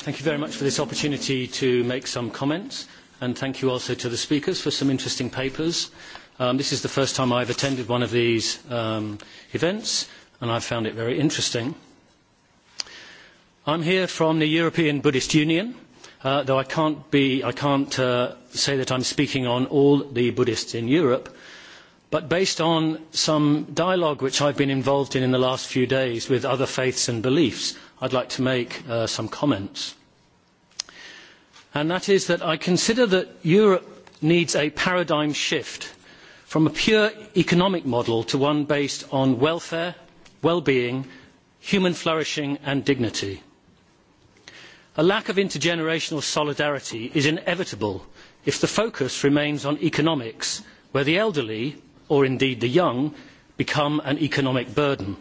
Thank you very much for this opportunity to make some comments, and thank you also to the speakers for some interesting papers. Um, this is the first time I've attended one of these um, events, and I've found it very interesting. I'm here from the European Buddhist Union, uh, though I can't, be, I can't uh, say that I'm speaking on all the Buddhists in Europe, but based on some dialogue which I've been involved in in the last few days with other faiths and beliefs, I'd like to make uh, some comments. And that is that I consider that Europe needs a paradigm shift from a pure economic model to one based on welfare, well-being, human flourishing and dignity. A lack of intergenerational solidarity is inevitable if the focus remains on economics, where the elderly, or indeed the young, become an economic burden,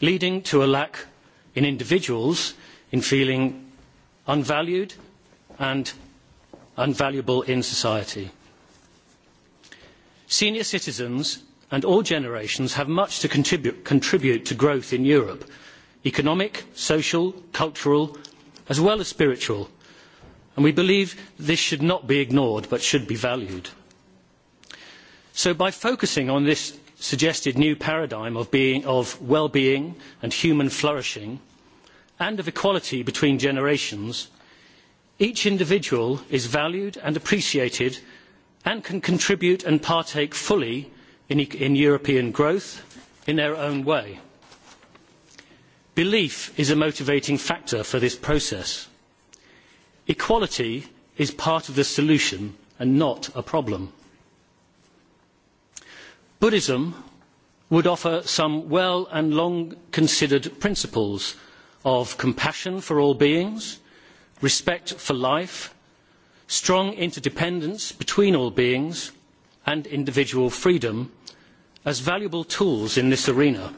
leading to a lack in individuals in feeling unvalued and unvaluable in society. Senior citizens and all generations have much to contribute, contribute to growth in Europe economic, social, cultural, as well as spiritual. And we believe this should not be ignored but should be valued. So by focusing on this suggested new paradigm of, being, of well-being and human flourishing, and of equality between generations each individual is valued and appreciated and can contribute and partake fully in, in european growth in their own way. belief is a motivating factor for this process. equality is part of the solution and not a problem. buddhism would offer some well and long considered principles of compassion for all beings, respect for life, strong interdependence between all beings, and individual freedom as valuable tools in this arena.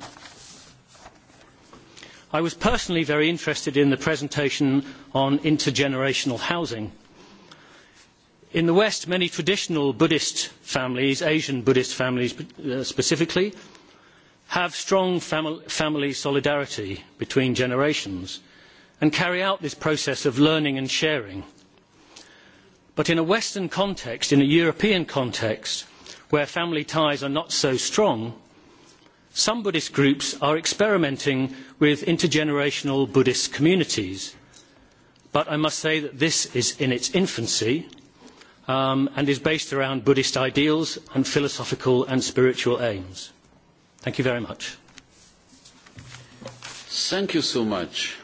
I was personally very interested in the presentation on intergenerational housing. In the West, many traditional Buddhist families, Asian Buddhist families uh, specifically, have strong family solidarity between generations and carry out this process of learning and sharing. But in a Western context, in a European context, where family ties are not so strong, some Buddhist groups are experimenting with intergenerational Buddhist communities. But I must say that this is in its infancy um, and is based around Buddhist ideals and philosophical and spiritual aims. Thank you very much. Thank you so much.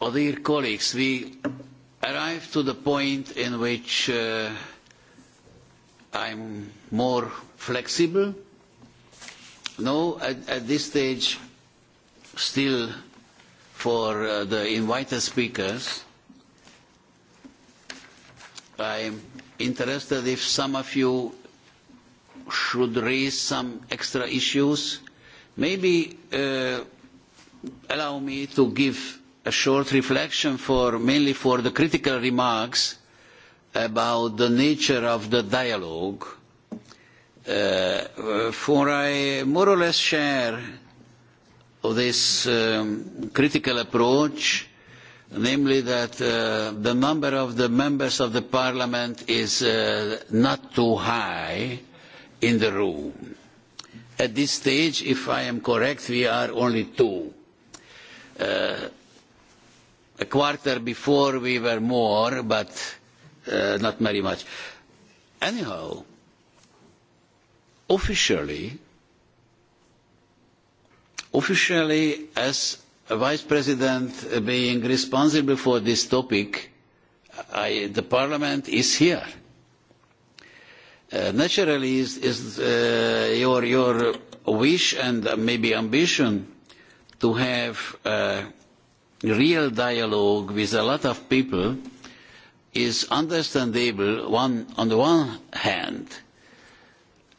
Oh, dear colleagues, we arrived to the point in which uh, I'm more flexible. No, at, at this stage, still for uh, the invited speakers, I'm interested if some of you should raise some extra issues. Maybe uh, allow me to give a short reflection for mainly for the critical remarks about the nature of the dialogue. Uh, for I more or less share this um, critical approach, namely that uh, the number of the members of the parliament is uh, not too high, in the room. At this stage, if I am correct, we are only two. Uh, a quarter before we were more, but uh, not very much. Anyhow, officially, officially as a vice president being responsible for this topic, I, the parliament is here Uh, naturally is, is uh, your, your wish and maybe ambition to have a uh, real dialogue with a lot of people is understandable one, on the one hand,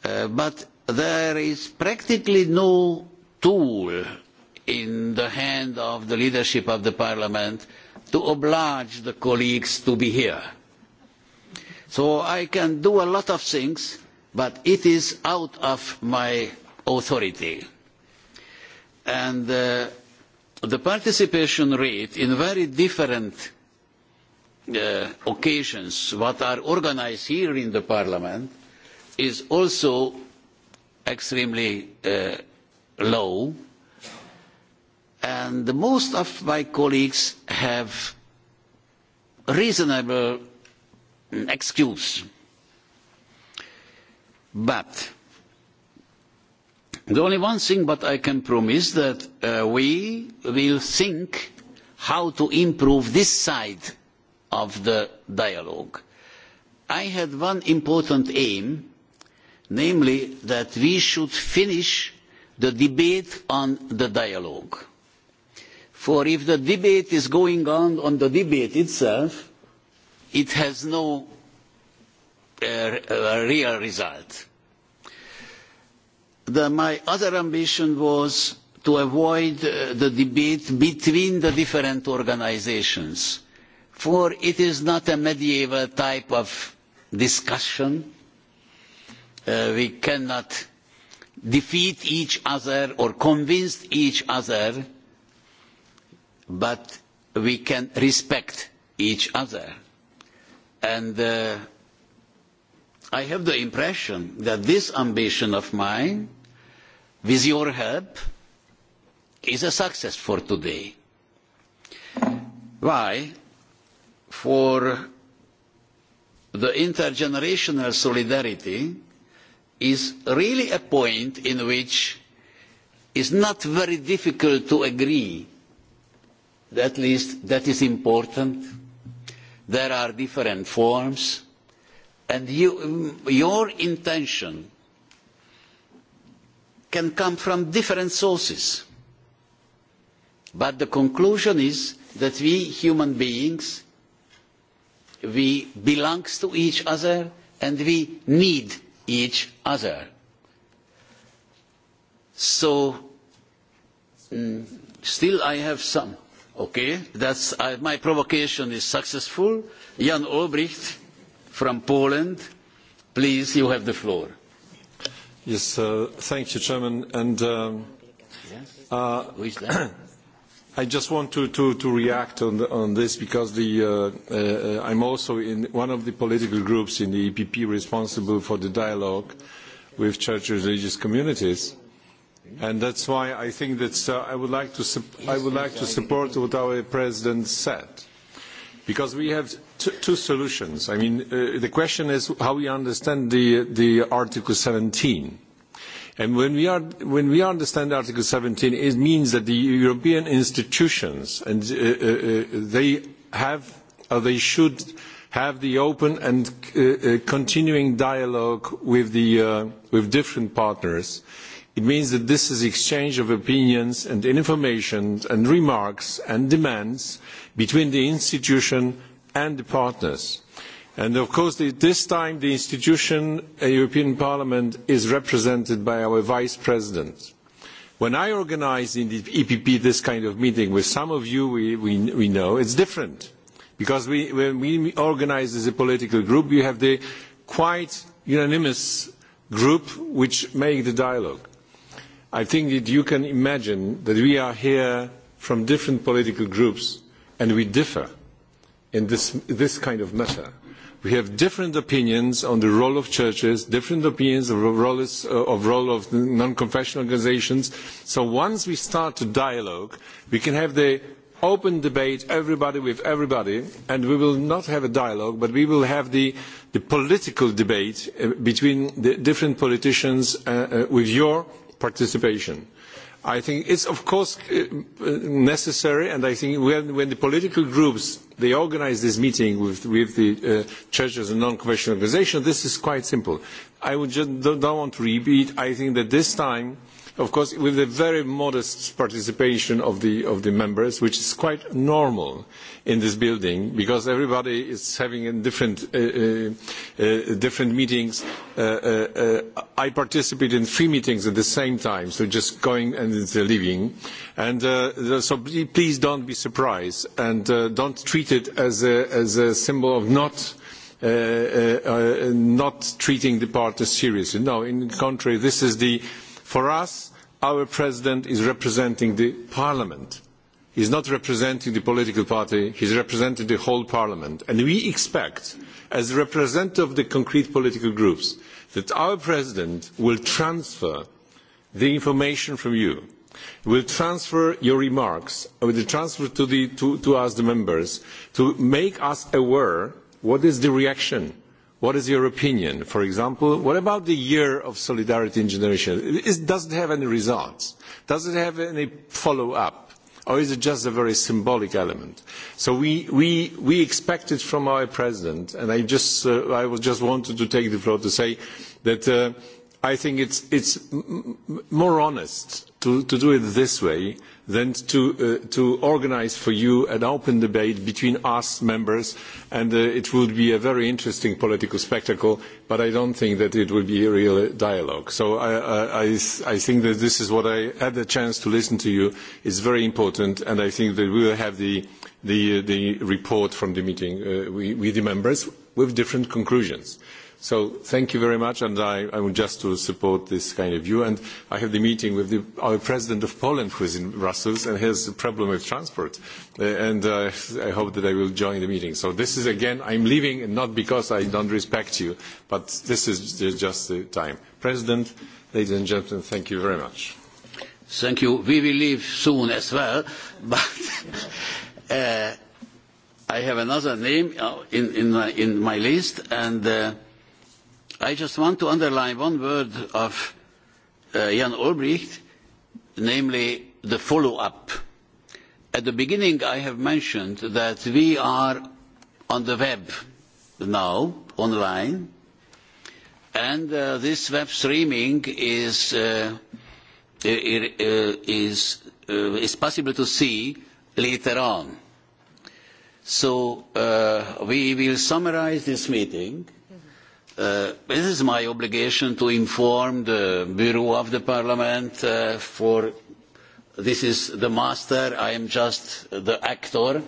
uh, but there is practically no tool in the hand of the leadership of the parliament to oblige the colleagues to be here So I can do a lot of things, but it is out of my authority. And uh, the participation rate in very different uh, occasions what are organised here in the parliament is also extremely uh, low and most of my colleagues have reasonable excuse. But the only one thing but I can promise that uh, we will think how to improve this side of the dialogue. I had one important aim, namely that we should finish the debate on the dialogue. For if the debate is going on on the debate itself, it has no uh, real result. The, my other ambition was to avoid uh, the debate between the different organisations, for it is not a medieval type of discussion. Uh, we cannot defeat each other or convince each other, but we can respect each other And uh, I have the impression that this ambition of mine, with your help, is a success for today. Why? For the intergenerational solidarity is really a point in which it's not very difficult to agree. At least that is important there are different forms, and you, your intention can come from different sources. But the conclusion is that we human beings, we belong to each other and we need each other. So, mm, still I have some Okay, that's uh, my provocation is successful. Jan Olbricht from Poland, please, you have the floor. Yes, uh, thank you, Chairman. And um, uh, I just want to, to, to react on, the, on, this because the, uh, uh, I'm also in one of the political groups in the EPP responsible for the dialogue with church religious communities And that's why I think that uh, I, would like to I would like to support what our president said. Because we have two solutions. I mean, uh, the question is how we understand the, the Article 17. And when we, are, when we understand Article 17, it means that the European institutions, and uh, uh, uh, they have, or they should have the open and uh, uh, continuing dialogue with, the, with different partners It means that this is exchange of opinions and information and remarks and demands between the institution and the partners. And of course, this time the institution, the European Parliament, is represented by our Vice President. When I organise in the EPP this kind of meeting with some of you, we, we, we know it's different. Because we, when we organise as a political group, you have the quite unanimous group which make the dialogue I think that you can imagine that we are here from different political groups and we differ in this, this kind of matter. We have different opinions on the role of churches, different opinions of role uh, of, role of non-confessional organizations. So once we start a dialogue, we can have the open debate, everybody with everybody, and we will not have a dialogue, but we will have the, the political debate uh, between the different politicians uh, uh, with your participation. I think it's of course uh, necessary, and I think when, when the political groups they organise this meeting with, with the uh, churches and non confessional organisations, this is quite simple. I would just don't, don't want to repeat. I think that this time of course, with the very modest participation of the, of the members, which is quite normal in this building, because everybody is having different, uh, uh, uh, different meetings. Uh, uh, uh, I participate in three meetings at the same time, so just going and leaving. And so please don't be surprised, and don't treat it as a, as a symbol of not not treating the partners seriously. No, in the contrary, this is the For us, our president is representing the parliament. He is not representing the political party, he is representing the whole parliament. And we expect, as representative of the concrete political groups, that our president will transfer the information from you, will transfer your remarks, will transfer to, the, to, to us, the members, to make us aware what is the reaction What is your opinion? For example, what about the year of solidarity in generation? Is, does it have any results? Does it have any follow-up? Or is it just a very symbolic element? So we, we, we expect it from our president, and I just, uh, I was just wanted to take the floor to say that uh, I think it's, it's more honest to, to do it this way than to, uh, to organise for you an open debate between us members and uh, it would be a very interesting political spectacle but I don't think that it would be a real uh, dialogue. So I, I, I think that this is what I had the chance to listen to you. It's very important and I think that we will have the, the, uh, the report from the meeting uh, with the members with different conclusions. So thank you very much, and I, I would just to support this kind of view. And I have the meeting with the, our president of Poland, who is in Brussels, and has a problem with transport. Uh, and uh, I hope that I will join the meeting. So this is, again, I'm leaving not because I don't respect you, but this is just the time. President, ladies and gentlemen, thank you very much. Thank you. We will leave soon as well, but... Uh, I have another name uh, in, in, my, in my list, and uh, I just want to underline one word of uh, Jan Olbricht, namely the follow-up. At the beginning, I have mentioned that we are on the web now, online, and uh, this web streaming is, uh, uh is, uh, is possible to see later on. So uh, we will summarize this meeting Uh, it is my obligation to inform the Bureau of the Parliament uh, for this is the master, I am just the actor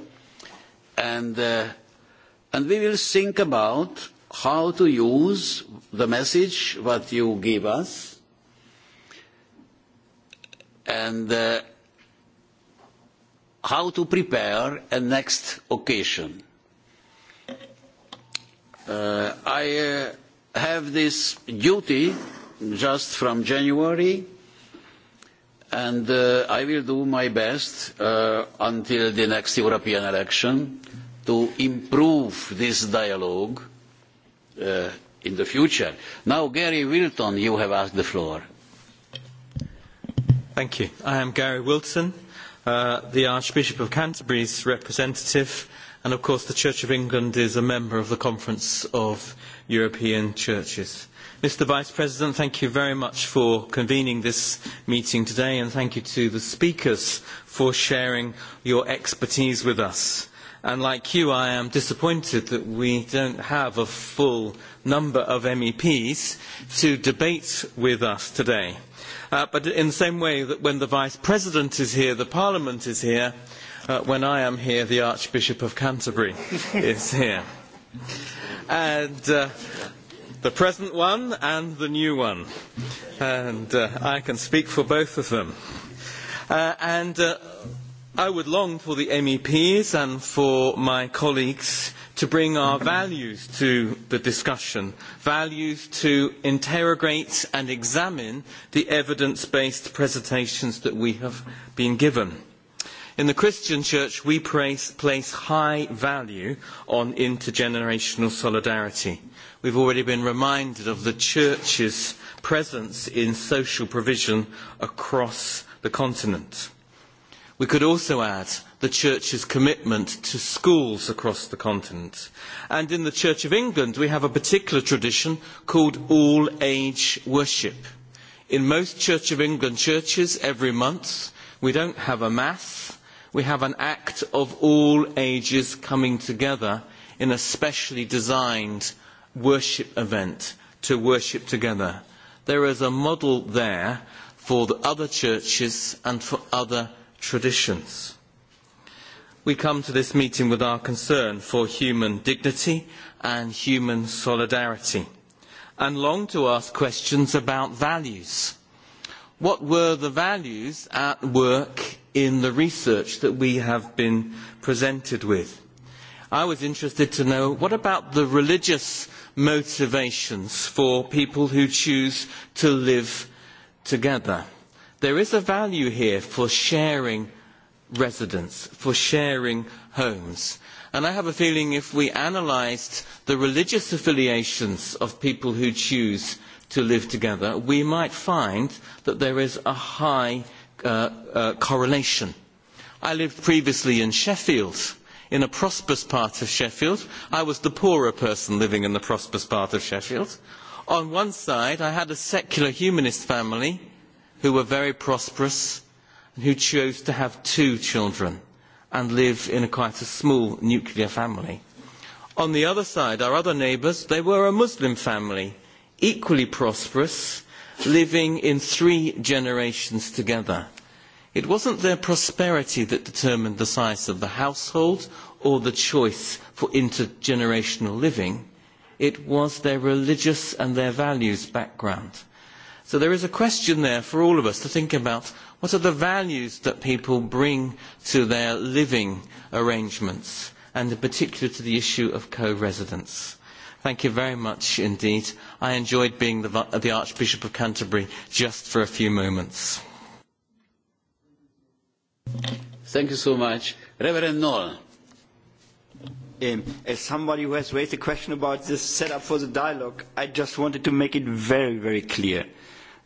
and, uh, and we will think about how to use the message that you give us and uh, how to prepare a next occasion Uh, I uh, have this duty just from January, and uh, I will do my best uh, until the next European election to improve this dialogue uh, in the future. Now, Gary Wilton, you have asked the floor. Thank you. I am Gary Wilton, uh, the Archbishop of Canterbury's representative and of course the Church of England is a member of the Conference of European Churches. Mr Vice President, thank you very much for convening this meeting today and thank you to the speakers for sharing your expertise with us. And like you, I am disappointed that we don't have a full number of MEPs to debate with us today. Uh, but in the same way that when the Vice President is here, the Parliament is here, uh, when I am here, the Archbishop of Canterbury is here. And uh, the present one and the new one. And uh, I can speak for both of them. Uh, and uh, I would long for the MEPs and for my colleagues to bring our values to the discussion, values to interrogate and examine the evidence-based presentations that we have been given In the Christian church, we place, place high value on intergenerational solidarity. We've already been reminded of the church's presence in social provision across the continent. We could also add the Church's commitment to schools across the continent. And in the Church of England, we have a particular tradition called all age worship. In most Church of England churches, every month, we don't have a Mass, we have an act of all ages coming together in a specially designed worship event to worship together. There is a model there for the other churches and for other traditions. We come to this meeting with our concern for human dignity and human solidarity and long to ask questions about values. What were the values at work in the research that we have been presented with. I was interested to know what about the religious motivations for people who choose to live together? There is a value here for sharing residence, for sharing homes. And I have a feeling if we analysed the religious affiliations of people who choose to live together, we might find that there is a high Uh, uh, correlation. I lived previously in Sheffield, in a prosperous part of Sheffield. I was the poorer person living in the prosperous part of Sheffield. On one side, I had a secular humanist family who were very prosperous and who chose to have two children and live in a quite a small nuclear family. On the other side, our other neighbours, they were a Muslim family, equally prosperous, living in three generations together It wasn't their prosperity that determined the size of the household or the choice for intergenerational living. It was their religious and their values background. So there is a question there for all of us to think about what are the values that people bring to their living arrangements and in particular to the issue of co-residence. Thank you very much indeed. I enjoyed being the, the Archbishop of Canterbury just for a few moments. Thank you so much. Reverend Noll. Um, as somebody who has raised a question about this setup for the dialogue, I just wanted to make it very, very clear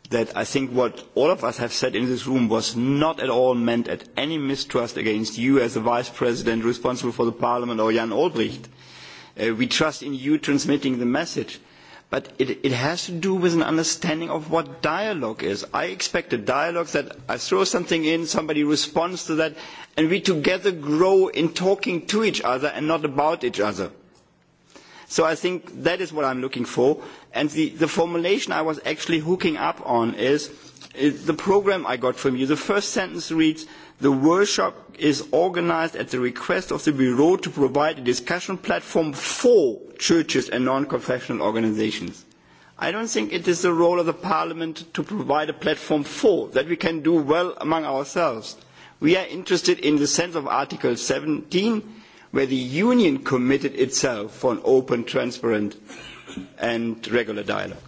that I think what all of us have said in this room was not at all meant at any mistrust against you as the Vice President responsible for the Parliament or Jan Olbricht. Uh, we trust in you transmitting the message but it, it has to do with an understanding of what dialogue is. I expect a dialogue that I throw something in, somebody responds to that, and we together grow in talking to each other and not about each other. So I think that is what I'm looking for. And the, the formulation I was actually hooking up on is, is the program I got from you. The first sentence reads, The workshop is organised at the request of the Bureau to provide a discussion platform for churches and non-confessional organisations. I don't think it is the role of the Parliament to provide a platform for. That we can do well among ourselves. We are interested in the sense of Article 17, where the Union committed itself for an open, transparent and regular dialogue.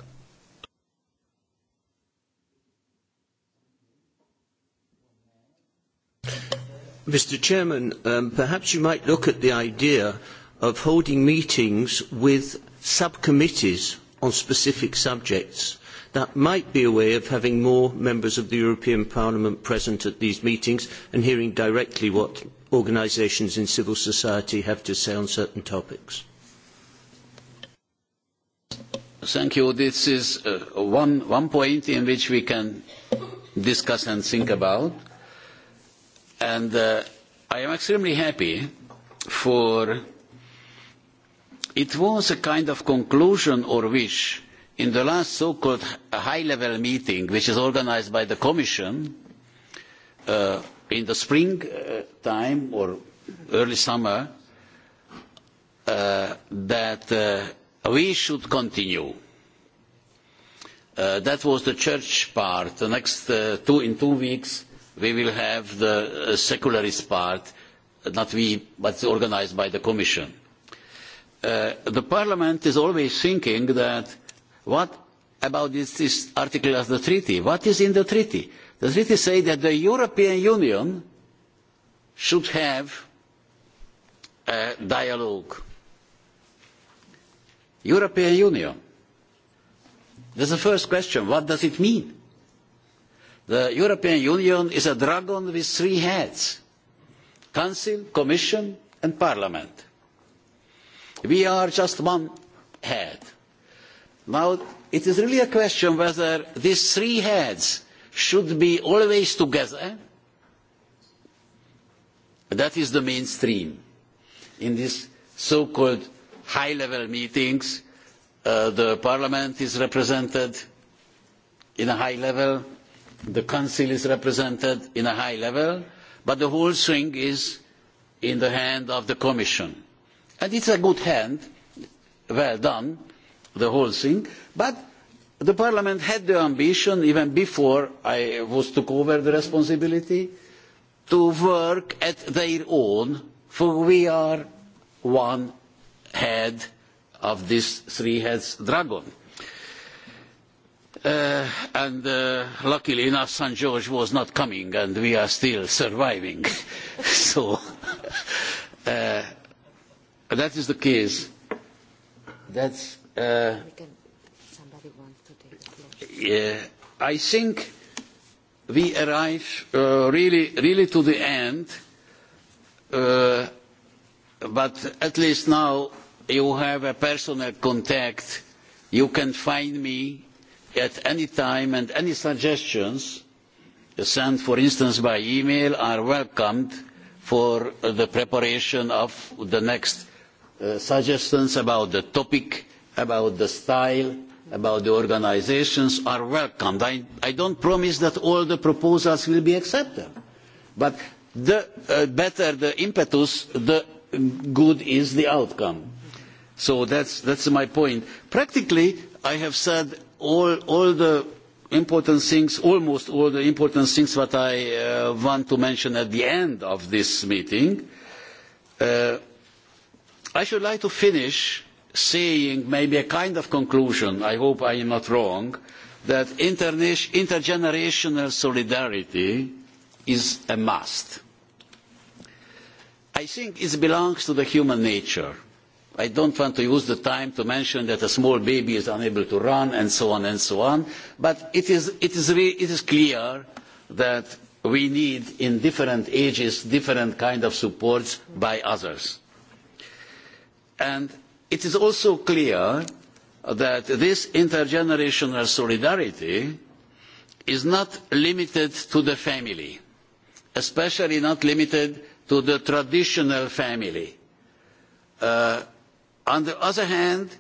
Mr Chairman, um, perhaps you might look at the idea of holding meetings with subcommittees on specific subjects. That might be a way of having more members of the European Parliament present at these meetings and hearing directly what organisations in civil society have to say on certain topics. Thank you. This is uh, one, one point in which we can discuss and think about And uh, I am extremely happy for it was a kind of conclusion or wish in the last so-called high-level meeting, which is organised by the Commission uh, in the spring uh, time or early summer, uh, that uh, we should continue. Uh, that was the church part. The next uh, two in two weeks we will have the uh, secularist part, not we, but organised by the Commission. Uh, the Parliament is always thinking that what about this, this article of the treaty? What is in the treaty? The treaty says that the European Union should have a dialogue. European Union. That's the first question. What does it mean? The European Union is a dragon with three heads, Council, Commission and Parliament. We are just one head. Now, it is really a question whether these three heads should be always together. That is the mainstream in these so-called high-level meetings. Uh, the parliament is represented in a high level the Council is represented in a high level, but the whole swing is in the hand of the Commission. And it's a good hand, well done, the whole thing, but the Parliament had the ambition, even before I was took over the responsibility, to work at their own, for we are one head of this three heads dragon. Uh, and uh, luckily enough st George was not coming and we are still surviving. so uh, that is the case. That's uh, yeah, I think we arrive uh, really, really to the end, uh, but at least now you have a personal contact. You can find me at any time and any suggestions sent, for instance, by email are welcomed for the preparation of the next uh, suggestions about the topic, about the style, about the organisations are welcomed. I, I don't promise that all the proposals will be accepted, but the uh, better the impetus, the good is the outcome. So that's, that's my point. Practically, I have said all, all the important things, almost all the important things that I uh, want to mention at the end of this meeting. Uh, I should like to finish saying maybe a kind of conclusion, I hope I am not wrong, that intergenerational solidarity is a must. I think it belongs to the human nature I don't want to use the time to mention that a small baby is unable to run and so on and so on, but it is, it is, re, it is clear that we need in different ages different kind of supports by others. And it is also clear that this intergenerational solidarity is not limited to the family, especially not limited to the traditional family. Uh, On the other hand,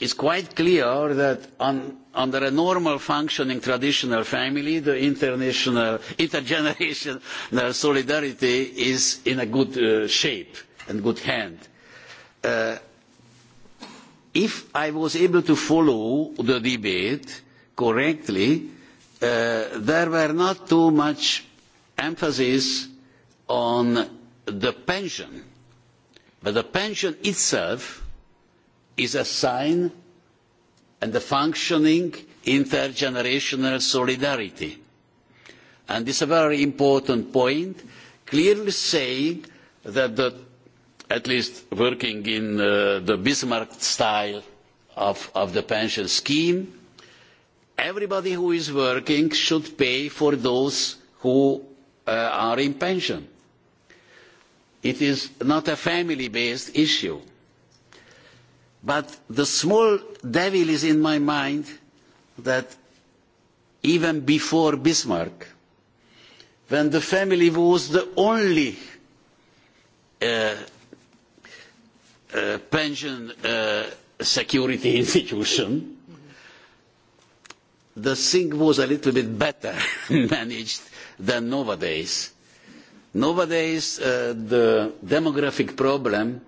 it's quite clear that on, under a normal functioning traditional family, the international intergenerational solidarity is in a good uh, shape and good hand. Uh, if I was able to follow the debate correctly, uh, there were not too much emphasis on the pension But the pension itself is a sign and the functioning intergenerational solidarity. And this is a very important point, clearly saying that the, at least working in uh, the Bismarck style of, of the pension scheme, everybody who is working should pay for those who uh, are in pension it is not a family based issue. But the small devil is in my mind that even before Bismarck, when the family was the only uh, uh, pension uh, security institution, the thing was a little bit better managed than nowadays Nowadays, uh, the demographic problem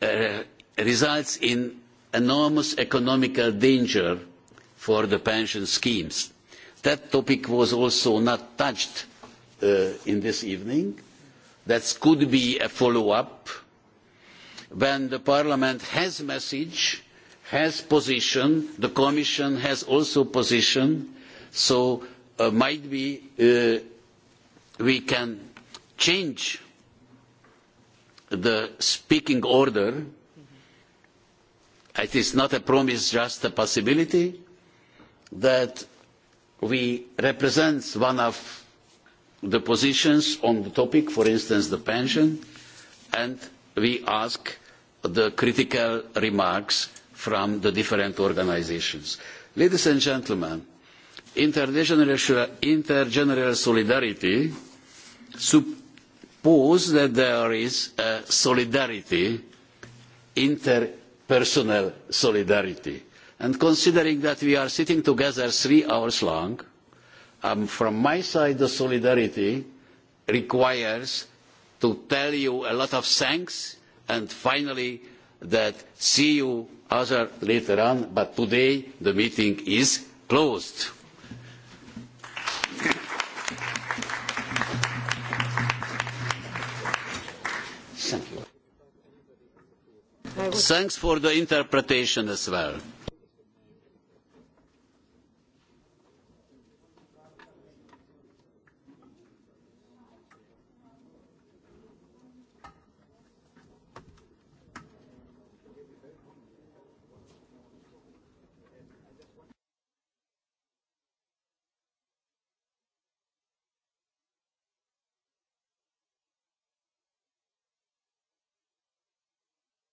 uh, results in enormous economical danger for the pension schemes. That topic was also not touched uh, in this evening. That could be a follow-up when the Parliament has message, has position, the Commission has also position, so uh, might be uh, we can change the speaking order. It is not a promise, just a possibility that we represent one of the positions on the topic, for instance, the pension, and we ask the critical remarks from the different organisations. Ladies and gentlemen, intergenerational, intergenerational solidarity suppose that there is a solidarity, interpersonal solidarity. And considering that we are sitting together three hours long, um, from my side the solidarity requires to tell you a lot of thanks and finally that see you other later on, but today the meeting is closed. Thanks for the interpretation as well.